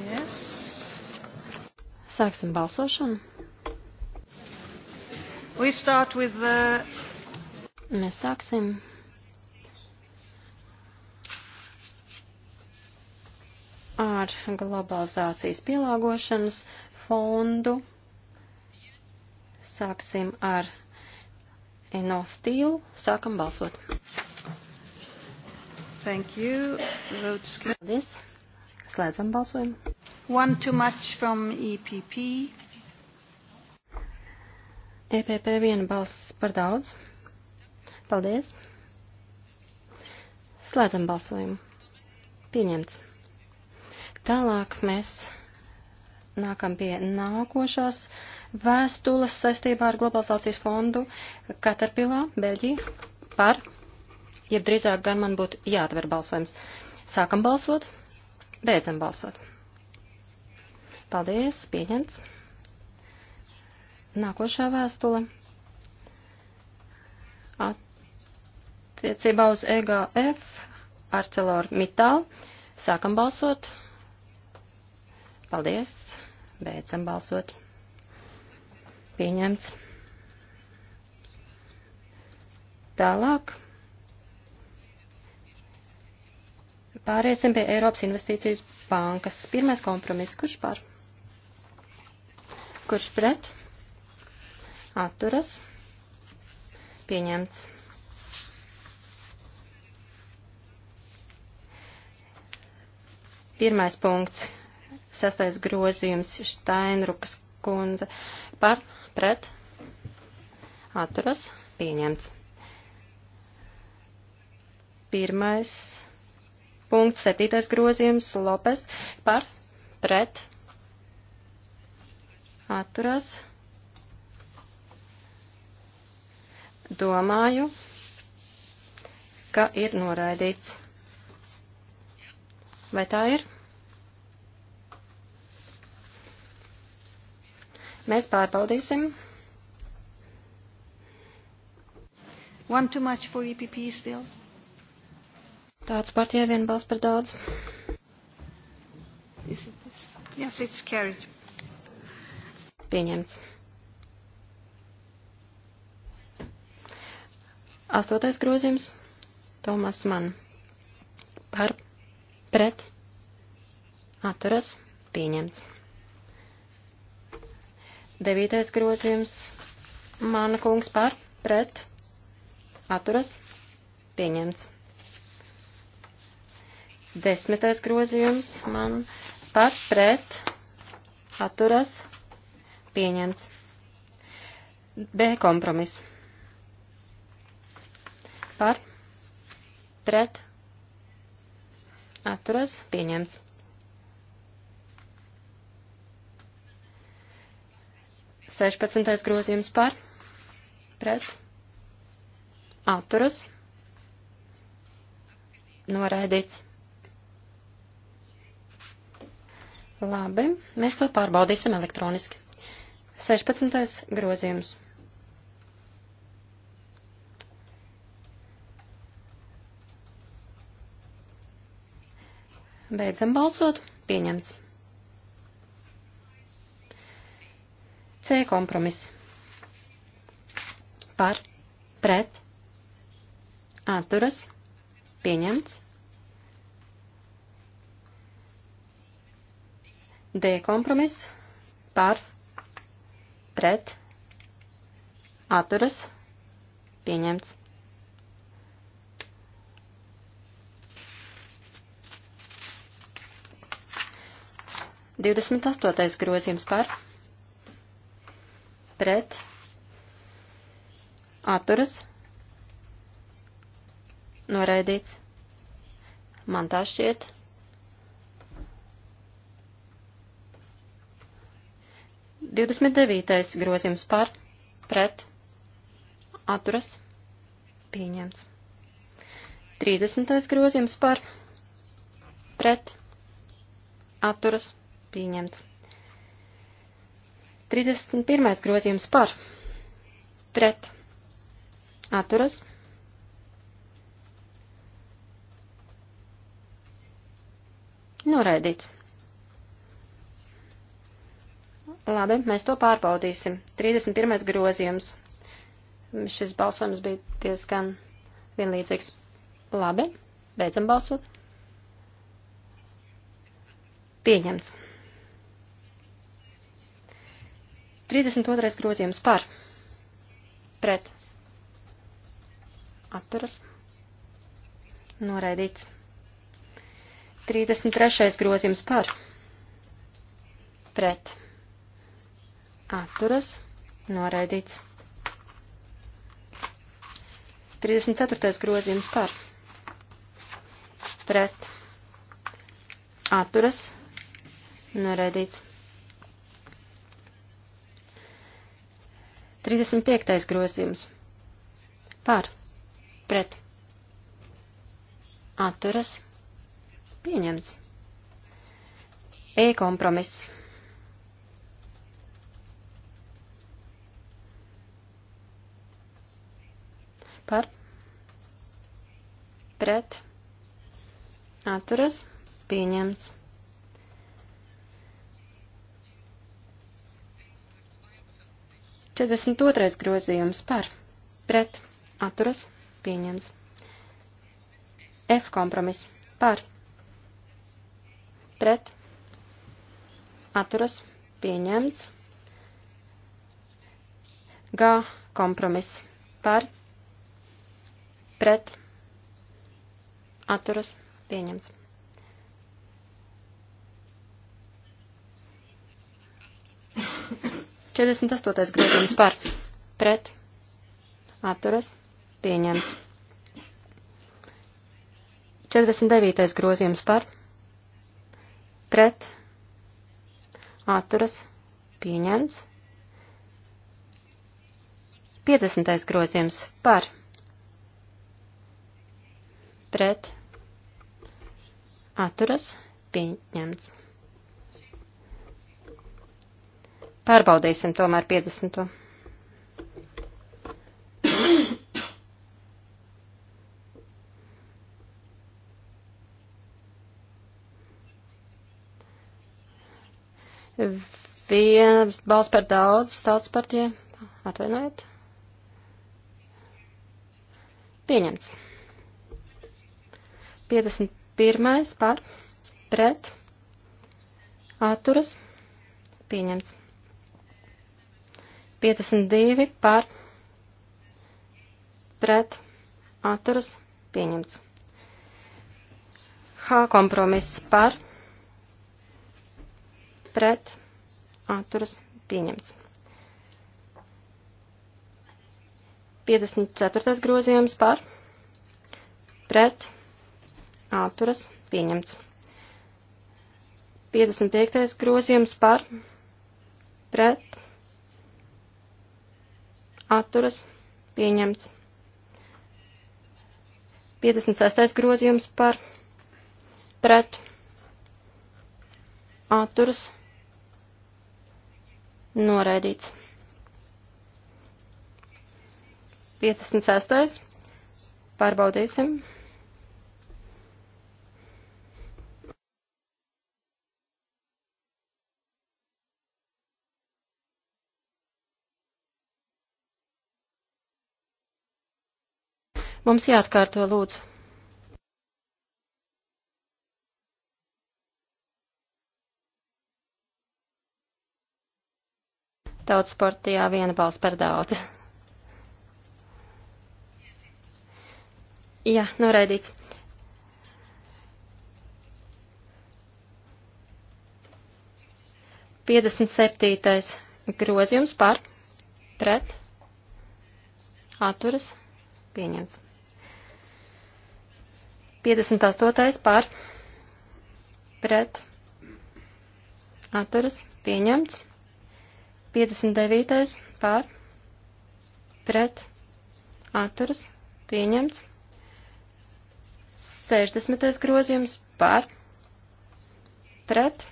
Yes. Sāksim balsošanu. We start with the... Mēs sāksim. Ar globalizācijas pielāgošanas fondu. Sāksim ar enostīlu. Sākam balsot. Thank you. Votes Paldies. Slēdzam balsojumu. One too much from EPP. EPP viena balss par daudz. Paldies. Slēdzam balsojumu. Pieņemts. Tālāk mēs nākam pie nākošās vēstules saistībā ar globalizācijas fondu Katarpilā, Beļģija, par jeb drīzāk gan man būtu jāatver balsojums. Sākam balsot, beidzam balsot. Paldies, pieņemts. Nākošā vēstule. Attiecībā uz EGF Arcelor Mital. Sākam balsot. Paldies. Beidzam balsot. Pieņemts. Tālāk. Pāriesim pie Eiropas investīcijas bankas. Pirmais kompromiss. Kurš par? Kurš pret? Atturas. Pieņemts. Pirmais punkts. Sastais grozījums Štainrukas kundze. Par? Pret? Atturas. Pieņemts. Pirmais punkts, septītais grozījums, Lopes par pret atturas. Domāju, ka ir noraidīts. Vai tā ir? Mēs pārbaudīsim. One too much for EPP still. Tāds partijai vien balss par daudz. Is it this? Yes, it's carried. Pieņemts. Astotais grozījums. Tomas man. Par, pret, atturas, pieņemts. Devītais grozījums. Mana kungs par, pret, atturas, pieņemts. Desmitais grozījums man par pret atturas pieņemts. B kompromis. Par pret atturas pieņemts. Sešpadsmitais grozījums par pret atturas noraidīts. Labi, mēs to pārbaudīsim elektroniski. 16. grozījums. Beidzam balsot. Pieņemts. C kompromiss. Par, pret, atturas, pieņemts. D kompromiss par pret atturas pieņemts. Divdesmit astotais grozījums par pret atturas noraidīts. Man tā šķiet. 29. grozījums par, pret, atturas, pieņemts. 30. grozījums par, pret, atturas, pieņemts. 31. grozījums par, pret, atturas, noraidīts. Labi, mēs to pārbaudīsim. 31. grozījums. Šis balsojums bija diezgan vienlīdzīgs. Labi, beidzam balsot. Pieņemts. 32. grozījums par. Pret. Atturas. Noraidīts. 33. grozījums par. Pret atturas noraidīts. 34. grozījums par pret atturas noraidīts. 35. grozījums par pret atturas pieņemts. E kompromiss par pret atturas pieņemts. Četrdesmit otrais grozījums par pret atturas pieņemts. F kompromis par pret atturas pieņemts. G kompromis par pret pret atturas pieņemts. Četrdesmit astotais grozījums par pret atturas pieņemts. 49. grozījums par pret atturas pieņemts. 50. grozījums par pret pret atturas pieņemts. Pārbaudīsim tomēr 50. Viens balss par daudz, tautas partija. Atvainojiet. Pieņemts. 51. par pret atturas pieņemts. 52 par pret atturas pieņemts. H kompromiss par pret atturas pieņemts. 54. grozījums par pret atturas pieņemts atturas pieņemts. 55. grozījums par pret atturas pieņemts. 56. grozījums par pret atturas noraidīts. 56. pārbaudīsim. Mums jāatkārto lūdzu. Tautas partijā viena balss par daudz. Jā, noraidīts. Piedesmit septītais grozījums par, pret, atturas, pieņemts. 58. par pret atturas pieņemts. 59. par pret atturas pieņemts. 60. grozījums par pret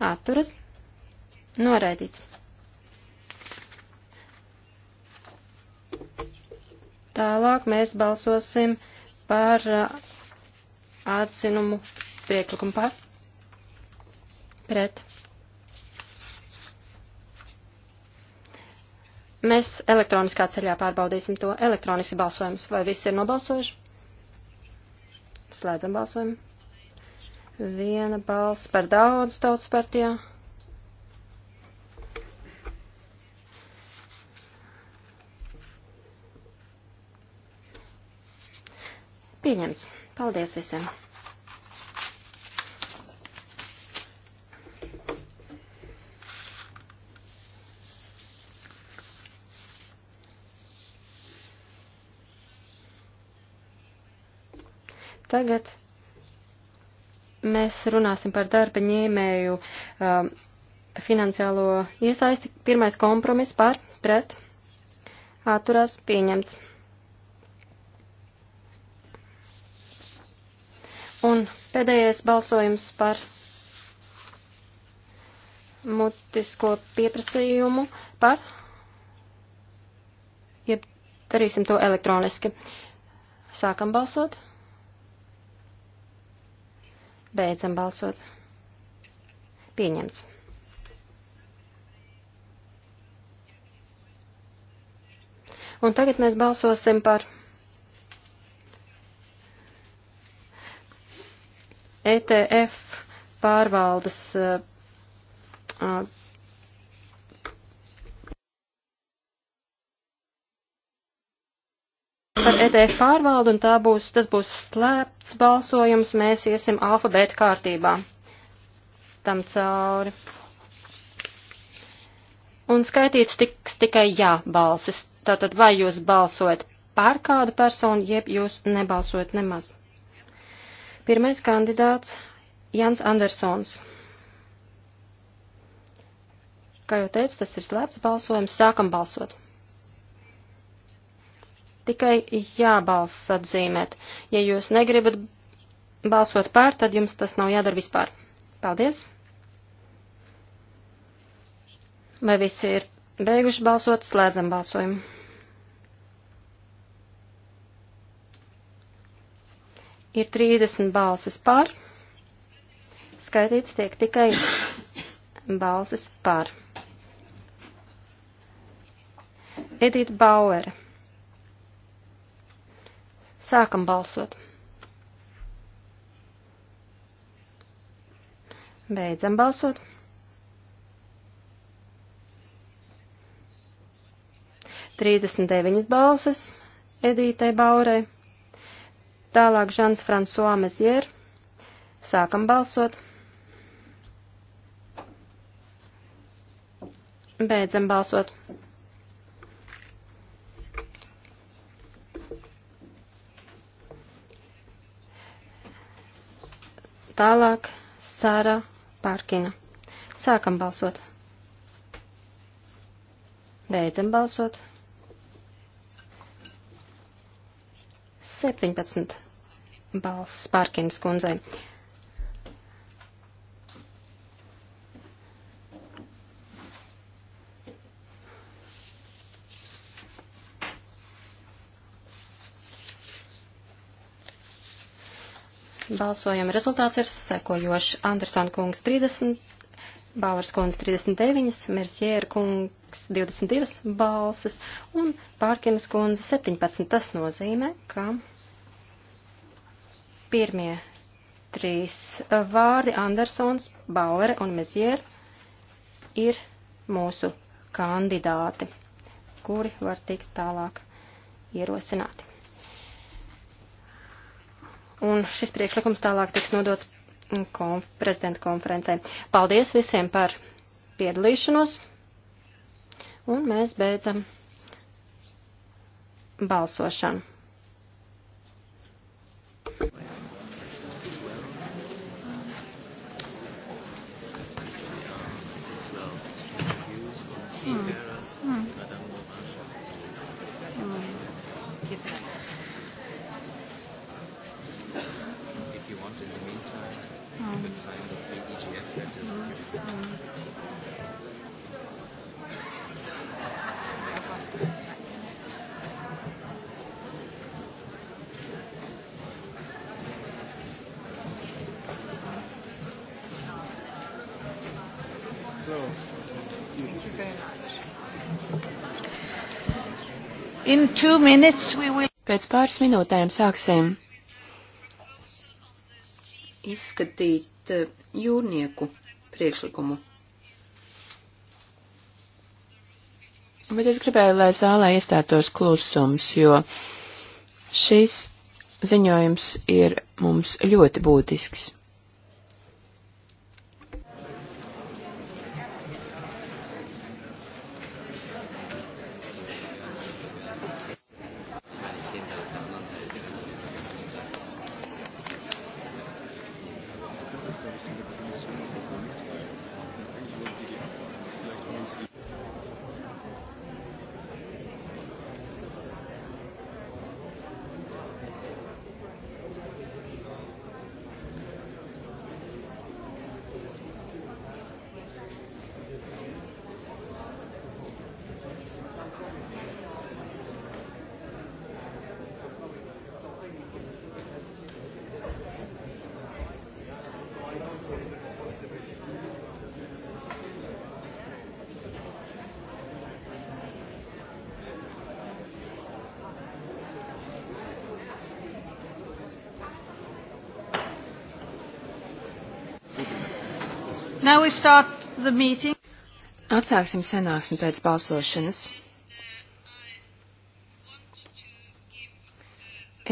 atturas noraidīts. Tālāk mēs balsosim par uh, atzinumu priekšlikumu par pret. Mēs elektroniskā ceļā pārbaudīsim to. Elektroniski balsojums. Vai visi ir nobalsojuši? Slēdzam balsojumu. Viena balss par daudz tautas partijā. Pieņemts. Paldies visiem. Tagad mēs runāsim par darba ņēmēju um, finansiālo iesaisti. Pirmais kompromiss par, pret, atturās, pieņemts. Un pēdējais balsojums par mutisko pieprasījumu par, ja darīsim to elektroniski. Sākam balsot. Beidzam balsot. Pieņemts. Un tagad mēs balsosim par. ETF pārvaldes uh, uh par ETF pārvaldu, un tā būs, tas būs slēpts balsojums, mēs iesim alfabēta kārtībā tam cauri. Un skaitīts tiks tikai jā balsis. Tātad vai jūs balsojat pār kādu personu, jeb jūs nebalsojat nemaz. Pirmais kandidāts Jans Andersons. Kā jau teicu, tas ir slēpts balsojums. Sākam balsot. Tikai jābalsts atzīmēt. Ja jūs negribat balsot pār, tad jums tas nav jādara vispār. Paldies! Vai visi ir beiguši balsot? Slēdzam balsojumu. ir 30 balsis par, skaitīts tiek tikai balsis par. Edita Bauere. Sākam balsot. Beidzam balsot. Trīsdesmit deviņas balsis Edītei Baurei. Tālāk Žans François Mezier. Sākam balsot. Beidzam balsot. Tālāk Sāra Pārkina. Sākam balsot. Beidzam balsot. 17 balss Pārkins kundzei. Balsojuma rezultāts ir sekojošs. Andersona kungs 30 Bāvars kundze 39, Mercier kungs 22 balsis un Pārkinas kundze 17. Tas nozīmē, ka pirmie trīs vārdi Andersons, Bauere un Mezier ir mūsu kandidāti, kuri var tikt tālāk ierosināti. Un šis priekšlikums tālāk tiks nodots konf prezidenta konferencē. Paldies visiem par piedalīšanos, un mēs beidzam balsošanu. Will... Pēc pāris minūtēm sāksim izskatīt eh, jūrnieku priekšlikumu. Bet es gribēju, lai zālē iestātos klusums, jo šis ziņojums ir mums ļoti būtisks. Atsāksim sanāksmi pēc balsošanas.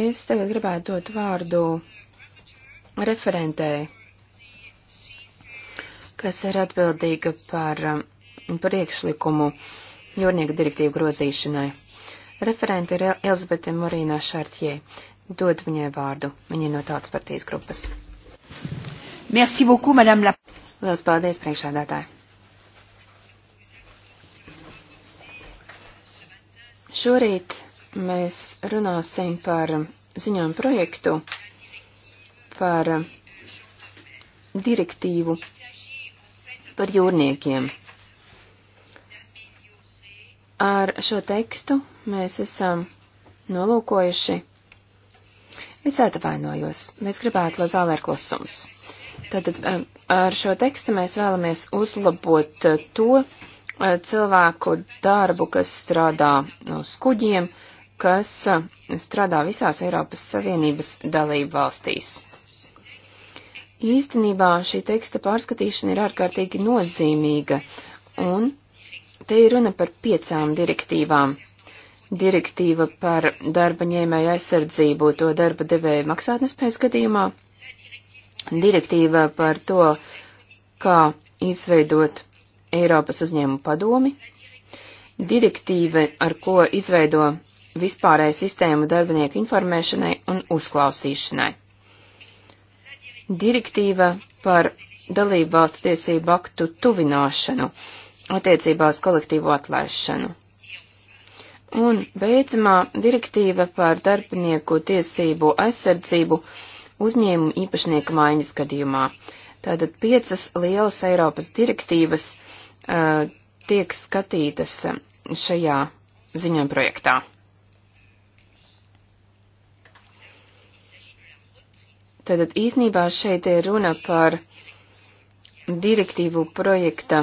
Es tagad gribētu dot vārdu referentei, kas ir atbildīga par um, priekšlikumu jūrnieku direktīvu grozīšanai. Referente ir Elzbete Morīnā Šartjē. Dod viņai vārdu. Viņa ir no tautas partijas grupas. Merci beaucoup, madame la. Lielas paldies, priekšādātāji! Šorīt mēs runāsim par ziņojumu projektu, par direktīvu par jūrniekiem. Ar šo tekstu mēs esam nolūkojuši. Es atvainojos, mēs gribētu, lai zālē ir klusums. Tātad um, Ar šo tekstu mēs vēlamies uzlabot uh, to uh, cilvēku darbu, kas strādā uz kuģiem, kas uh, strādā visās Eiropas Savienības dalību valstīs. Īstenībā šī teksta pārskatīšana ir ārkārtīgi nozīmīga, un te ir runa par piecām direktīvām. Direktīva par darba ņēmēju aizsardzību to darba devēja maksātnespējas gadījumā, direktīva par to, kā izveidot Eiropas uzņēmumu padomi, direktīva, ar ko izveido vispārēju sistēmu darbinieku informēšanai un uzklausīšanai. Direktīva par dalību valstu tiesību aktu tuvināšanu attiecībā uz kolektīvo atlaišanu. Un beidzamā direktīva par darbinieku tiesību aizsardzību uzņēmumu īpašnieku maiņas gadījumā. Tātad piecas lielas Eiropas direktīvas uh, tiek skatītas um, šajā ziņojuma projektā. Tātad īsnībā šeit ir runa par direktīvu projekta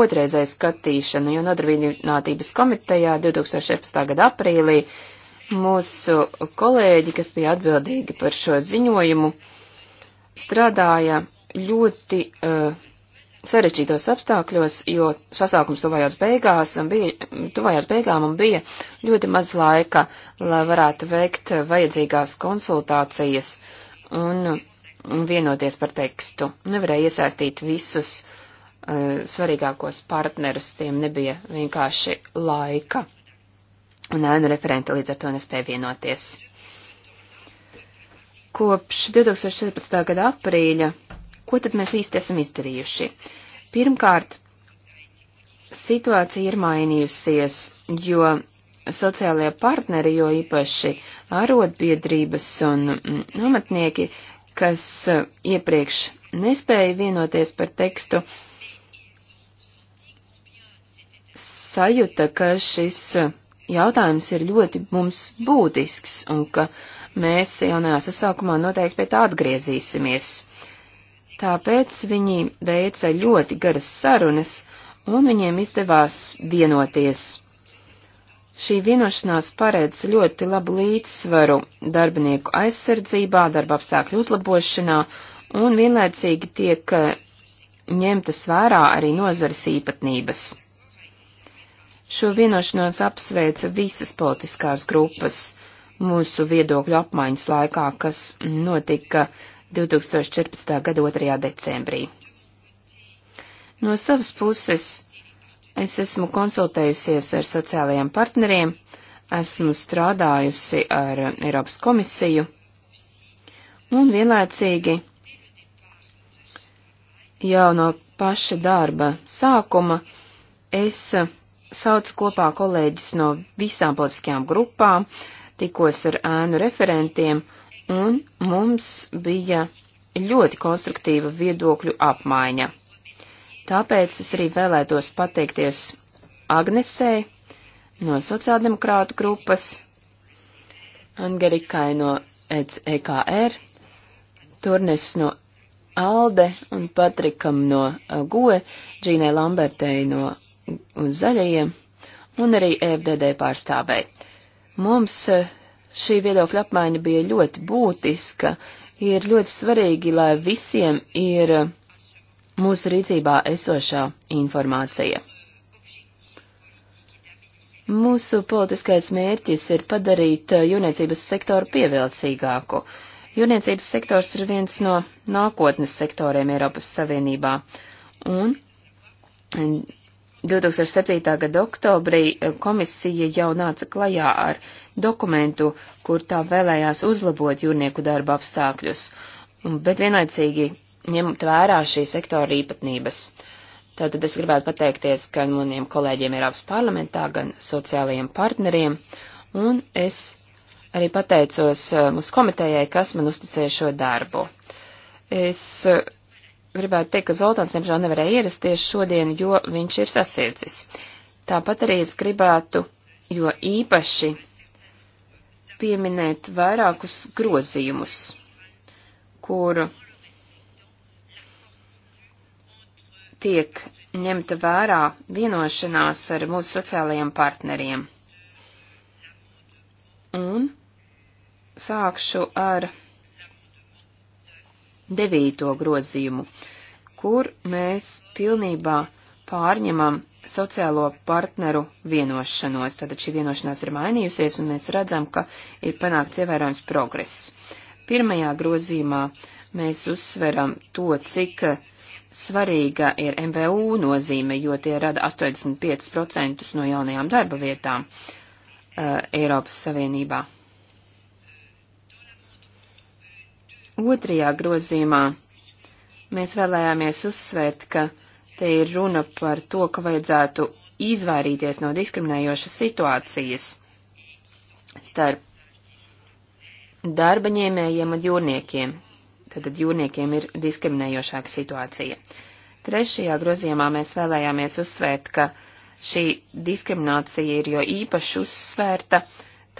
otrreizēju skatīšanu, jo nodarbinātības komitejā 2017. gada aprīlī Mūsu kolēģi, kas bija atbildīgi par šo ziņojumu, strādāja ļoti uh, sarežģītos apstākļos, jo sasaukums tuvājās beigās un bija, tuvājās beigām un bija ļoti maz laika, lai varētu veikt vajadzīgās konsultācijas un vienoties par tekstu. Nevarēja iesaistīt visus uh, svarīgākos partnerus, tiem nebija vienkārši laika un ēnu referente līdz ar to nespēja vienoties. Kopš 2014. gada aprīļa, ko tad mēs īsti esam izdarījuši? Pirmkārt, situācija ir mainījusies, jo sociālajie partneri, jo īpaši arotbiedrības un mm, nometnieki, kas eh, iepriekš nespēja vienoties par tekstu, sajūta, ka šis jautājums ir ļoti mums būtisks un ka mēs jaunajā sasaukumā noteikti pie tā atgriezīsimies. Tāpēc viņi veica ļoti garas sarunas un viņiem izdevās vienoties. Šī vienošanās paredz ļoti labu līdzsvaru darbinieku aizsardzībā, darba apstākļu uzlabošanā un vienlaicīgi tiek ņemtas vērā arī nozares īpatnības. Šo vienošanos apsveica visas politiskās grupas mūsu viedokļu apmaiņas laikā, kas notika 2014. gada 2. decembrī. No savas puses es esmu konsultējusies ar sociālajiem partneriem, esmu strādājusi ar Eiropas komisiju un vienlaicīgi jau no paša darba sākuma es sauc kopā kolēģis no visām politiskajām grupām, tikos ar ēnu referentiem, un mums bija ļoti konstruktīva viedokļu apmaiņa. Tāpēc es arī vēlētos pateikties Agnesei no sociāldemokrātu grupas, Angerikai no EKR, e Turnes no ALDE un Patrikam no GOE, Džīnai Lambertei no un zaļajiem, un arī FDD pārstāvēji. Mums eh, šī viedokļa apmaiņa bija ļoti būtiska, ir ļoti svarīgi, lai visiem ir eh, mūsu rīcībā esošā informācija. Mūsu politiskais mērķis ir padarīt eh, jūrniecības sektoru pievilcīgāku. Jūrniecības sektors ir viens no nākotnes sektoriem Eiropas Savienībā, un 2007. gada oktobrī e, komisija jau nāca klajā ar dokumentu, kur tā vēlējās uzlabot jūrnieku darba apstākļus, bet vienlaicīgi ņemt vērā šī sektora īpatnības. Tātad es gribētu pateikties gan maniem kolēģiem Eiropas parlamentā, gan sociālajiem partneriem, un es arī pateicos e, mūsu komitejai, kas man uzticēja šo darbu. Es e, gribētu teikt, ka Zoltāns, diemžēl, nevarēja ierasties šodien, jo viņš ir sasiecis. Tāpat arī es gribētu, jo īpaši pieminēt vairākus grozījumus, kur tiek ņemta vērā vienošanās ar mūsu sociālajiem partneriem. Un sākšu ar devīto grozījumu, kur mēs pilnībā pārņemam sociālo partneru vienošanos. Tātad šī vienošanās ir mainījusies, un mēs redzam, ka ir panākts ievērojams progress. Pirmajā grozījumā mēs uzsveram to, cik svarīga ir MVU nozīme, jo tie rada 85% no jaunajām darba vietām uh, Eiropas Savienībā. Otrajā grozījumā mēs vēlējāmies uzsvērt, ka te ir runa par to, ka vajadzētu izvairīties no diskriminējošas situācijas starp darba ņēmējiem un jūrniekiem. Tātad jūrniekiem ir diskriminējošāka situācija. Trešajā grozījumā mēs vēlējāmies uzsvērt, ka šī diskriminācija ir jo īpaši uzsvērta,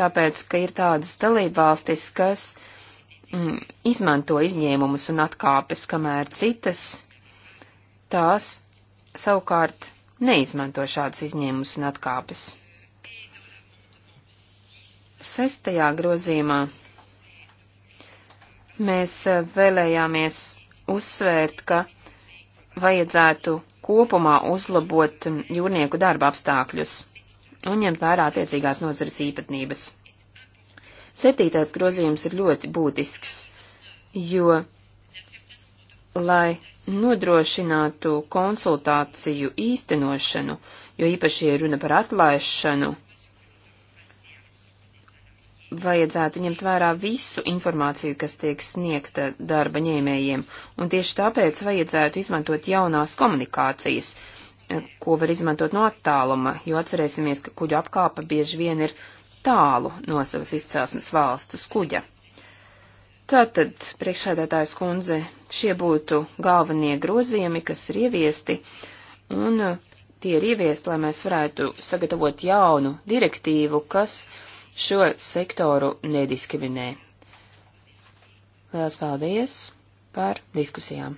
tāpēc, ka ir tādas dalībvalstis, kas uh, mm, izmanto izņēmumus un atkāpes, kamēr citas tās savukārt neizmanto šādus izņēmumus un atkāpes. Sestajā grozījumā mēs eh, vēlējāmies uzsvērt, ka vajadzētu kopumā uzlabot mm, jūrnieku darba apstākļus un ņemt vērā attiecīgās nozares īpatnības. Septītais grozījums ir ļoti būtisks, jo, lai nodrošinātu konsultāciju īstenošanu, jo īpaši, ja runa par atlaišanu, vajadzētu ņemt vērā visu informāciju, kas tiek sniegta darba ņēmējiem, un tieši tāpēc vajadzētu izmantot jaunās komunikācijas, ko var izmantot no attāluma, jo atcerēsimies, ka kuģu apkāpa bieži vien ir tālu no savas izcelsmes valsts uz kuģa. Tātad, priekšādātājs kundze, šie būtu galvenie grozījumi, kas ir ieviesti, un uh, tie ir ieviesti, lai mēs varētu sagatavot jaunu direktīvu, kas šo sektoru nediskriminē. Lielas paldies par diskusijām.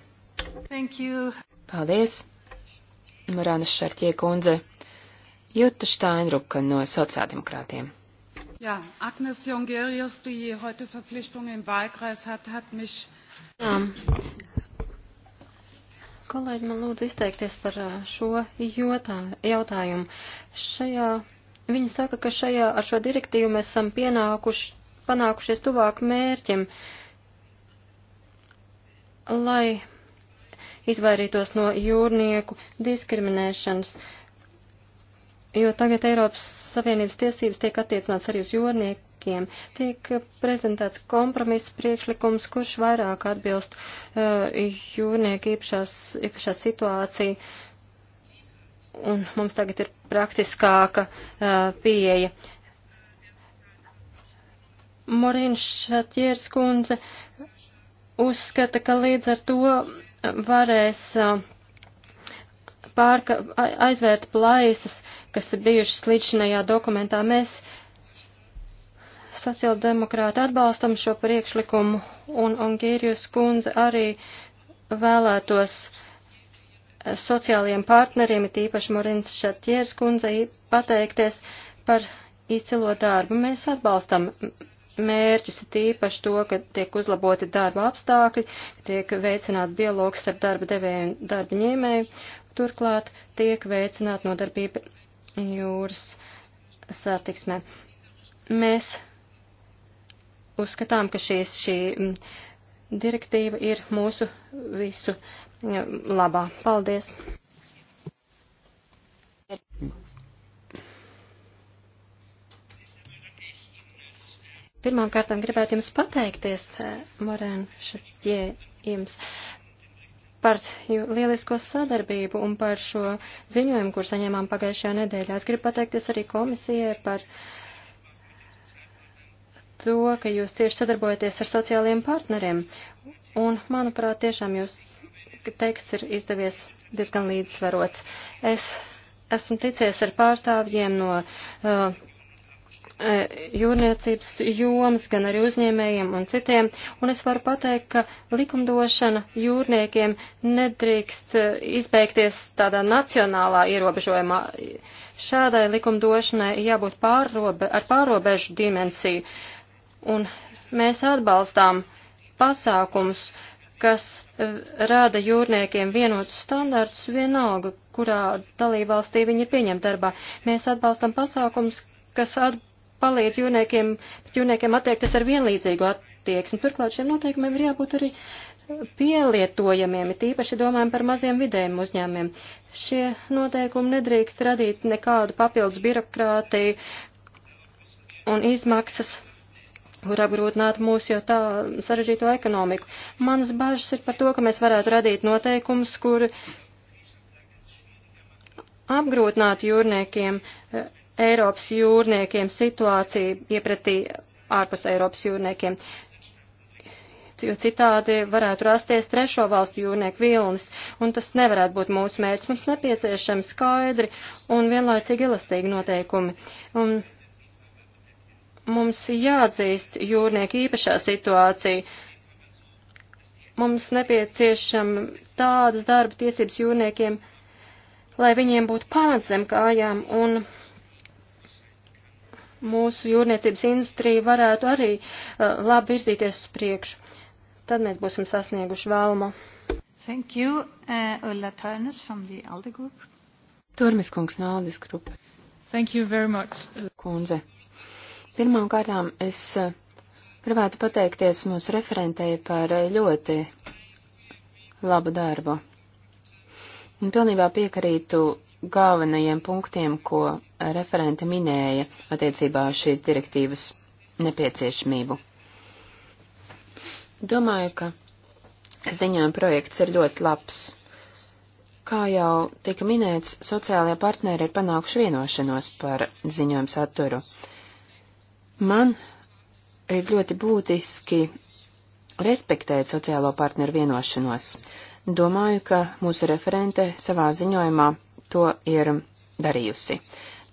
Thank you. Paldies, Marāna Šarķie kundze, Jutta Štainruka no sociāldemokrātiem. Ja, Agnes Jongerius, die heute Verpflichtung im Wahlkreis hat, hat mich. Jā. Kolēģi, man lūdzu izteikties par šo jotā, jautājumu. Šajā, viņa saka, ka šajā, ar šo direktīvu mēs esam pienākuši, panākušies tuvāk mērķim, lai izvairītos no jūrnieku diskriminēšanas. Uh, jo tagad Eiropas Savienības tiesības tiek attiecināts arī uz jūrniekiem. Tiek prezentēts kompromiss priekšlikums, kurš vairāk atbilst uh, jūrnieku īpašās, īpašās situāciju, un mums tagad ir praktiskāka uh, pieeja. Morīns Šatjērs kundze uzskata, ka līdz ar to varēs uh, pārka, aizvērt plaisas, kas ir bijušas līdzinējā dokumentā. Mēs sociāldemokrāti atbalstam šo priekšlikumu, un Ongīrijus kundze arī vēlētos eh, sociālajiem partneriem, it īpaši Morins Šatjērs kundzei, pateikties par izcilo darbu. Mēs atbalstam mērķus, ir īpaši to, ka tiek uzlaboti darba apstākļi, tiek veicināts dialogs ar darba devēju un darba ņēmēju, Turklāt tiek veicināt nodarbība jūras satiksmē. Mēs uzskatām, ka šīs, šī direktīva ir mūsu visu labā. Paldies! Pirmām kārtām gribētu jums pateikties, Morēn Šatjē, jums par lielisko sadarbību un par šo ziņojumu, kur saņēmām pagājušajā nedēļā. Es gribu pateikties arī komisijai par to, ka jūs cieši sadarbojaties ar sociālajiem partneriem. Un, manuprāt, tiešām jūs teksts ir izdevies diezgan līdzsvarots. Es esmu ticies ar pārstāvjiem no uh, E, jūrniecības jomas, gan arī uzņēmējiem un citiem, un es varu pateikt, ka likumdošana jūrniekiem nedrīkst e, izbeigties tādā nacionālā ierobežojumā. Šādai likumdošanai jābūt pārrobe, ar pārobežu dimensiju, un mēs atbalstām pasākums, kas e, rada jūrniekiem vienotus standartus vienalga, kurā dalībvalstī viņi ir pieņemti darbā. Mēs atbalstam pasākums, kas palīdz jūrniekiem, jūrniekiem attiekties ar vienlīdzīgu attieksmi. Turklāt šiem noteikumiem ir jābūt arī pielietojamiem, it īpaši domājam par maziem vidējiem uzņēmumiem. Šie noteikumi nedrīkst radīt nekādu papildus birokrātiju un izmaksas kur apgrūtināt mūsu jau tā sarežģīto ekonomiku. Manas bažas ir par to, ka mēs varētu radīt noteikumus, kur apgrūtināt jūrniekiem Eiropas jūrniekiem situācija iepratī ārpus Eiropas jūrniekiem, jo citādi varētu rasties trešo valstu jūrnieku vilnis, un tas nevarētu būt mūsu mērķis. Mums nepieciešami skaidri un vienlaicīgi elastīgi noteikumi. Un mums jāatzīst jūrnieku īpašā situācija. Mums nepieciešama tādas darba tiesības jūrniekiem, lai viņiem būtu pamats zem kājām un mūsu jūrniecības industrija varētu arī uh, labi virzīties uz priekšu. Tad mēs būsim sasnieguši vēlamo. Thank you, uh, Ulla Tārnes from the ALDE group. Turmis kungs no ALDE grupa. Thank you very much. Kundze. Pirmām kārtām es uh, gribētu pateikties mūsu referentei par uh, ļoti labu darbu. Un pilnībā piekarītu galvenajiem punktiem, ko referente minēja attiecībā uz šīs direktīvas nepieciešamību. Domāju, ka ziņojuma projekts ir ļoti labs. Kā jau tika minēts, sociālajie partneri ir panākuši vienošanos par ziņojumu saturu. Man ir ļoti būtiski respektēt sociālo partneru vienošanos. Domāju, ka mūsu referente savā ziņojumā to ir darījusi.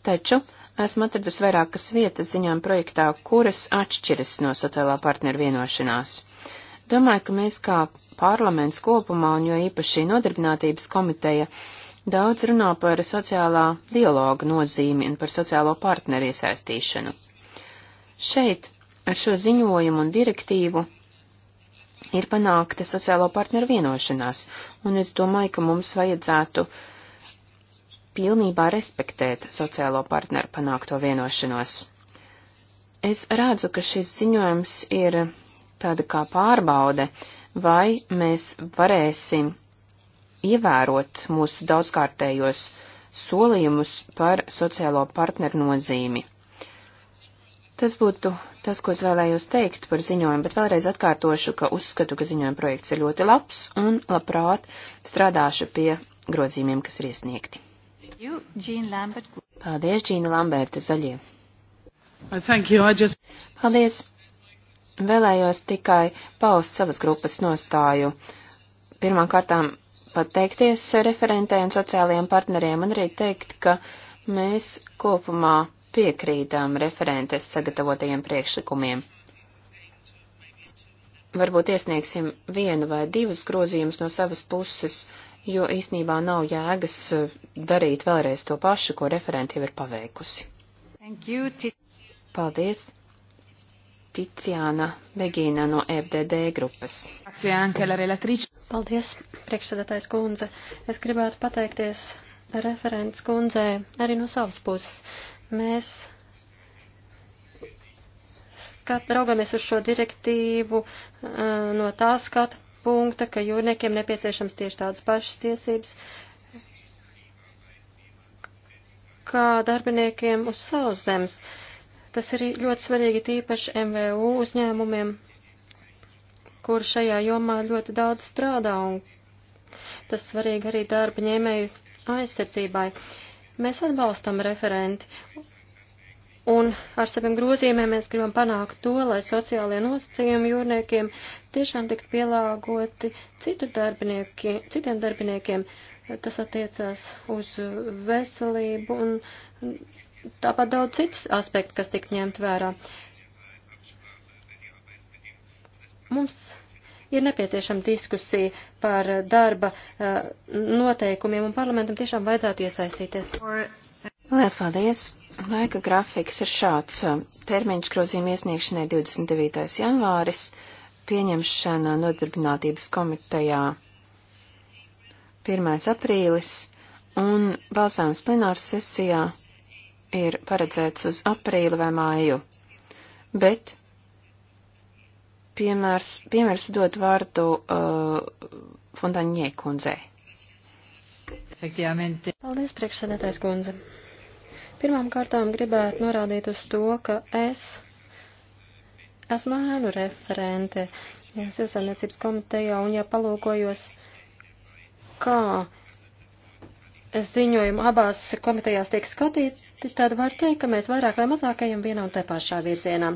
Taču esmu atradusi vairākas vietas ziņām projektā, kuras atšķiras no sociālā partneru vienošanās. Domāju, ka mēs kā parlaments kopumā un jo īpaši nodarbinātības komiteja daudz runā par sociālā dialoga nozīmi un par sociālo partneru iesaistīšanu. Šeit ar šo ziņojumu un direktīvu ir panākta sociālo partneru vienošanās, un es domāju, ka mums vajadzētu uh, pilnībā respektēt sociālo partneru panākto vienošanos. Es redzu, ka šis ziņojums ir tāda kā pārbaude, vai mēs varēsim ievērot mūsu daudzkārtējos solījumus par sociālo partneru nozīmi. Tas būtu tas, ko es vēlējos teikt par ziņojumu, bet vēlreiz atkārtošu, ka uzskatu, ka ziņojuma projekts ir ļoti labs un labprāt strādāšu pie grozījumiem, kas ir iesniegti. You, Jean Lambert. Paldies, Džīna Lamberta, zaļie. Thank you, I just... Paldies. Vēlējos tikai paust savas grupas nostāju. Pirmām kārtām pateikties referentē un sociālajiem partneriem un arī teikt, ka mēs kopumā piekrītām referentes sagatavotajiem priekšlikumiem. Varbūt iesniegsim vienu vai divus grozījumus no savas puses, uh, jo īsnībā nav jēgas eh, darīt vēlreiz to pašu, ko referenti jau ir paveikusi. You, Paldies! Ticiāna Begīna no FDD grupas. Paldies, priekšsēdētājs kundze. Es gribētu pateikties referents kundzē arī no savas puses. Mēs skat, raugamies uz šo direktīvu eh, no tā skatu punkta, ka jūrniekiem nepieciešams tieši tādas pašas tiesības kā darbiniekiem uz savas zemes. Tas ir ļoti svarīgi tīpaši MVU uzņēmumiem, kur šajā jomā ļoti daudz strādā, un tas svarīgi arī darba ņēmēju aizsardzībai. Mēs atbalstam referenti Un ar saviem grozījumiem mēs gribam panākt to, lai sociālajie nosacījumi jūrniekiem tiešām tiktu pielāgoti citu darbinieki, citiem darbiniekiem. Tas attiecās uz veselību un tāpat daudz citas aspekti, kas tik ņemt vērā. Mums ir nepieciešama diskusija par darba eh, noteikumiem, un parlamentam tiešām vajadzētu iesaistīties. Or... Lielas paldies! Laika grafiks ir šāds. Termiņš grozījuma iesniegšanai 29. janvāris, pieņemšana nodarbinātības komitejā 1. aprīlis un balsājums plenāras sesijā ir paredzēts uz aprīli vai māju. Bet piemērs, piemērs dot vārdu uh, Fontaņie kundzei. Paldies, priekšsēdētājs kundze. Pirmām kārtām gribētu norādīt uz to, ka es esmu ēnu referente Sivsaimniecības komitejā, un ja palūkojos, kā ziņojumi abās komitejās tiek skatīti, tad var teikt, ka mēs vairāk vai mazāk ejam vienā un te pašā virzienā.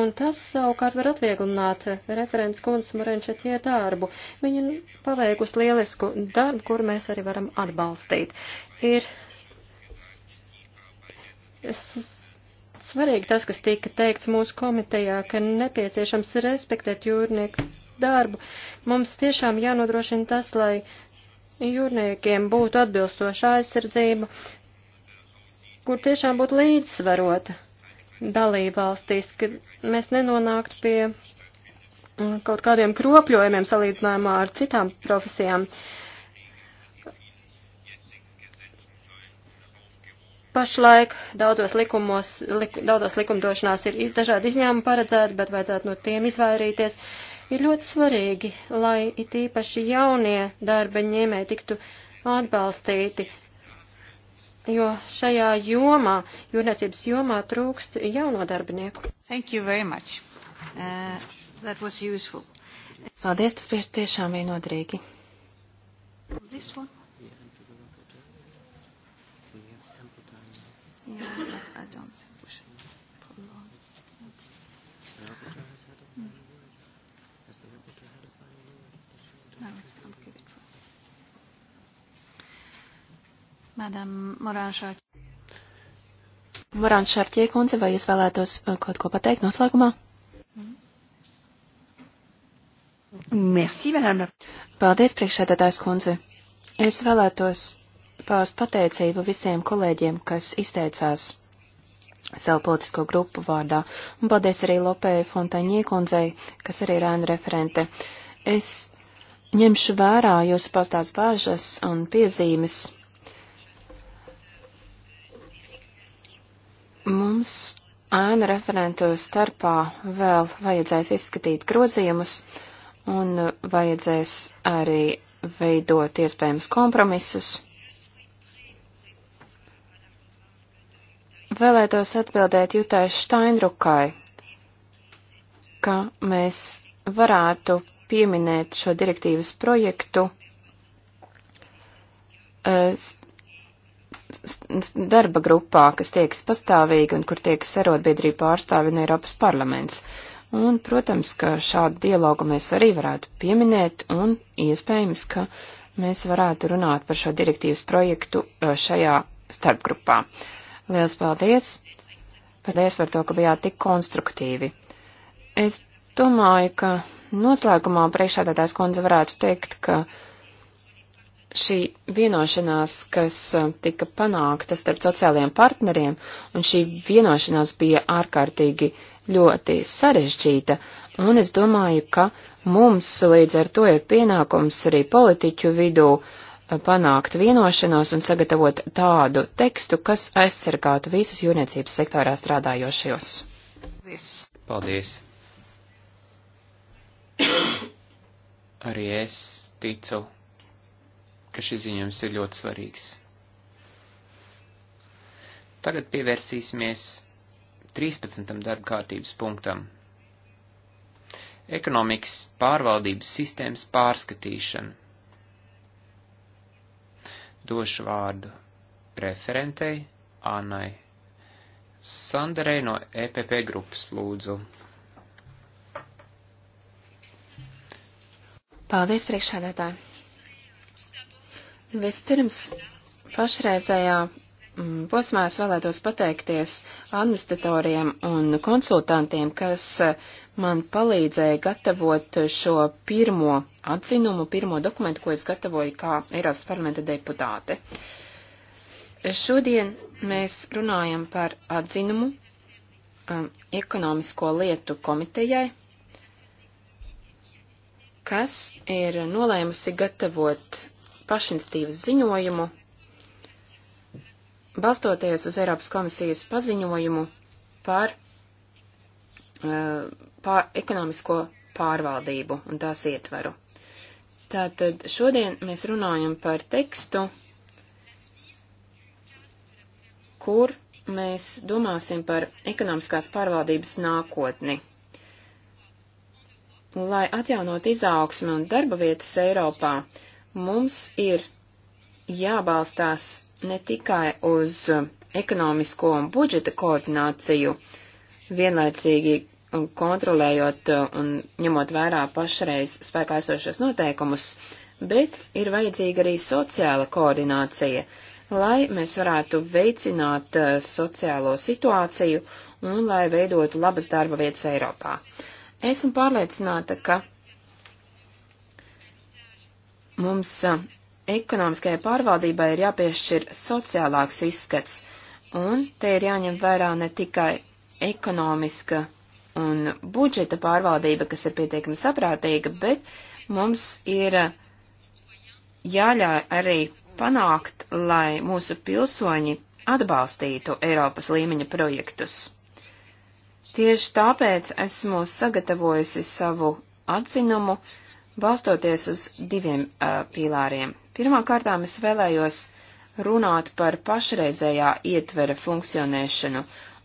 Un tas savukārt var atvieglināt referents kundzes Morenčetie darbu. Viņa nu paveikusi lielisku darbu, kur mēs arī varam atbalstīt. Ir svarīgi tas, kas tika teikts mūsu komitejā, ka nepieciešams respektēt jūrnieku darbu. Mums tiešām jānodrošina tas, lai jūrniekiem būtu atbilstoša aizsardzība, kur tiešām būtu līdzsvarota dalībvalstīs, ka mēs nenonāktu pie mm, kaut kādiem kropļojumiem salīdzinājumā ar citām profesijām. Pašlaik daudzos likumos, lik, daudzos likumdošanās ir dažādi izņēmumi paredzēti, bet vajadzētu no tiem izvairīties. Ir ļoti svarīgi, lai it īpaši jaunie darba ņēmēji tiktu atbalstīti, jo šajā jomā, jūrniecības jomā trūkst jauno darbinieku. Thank you very much. Uh, that was useful. Paldies, tas bija tiešām bija noderīgi. This one? Yeah, but I don't see. Madam Morāna Šārķie. Morāna Šārķie kundze, vai jūs vēlētos uh, kaut ko pateikt noslēgumā? Merci, madame. Paldies, priekšsēdētājs kundze. Es vēlētos paust pateicību visiem kolēģiem, kas izteicās savu politisko grupu vārdā. Un paldies arī Lopēja Fontaņie kundzei, kas arī ir ēna referente. Es ņemšu vērā jūsu pastās bāžas un piezīmes. Mums ēnu referentu starpā vēl vajadzēs izskatīt grozījumus un vajadzēs arī veidot iespējams kompromisus. Vēlētos atbildēt Jutai Steinrukai, ka mēs varētu pieminēt šo direktīvas projektu eh, darba grupā, kas tiekas pastāvīgi un kur tiekas arotbiedrība pārstāvi un Eiropas parlaments. Un, protams, ka šādu dialogu mēs arī varētu pieminēt un iespējams, ka mēs varētu runāt par šo direktīvas projektu šajā starpgrupā. Liels paldies! Paldies par to, ka bijāt tik konstruktīvi. Es domāju, ka noslēgumā priekšādātājs kundze varētu teikt, ka šī vienošanās, kas eh, tika panākta starp sociālajiem partneriem, un šī vienošanās bija ārkārtīgi ļoti sarežģīta, un es domāju, ka mums līdz ar to ir pienākums arī politiķu vidū eh, panākt vienošanos un sagatavot tādu tekstu, kas aizsargātu visus jūrniecības sektorā strādājošajos. Paldies! Arī es ticu ka šis ziņojums ir ļoti svarīgs. Tagad pievērsīsimies 13. darba kārtības punktam. Ekonomikas pārvaldības sistēmas pārskatīšana. Došu vārdu referentei Annai Sanderei no EPP grupas lūdzu. Paldies priekšsēdētāji! Vispirms pašreizējā mm, posmā es vēlētos pateikties administratoriem un konsultantiem, kas eh, man palīdzēja gatavot šo pirmo atzinumu, pirmo dokumentu, ko es gatavoju kā Eiropas parlamenta deputāte. Šodien mēs runājam par atzinumu um, ekonomisko lietu komitejai, kas ir nolēmusi gatavot pašinstīvas ziņojumu, balstoties uz Eiropas komisijas paziņojumu par eh, pār, ekonomisko pārvaldību un tās ietveru. Tātad šodien mēs runājam par tekstu, kur mēs domāsim par ekonomiskās pārvaldības nākotni. Lai atjaunot izaugsmi un darba vietas Eiropā, Mums ir jābalstās ne tikai uz ekonomisko un budžeta koordināciju, vienlaicīgi kontrolējot un ņemot vērā pašreiz spēkā esošos noteikumus, bet ir vajadzīga arī sociāla koordinācija, lai mēs varētu veicināt eh, sociālo situāciju un lai veidotu labas darba vietas Eiropā. Esmu pārliecināta, ka Mums ekonomiskajai pārvaldībai ir jāpiešķir sociālāks izskats, un te ir jāņem vērā ne tikai ekonomiska un budžeta pārvaldība, kas ir pietiekami saprātīga, bet mums ir jāļauj arī panākt, lai mūsu pilsoņi atbalstītu Eiropas līmeņa projektus. Tieši tāpēc esmu sagatavojusi savu atzinumu, uh, balstoties uz diviem uh, pīlāriem. Pirmā kārtām es vēlējos runāt par pašreizējā ietvera funkcionēšanu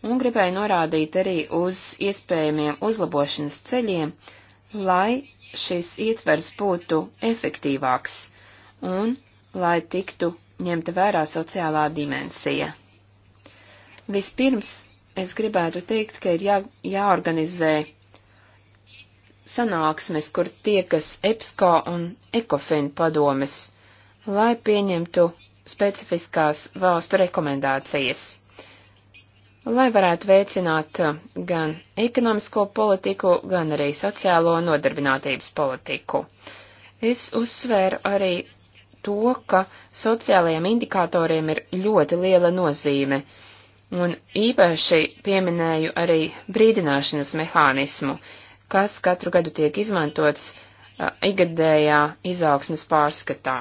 un gribēju norādīt arī uz iespējamiem uzlabošanas ceļiem, lai šis ietvers būtu efektīvāks un lai tiktu ņemta vērā sociālā dimensija. Vispirms es gribētu teikt, ka ir jā, jāorganizē sanāksmes, kur tiekas EPSCO un ECOFIN padomes, lai pieņemtu specifiskās valstu rekomendācijas, lai varētu veicināt uh, gan ekonomisko politiku, gan arī sociālo nodarbinātības politiku. Es uzsvēru arī to, ka sociālajiem indikatoriem ir ļoti liela nozīme, un īpaši pieminēju arī brīdināšanas mehānismu, kas katru gadu tiek izmantots uh, igadējā izaugsmes pārskatā.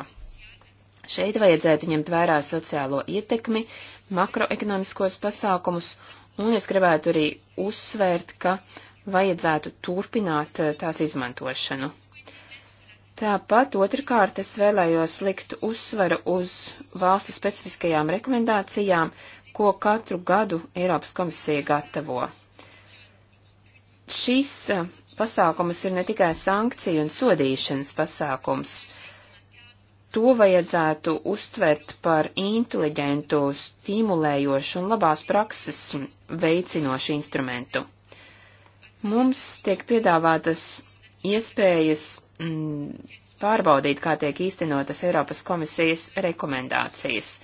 Šeit vajadzētu ņemt vērā sociālo ietekmi, makroekonomiskos pasākumus, un es gribētu arī uzsvērt, ka vajadzētu turpināt uh, tās izmantošanu. Tāpat otrkārt es vēlējos likt uzsvaru uz valstu specifiskajām rekomendācijām, ko katru gadu Eiropas komisija gatavo šis pasākums ir ne tikai sankciju un sodīšanas pasākums. To vajadzētu uztvert par inteliģentu, stimulējošu un labās prakses veicinošu instrumentu. Mums tiek piedāvātas iespējas m, mm, pārbaudīt, kā tiek īstenotas Eiropas komisijas rekomendācijas.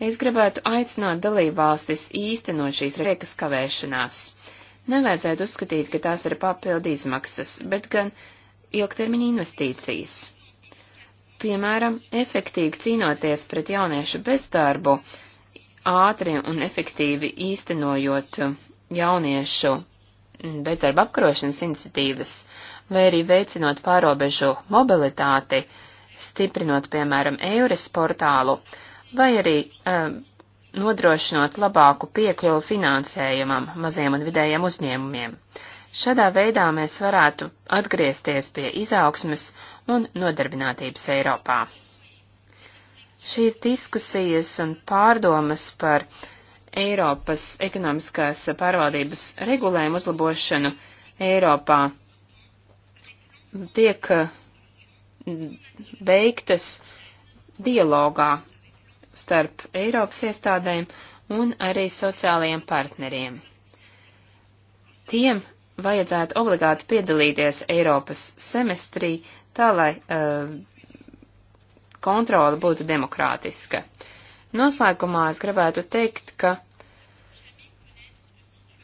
Es gribētu aicināt dalībvalstis īstenot šīs riekas kavēšanās nevajadzētu uzskatīt, ka tās ir papildu izmaksas, bet gan ilgtermiņa investīcijas. Piemēram, efektīvi cīnoties pret jauniešu bezdarbu, ātri un efektīvi īstenojot jauniešu bezdarba apkarošanas iniciatīvas, vai arī veicinot pārobežu mobilitāti, stiprinot, piemēram, Eures portālu, vai arī um, nodrošinot labāku piekļuvu finansējumam maziem un vidējiem uzņēmumiem. Šādā veidā mēs varētu atgriezties pie izaugsmes un nodarbinātības Eiropā. Šīs diskusijas un pārdomas par Eiropas ekonomiskās pārvaldības regulējumu uzlabošanu Eiropā tiek mm, veiktas dialogā starp Eiropas iestādēm un arī sociālajiem partneriem. Tiem vajadzētu obligāti piedalīties Eiropas semestrī, tā lai uh, kontrola būtu demokrātiska. Noslēgumā es gribētu teikt, ka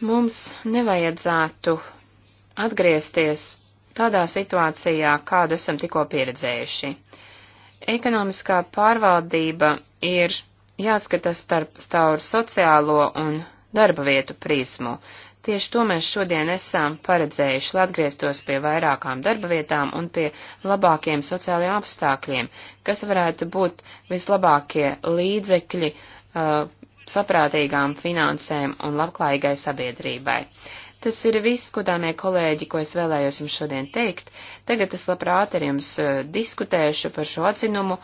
mums nevajadzētu atgriezties tādā situācijā, kādu esam tikko pieredzējuši. Ekonomiskā pārvaldība ir jāskatās starp stauru sociālo un darba vietu prismu. Tieši to mēs šodien esam paredzējuši, lai atgrieztos pie vairākām darba vietām un pie labākiem sociālajiem apstākļiem, kas varētu būt vislabākie līdzekļi uh, saprātīgām finansēm un labklājīgai sabiedrībai. Uh, Tas ir viss, godāmie kolēģi, ko es vēlējos jums šodien teikt. Tagad es labprāt ar jums eh, diskutēšu par šo atzinumu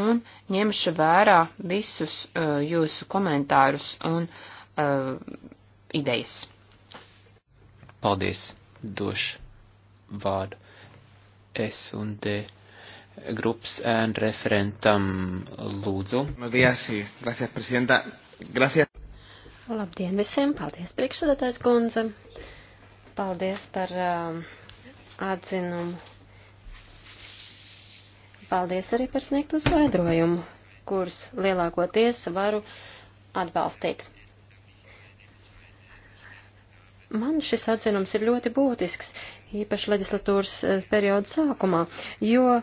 un ņemšu vērā visus uh, jūsu komentārus un uh, idejas. Paldies, došu vārdu S un D grupas ēnu referentam lūdzu. Buenos días, sí. Gracias, presidenta. Gracias. Labdien visiem! Paldies, priekšsēdētājs Gonza! Paldies par uh, atzinumu! Paldies arī par sniegtu skaidrojumu, kurus lielākoties varu atbalstīt. Man šis atzinums ir ļoti būtisks, īpaši leģislatūras eh, perioda sākumā, jo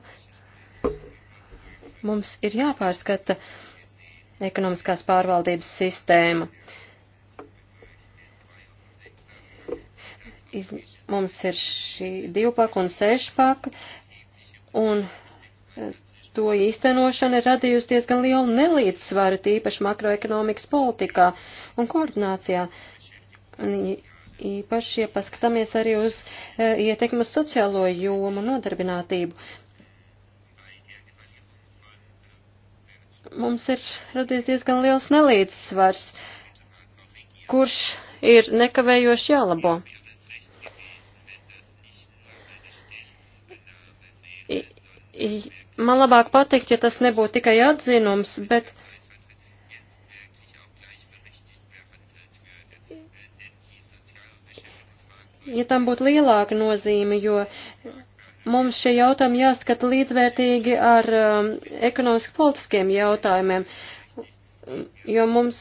mums ir jāpārskata ekonomiskās pārvaldības sistēma. Uh, iz, mums ir šī divpaka un sešpaka, un eh, to īstenošana ir radījusi diezgan lielu nelīdzsvaru, tīpaši makroekonomikas politikā un koordinācijā. Un īpaši, ja paskatāmies arī uz e, eh, ietekmu uz sociālo jomu un nodarbinātību. Mums ir radies diezgan liels nelīdzsvars, kurš ir nekavējoši jālabo. Man labāk patikt, ja tas nebūtu tikai atzinums, bet. Ja tam būtu lielāka nozīme, jo mums šie jautājumi jāskata līdzvērtīgi ar um, ekonomiski politiskiem jautājumiem, jo mums,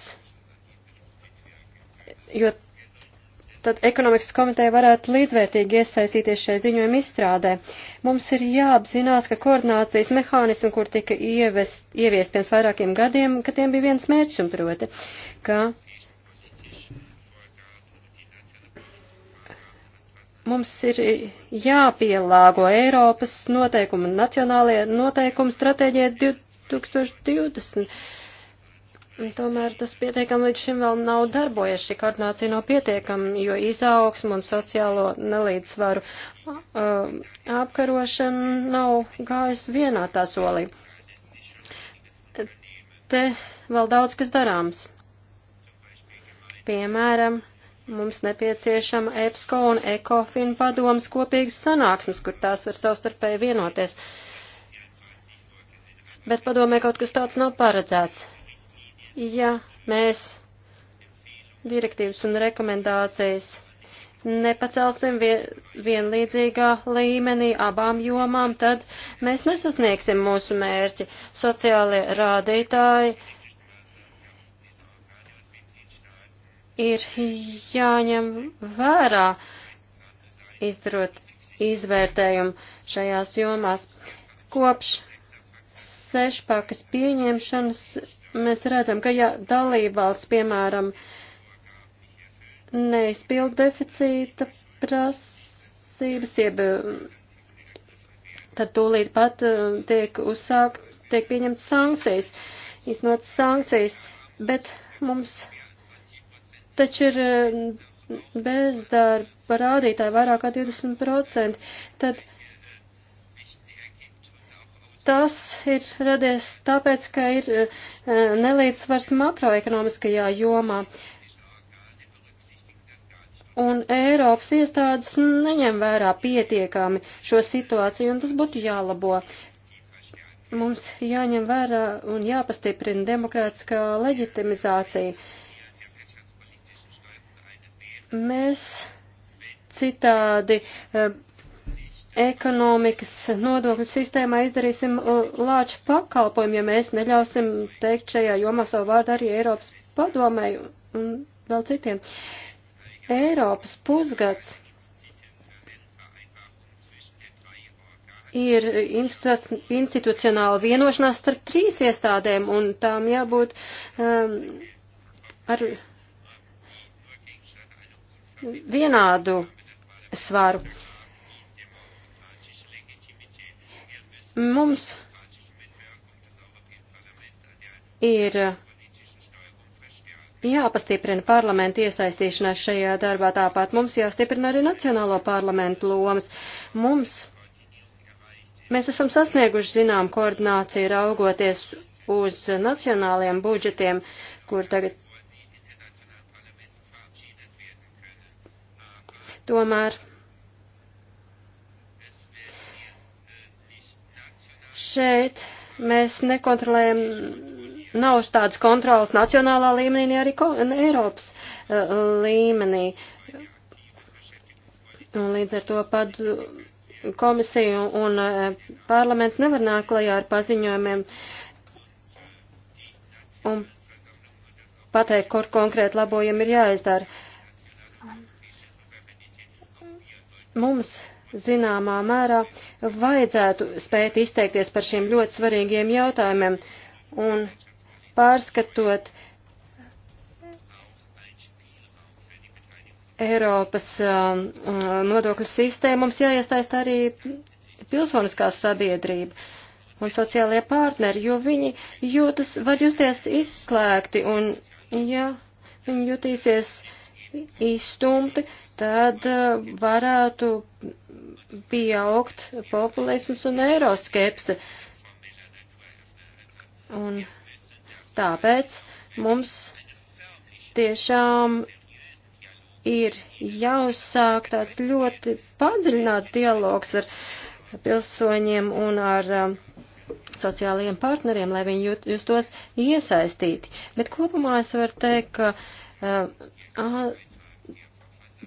jo tad ekonomikas komiteja varētu līdzvērtīgi iesaistīties šai ziņojuma izstrādē. Mums ir jāapzinās, ka koordinācijas mehānismi, kur tika ievest, ieviest pirms vairākiem gadiem, ka tiem bija viens mērķis un proti, ka mums ir jāpielāgo Eiropas noteikumi un nacionālajie noteikumi stratēģijai 2020 Tomēr tas pietiekami līdz šim vēl nav darbojies, šī koordinācija nav pietiekama, jo izaugsmu un sociālo nelīdzsvaru uh, apkarošana nav gājis vienā tā solī. Te vēl daudz kas darāms. Piemēram, Mums nepieciešama EPSCO un ECOFIN padomas kopīgas sanāksmes, kur tās var savstarpēji vienoties. Bet padomē kaut kas tāds nav paredzēts ja mēs direktīvas un rekomendācijas nepacelsim vien, vienlīdzīgā līmenī abām jomām, tad mēs nesasniegsim mūsu mērķi. Sociālie rādītāji ir jāņem vērā, izdarot izvērtējumu šajās jomās. Kopš sešpakas pieņemšanas mēs redzam, ka ja dalībvalsts, piemēram, neizpild deficīta prasības, jeb tad tūlīt pat eh, tiek uzsākt, tiek pieņemts sankcijas, iznot sankcijas, bet mums taču ir eh, bezdarba rādītāji vairāk kā 20%, tad Tas ir radies tāpēc, ka ir e, nelīdzsvars makroekonomiskajā jomā. Un Eiropas iestādes neņem vērā pietiekami šo situāciju, un tas būtu jālabo. Mums jāņem vērā un jāpastiprina demokrātiskā leģitimizācija. Mēs citādi. Uh, ekonomikas nodokļu sistēmā izdarīsim uh, lāču pakalpojumu, ja mēs neļausim teikt šajā jomā savu vārdu arī Eiropas padomēju un vēl citiem. Eiropas pusgads ir institucionāla vienošanās starp trīs iestādēm, un tām jābūt um, ar vienādu svaru. Uh, Mums ir jāpastiprina parlamenta iesaistīšanās šajā darbā. Tāpat mums jāstiprina arī nacionālo parlamentu lomas. Mums, mēs esam sasnieguši zinām koordināciju raugoties uz nacionāliem budžetiem, kur tagad. Tomēr Šeit mēs nekontrolējam, nav tādas kontrolas nacionālā līmenī, ne arī ko, ne Eiropas uh, līmenī. Un līdz ar to pat komisija un uh, parlaments nevar nākt klajā ar paziņojumiem un pateikt, kur konkrēti labojumi ir jāizdara. Mums zināmā mērā vajadzētu spēt izteikties par šiem ļoti svarīgiem jautājumiem un pārskatot Eiropas um, um nodokļu sistēmu, mums jāiestaist arī pilsoniskā sabiedrība un sociālie partneri, jo viņi jūtas, var justies izslēgti un, ja viņi jutīsies izstumti, uh, tad eh, varētu pieaugt populisms un eiroskepse. Un tāpēc mums tiešām ir jāuzsāk tāds ļoti padziļināts dialogs ar pilsoņiem un ar um, sociālajiem partneriem, lai viņi jūt, jūs tos iesaistīti. Bet kopumā es varu teikt, ka uh,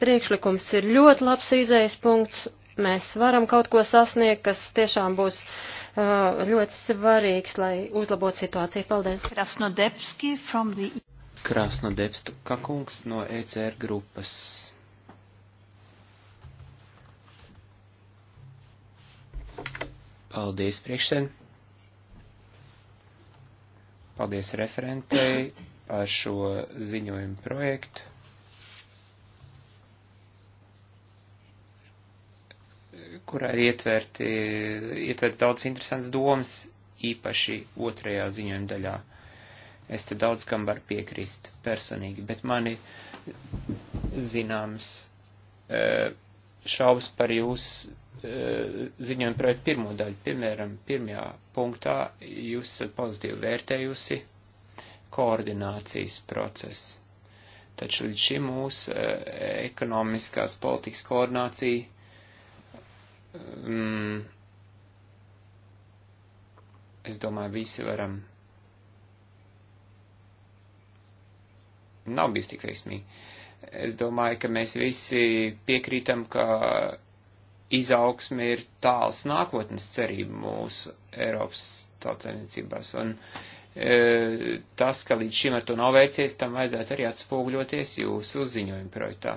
priekšlikums ir ļoti labs izējas punkts. Mēs varam kaut ko sasniegt, kas tiešām būs uh, ļoti svarīgs, lai uzlabotu situāciju. Paldies! Krasnodebski the... Krasnodebska kungs no ECR grupas. Paldies priekšsēdētājiem! Paldies referentei par šo ziņojumu projektu. kurā ir ietverti, ietverti daudz interesants domas, īpaši otrajā ziņojuma daļā. Es te daudz kam varu piekrist personīgi, bet mani zināms e, šaubas par jūs e, ziņojumu projektu pirmo daļu. Piemēram, pirmajā punktā jūs esat pozitīvi vērtējusi koordinācijas procesu. Taču līdz šim mūsu e, ekonomiskās politikas koordinācija Mm, es domāju, visi varam. Nav bijis tik veiksmīgi. Es domāju, ka mēs visi piekrītam, ka izaugsme ir tāls nākotnes cerība mūsu Eiropas tautsainicībās. Un e, tas, ka līdz šim ar to nav veicies, tam vajadzētu arī atspūgļoties jūsu ziņojuma projektā.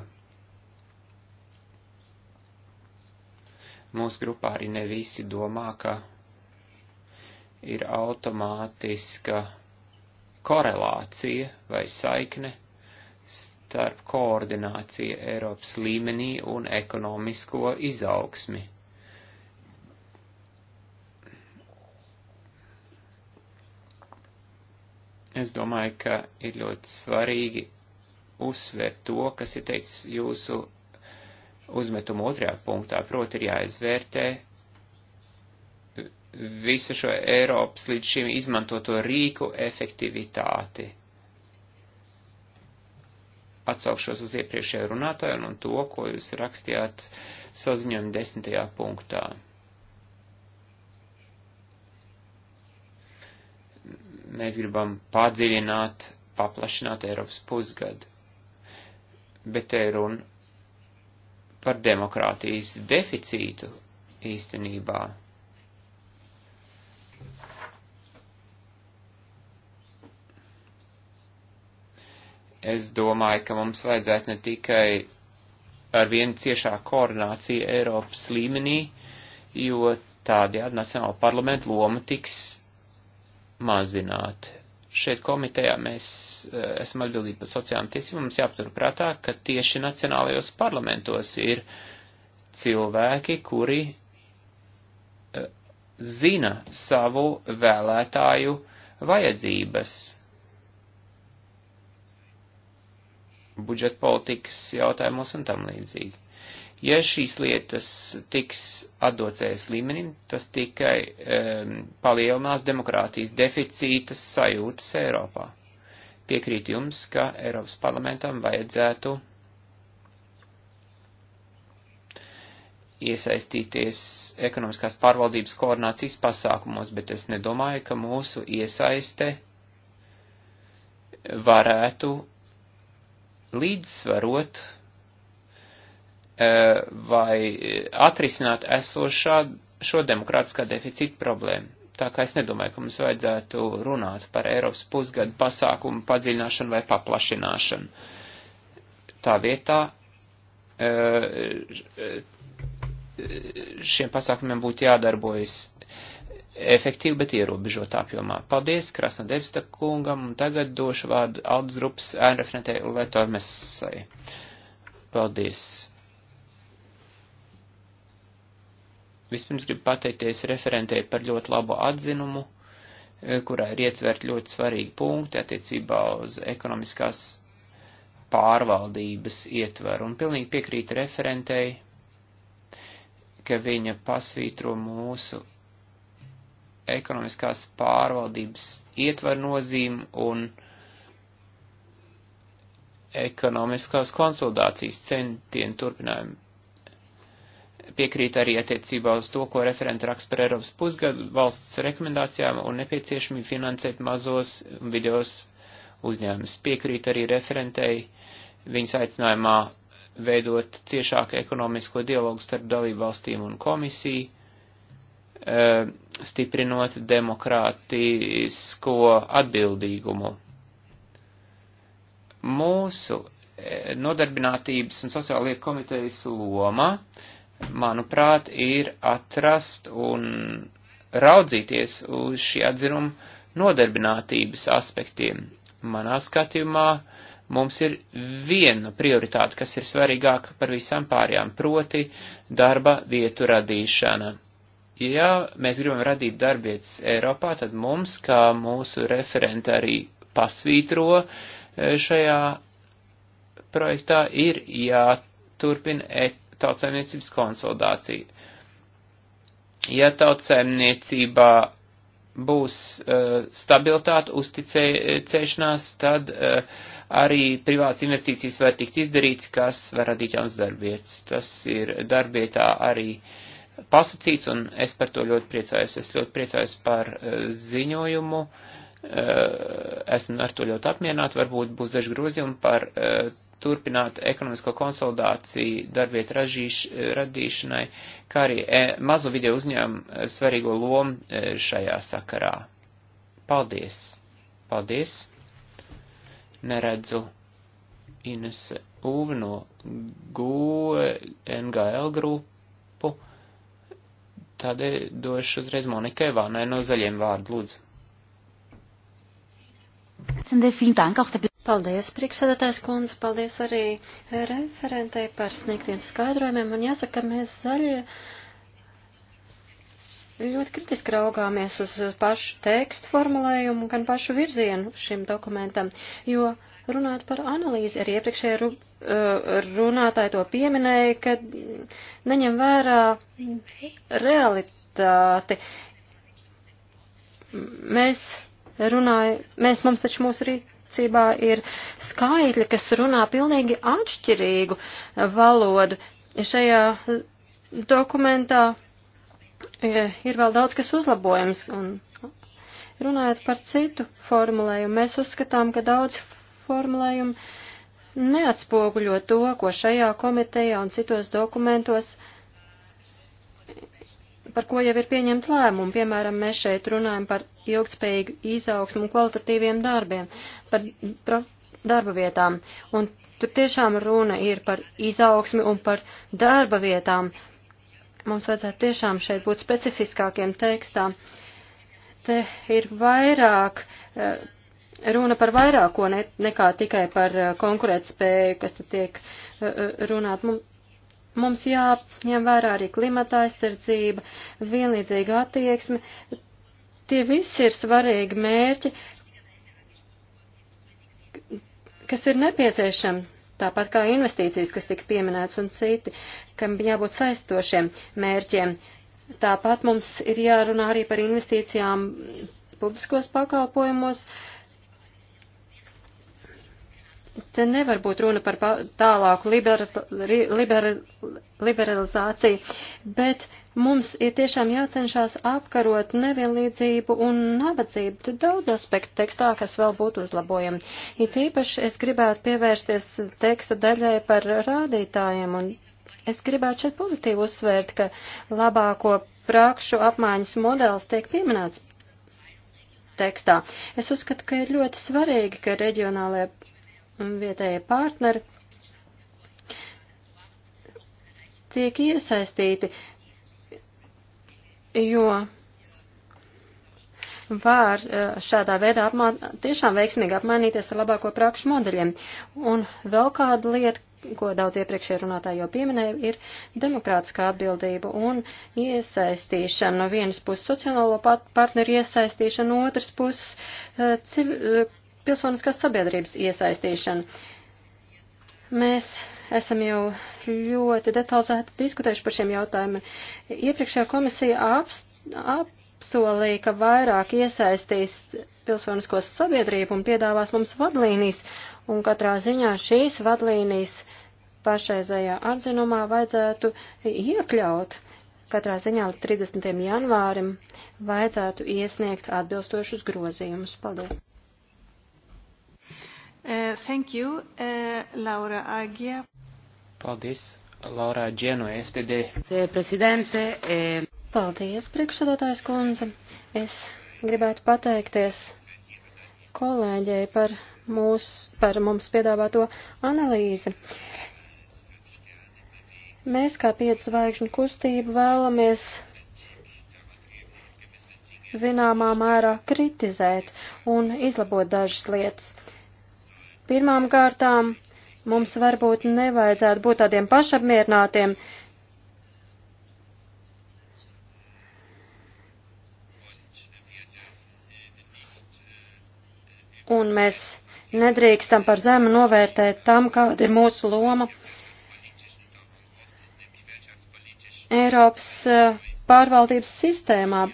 Mūsu grupā arī ne visi domā, ka ir automātiska korelācija vai saikne starp koordināciju Eiropas līmenī un ekonomisko izaugsmi. Es domāju, ka ir ļoti svarīgi uzsvērt to, kas ir teicis jūsu uzmetumu otrajā punktā, proti ir jāizvērtē visu šo Eiropas līdz šim izmantoto rīku efektivitāti. Atsaukšos uz iepriekšējo runātāju un to, ko jūs rakstījāt saziņojuma desmitajā punktā. Mēs gribam padziļināt, paplašināt Eiropas pusgadu, bet te runa par demokrātijas deficītu īstenībā. Es domāju, ka mums vajadzētu ne tikai ar vienu ciešāku koordināciju Eiropas līmenī, jo tādējādi nacionāla parlamenta loma tiks mazināta šeit komitejā mēs eh, esam atbildīgi par sociālām tiesībām, mums jāpaturprātā, ka tieši nacionālajos parlamentos ir cilvēki, kuri eh, zina savu vēlētāju vajadzības. budžetpolitikas jautājumos un tam līdzīgi. Ja šīs lietas tiks atdocējas līmenim, tas tikai um, palielinās demokrātijas deficītas sajūtas Eiropā. Piekrīt jums, ka Eiropas parlamentam vajadzētu iesaistīties ekonomiskās pārvaldības koordinācijas pasākumos, bet es nedomāju, ka mūsu iesaiste varētu līdzsvarot Eh, vai atrisināt esošā šo demokrātiskā deficīta problēmu. Tā kā es nedomāju, ka mums vajadzētu runāt par Eiropas pusgadu pasākumu padziļināšanu vai paplašināšanu. Tā vietā eh, šiem pasākumiem būtu jādarbojas efektīvi, bet ierobežot apjomā. Paldies Krasnodebsta kungam un tagad došu vārdu Aldus grupas ēnreferentei Letormesai. Paldies! Vispirms gribu pateikties referentei par ļoti labu atzinumu, e, kurā ir ietvert ļoti svarīgi punkti attiecībā uz ekonomiskās pārvaldības ietveru. Un pilnīgi piekrīt referentei, ka viņa pasvītro mūsu ekonomiskās pārvaldības ietveru nozīmi un ekonomiskās konsolidācijas centienu turpinājumu piekrīt arī attiecībā uz to, ko referenta raksta par Eiropas pusgadu valsts rekomendācijām un nepieciešamību finansēt mazos un vidos uzņēmumus. Piekrīt arī referentei viņas aicinājumā veidot ciešāku ekonomisko dialogu starp dalību valstīm un komisiju, eh, stiprinot demokrātisko atbildīgumu. Mūsu eh, nodarbinātības un sociālietu komitejas loma uh, manuprāt, ir atrast un raudzīties uz šī atzinuma nodarbinātības aspektiem. Manā skatījumā mums ir viena prioritāte, kas ir svarīgāka par visām pārējām, proti darba vietu radīšana. Ja mēs gribam radīt darbvietas Eiropā, tad mums, kā mūsu referenta arī pasvītro eh, šajā projektā, ir jāturpina tautsaimniecības konsolidāciju. Ja tautsaimniecībā būs uh, stabilitāte, uzticēšanās, tad uh, arī privāts investīcijas var tikt izdarīts, kas var radīt jauns darbietas. Tas ir darbietā arī pasacīts, un es par to ļoti priecājos. Es ļoti priecājos par uh, ziņojumu. Uh, esmu ar to ļoti apmierināts, varbūt būs daži grozījumi par uh, turpināt ekonomisko konsolidāciju darbvietu radīšanai, kā arī e, mazo video uzņēmumu e, svarīgo lomu e, šajā sakarā. Paldies! Paldies! Neredzu Ines Uv no NGL grupu. Tādēļ došu uzreiz Monikai Vānai no zaļiem vārdu, lūdzu. Vielen Dank auch der Paldies, priekšsēdētājs kundze, paldies arī referentei par sniegtiem skaidrojumiem. Un jāsaka, mēs zaļie ļoti kritiski raugāmies uz pašu tekstu formulējumu, gan pašu virzienu šim dokumentam, jo runāt par analīzi, arī iepriekšējā eh, runātāja to pieminēja, ka neņem vērā realitāti. Mēs runāja, mēs mums taču mūsu rīt rīcībā ir skaitļi, kas runā pilnīgi atšķirīgu valodu. Šajā dokumentā e, ir vēl daudz kas uzlabojams. Un runājot par citu formulējumu, mēs uzskatām, ka daudz formulējumu neatspoguļo to, ko šajā komitejā un citos dokumentos uh, par ko jau ir pieņemta lēmuma. Piemēram, mēs šeit runājam par ilgspējīgu izaugsmu un kvalitatīviem darbiem, par, par darba vietām. Un tur tiešām runa ir par izaugsmi un par darba vietām. Mums vajadzētu tiešām šeit būt specifiskākiem tekstām. Te ir vairāk, eh, runa par vairāko ne, nekā tikai par eh, konkurētspēju, kas te tiek eh, runāt. Mums Mums jāņem vērā arī klimata aizsardzība, vienlīdzīga attieksme. Tie visi ir svarīgi mērķi, kas ir nepieciešami tāpat kā investīcijas, kas tika pieminēts un citi, kam jābūt saistošiem mērķiem. Tāpat mums ir jārunā arī par investīcijām publiskos pakalpojumos, uh, te nevar būt runa par tālāku liberalizāciju, bet mums ir tiešām jācenšas apkarot nevienlīdzību un nabadzību. Tad daudz aspektu tekstā, kas vēl būtu uzlabojami. It īpaši es gribētu pievērsties teksta daļai par rādītājiem, un es gribētu šeit pozitīvi uzsvērt, ka labāko prakšu apmaiņas modelis tiek pieminēts tekstā. Es uzskatu, ka ir ļoti svarīgi, ka reģionālajie vietējie partneri tiek iesaistīti, jo var eh, šādā veidā apmā, tiešām veiksmīgi apmainīties ar labāko prakšu modeļiem. Un vēl kāda lieta, ko daudz iepriekšējā runātāji jau pieminēja, ir demokrātiskā atbildība un iesaistīšana. No vienas puses sociālo partneru iesaistīšana, no otras puses eh, civ pilsoniskās sabiedrības iesaistīšana. Mēs esam jau ļoti detalizēti diskutējuši par šiem jautājumiem. Iepriekšējā komisija apst, apsolīja, ka vairāk iesaistīs pilsoniskos sabiedrību un piedāvās mums vadlīnijas, un katrā ziņā šīs vadlīnijas pašreizējā atzinumā vajadzētu iekļaut. Katrā ziņā līdz 30. janvārim vajadzētu iesniegt atbilstošus grozījumus. Paldies! Uh, thank you, uh, Laura Agia. Paldies, Laura Agia no FTD. E- Paldies, priekšsēdētājs kundze. Es gribētu pateikties kolēģei par, mūs, par mums piedāvāto analīzi. Mēs kā piecu zvaigžņu kustību vēlamies zināmā mērā kritizēt un izlabot dažas lietas. Pirmām kārtām mums varbūt nevajadzētu būt tādiem pašapmierinātiem. Un mēs nedrīkstam par zemu novērtēt tam, kāda ir mūsu loma Eiropas eh, pārvaldības sistēmā.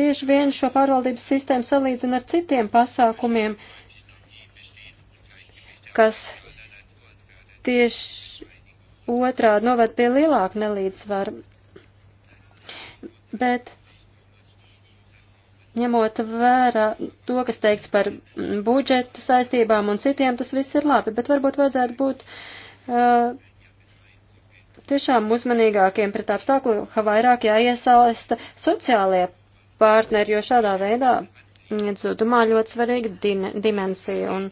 Bieži vien šo pārvaldības sistēmu salīdzina ar citiem pasākumiem, uh, kas tieši otrādi novad pie lielāka nelīdzsvara. Bet ņemot vērā to, kas teikts par budžeta saistībām un citiem, tas viss ir labi, bet varbūt vajadzētu būt uh, tiešām uzmanīgākiem pret apstākļu, ka vairāk jāiesaista sociālie partneri, jo šādā veidā dzudumā ļoti svarīga dimensija, un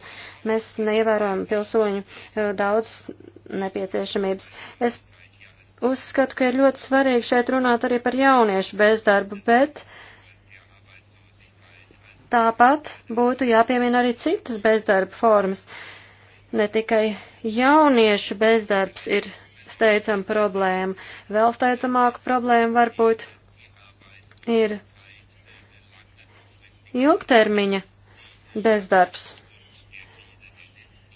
mēs neievērojam pilsoņu eh, daudz nepieciešamības. Es uzskatu, ka ir ļoti svarīgi šeit runāt arī par jauniešu bezdarbu, bet tāpat būtu jāpiemina arī citas bezdarba formas. Ne tikai jauniešu bezdarbs ir steidzama problēma, vēl steidzamāka problēma varbūt ir Ilgtermiņa bezdarbs,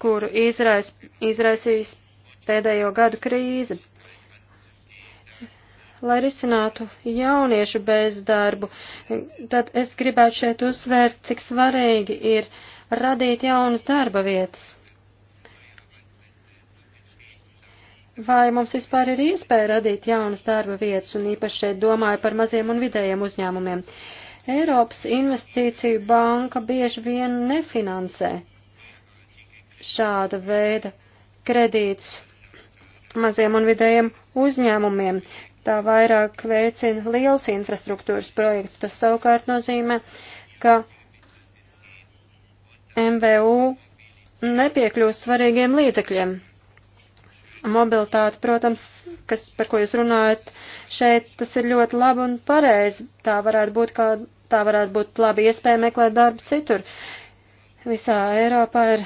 kuru izrais, izraisīs pēdējo gadu krīze. Lai risinātu jauniešu bezdarbu, tad es gribētu šeit uzsvērt, cik svarīgi ir radīt jaunas darba vietas. Vai mums vispār ir iespēja radīt jaunas darba vietas, un īpaši šeit domāju par maziem un vidējiem uzņēmumiem? Uh, Eiropas investīciju banka bieži vien nefinansē šāda veida kredītus maziem un vidējiem uzņēmumiem. Tā vairāk veicina liels infrastruktūras projekts. Tas savukārt nozīmē, ka MVU nepiekļūst svarīgiem līdzekļiem. Mobilitāte, protams, kas, par ko jūs runājat, šeit tas ir ļoti labi un pareizi. Tā varētu būt kā tā varētu būt laba iespēja meklēt darbu citur. Visā Eiropā ir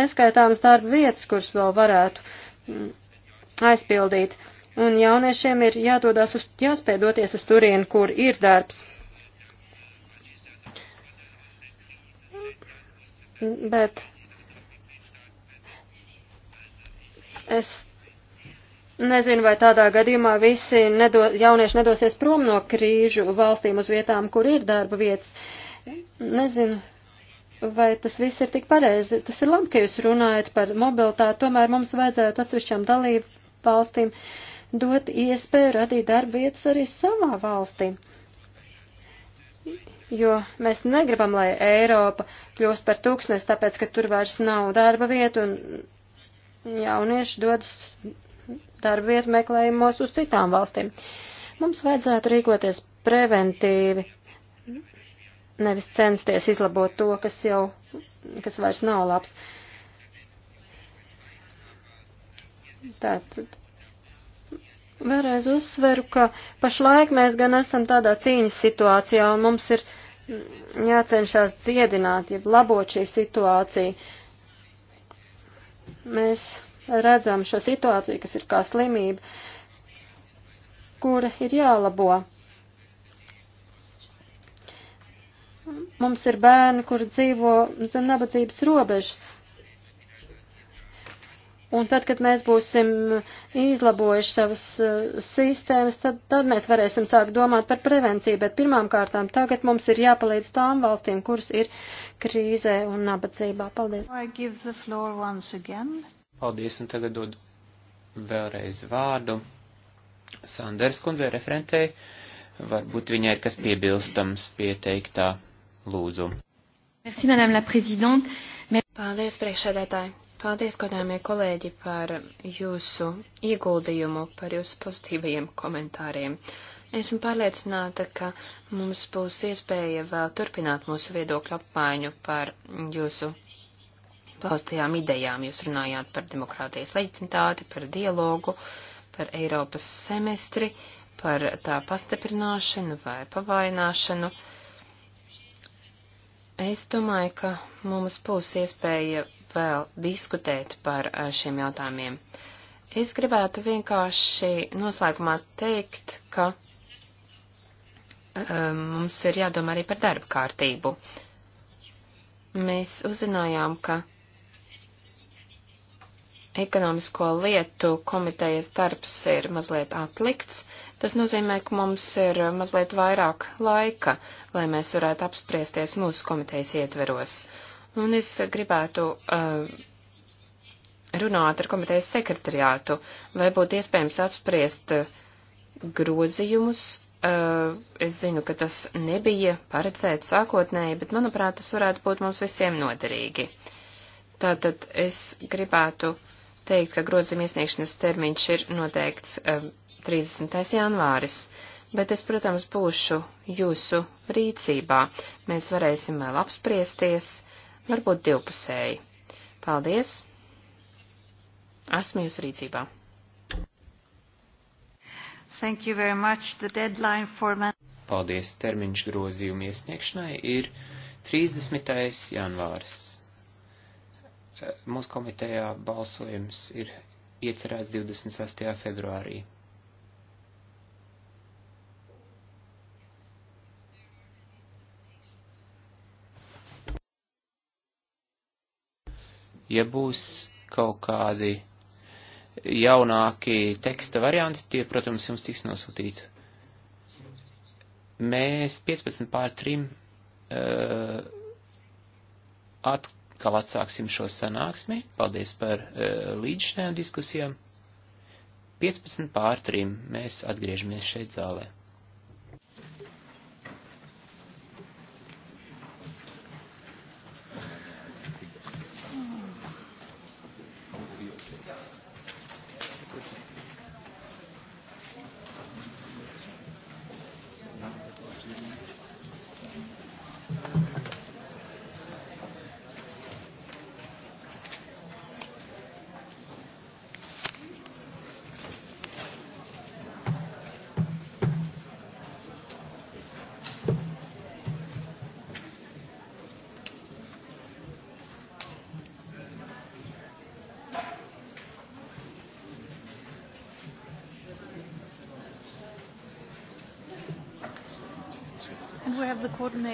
neskaitāmas darba vietas, kuras vēl varētu mm, aizpildīt, un jauniešiem ir jādodās uz, jāspēj doties uz turieni, kur ir darbs. Bet es Nezinu, vai tādā gadījumā visi nedo, jaunieši nedosies prom no krīžu valstīm uz vietām, kur ir darba vietas. Nezinu, vai tas viss ir tik pareizi. Tas ir labi, ka jūs runājat par mobilitāti, tomēr mums vajadzētu atsevišķām dalību valstīm dot iespēju radīt darba vietas arī savā valstī. Jo mēs negribam, lai Eiropa kļūst par tūkstnes, tāpēc, ka tur vairs nav darba vietu un jaunieši dodas darbvietu meklējumos uz citām valstīm. Mums vajadzētu rīkoties preventīvi, nevis censties izlabot to, kas jau, kas vairs nav labs. Tātad vēlreiz uzsveru, ka pašlaik mēs gan esam tādā cīņas situācijā un mums ir jācenšas dziedināt, jeb labot šī situācija. Mēs redzam šo situāciju, kas ir kā slimība, kura ir jālabo. Mums ir bērni, kuri dzīvo zem nabadzības robežas. Un tad, kad mēs būsim izlabojuši savas uh, sistēmas, tad, tad mēs varēsim sākt domāt par prevenciju, bet pirmām kārtām tagad mums ir jāpalīdz tām valstīm, kuras ir krīzē un nabadzībā. Paldies. Paldies, un tagad dod vēlreiz vārdu. Sanders kundze referentē, varbūt viņai ir kas piebilstams pieteiktā lūdzu. Merci, madame la prezidente. Paldies, priekšsēdētāji. Paldies, godāmie kolēģi, par jūsu ieguldījumu, par jūsu pozitīvajiem komentāriem. Esmu pārliecināta, ka mums būs iespēja vēl turpināt mūsu viedokļu apmaiņu par jūsu paustajām idejām. Jūs runājāt par demokrātijas leģitimitāti, par dialogu, par Eiropas semestri, par tā pastiprināšanu vai pavaināšanu. Es domāju, ka mums būs iespēja vēl diskutēt par šiem jautājumiem. Es gribētu vienkārši noslēgumā teikt, ka um, mums ir jādomā arī par darba kārtību. Mēs uzzinājām, ka ekonomisko lietu komitejas darbs ir mazliet atlikts. Tas nozīmē, ka mums ir mazliet vairāk laika, lai mēs varētu apspriesties mūsu komitejas ietveros. Un es gribētu uh, runāt ar komitejas sekretariātu, vai būtu iespējams apspriest eh, grozījumus. Uh, es zinu, ka tas nebija paredzēts sākotnēji, bet manuprāt, tas varētu būt mums visiem noderīgi. Tātad es gribētu teikt, ka grozījuma iesniegšanas termiņš ir noteikts um, eh, 30. janvāris, bet es, protams, būšu jūsu rīcībā. Mēs varēsim vēl apspriesties, varbūt divpusēji. Paldies! Esmu jūsu rīcībā. Thank you very much. The deadline for man... Paldies, termiņš grozījuma iesniegšanai ir 30. janvāris. Mūsu komitejā balsojums ir iecerēts 26. februārī. Ja būs kaut kādi jaunāki teksta varianti, tie, protams, jums tiks nosūtīti. Mēs 15 pār 3 uh, eh, at, atkal atsāksim šo sanāksmi. Paldies par uh, e, līdzšņām diskusijām. 15 pār 3 mēs atgriežamies šeit zālē.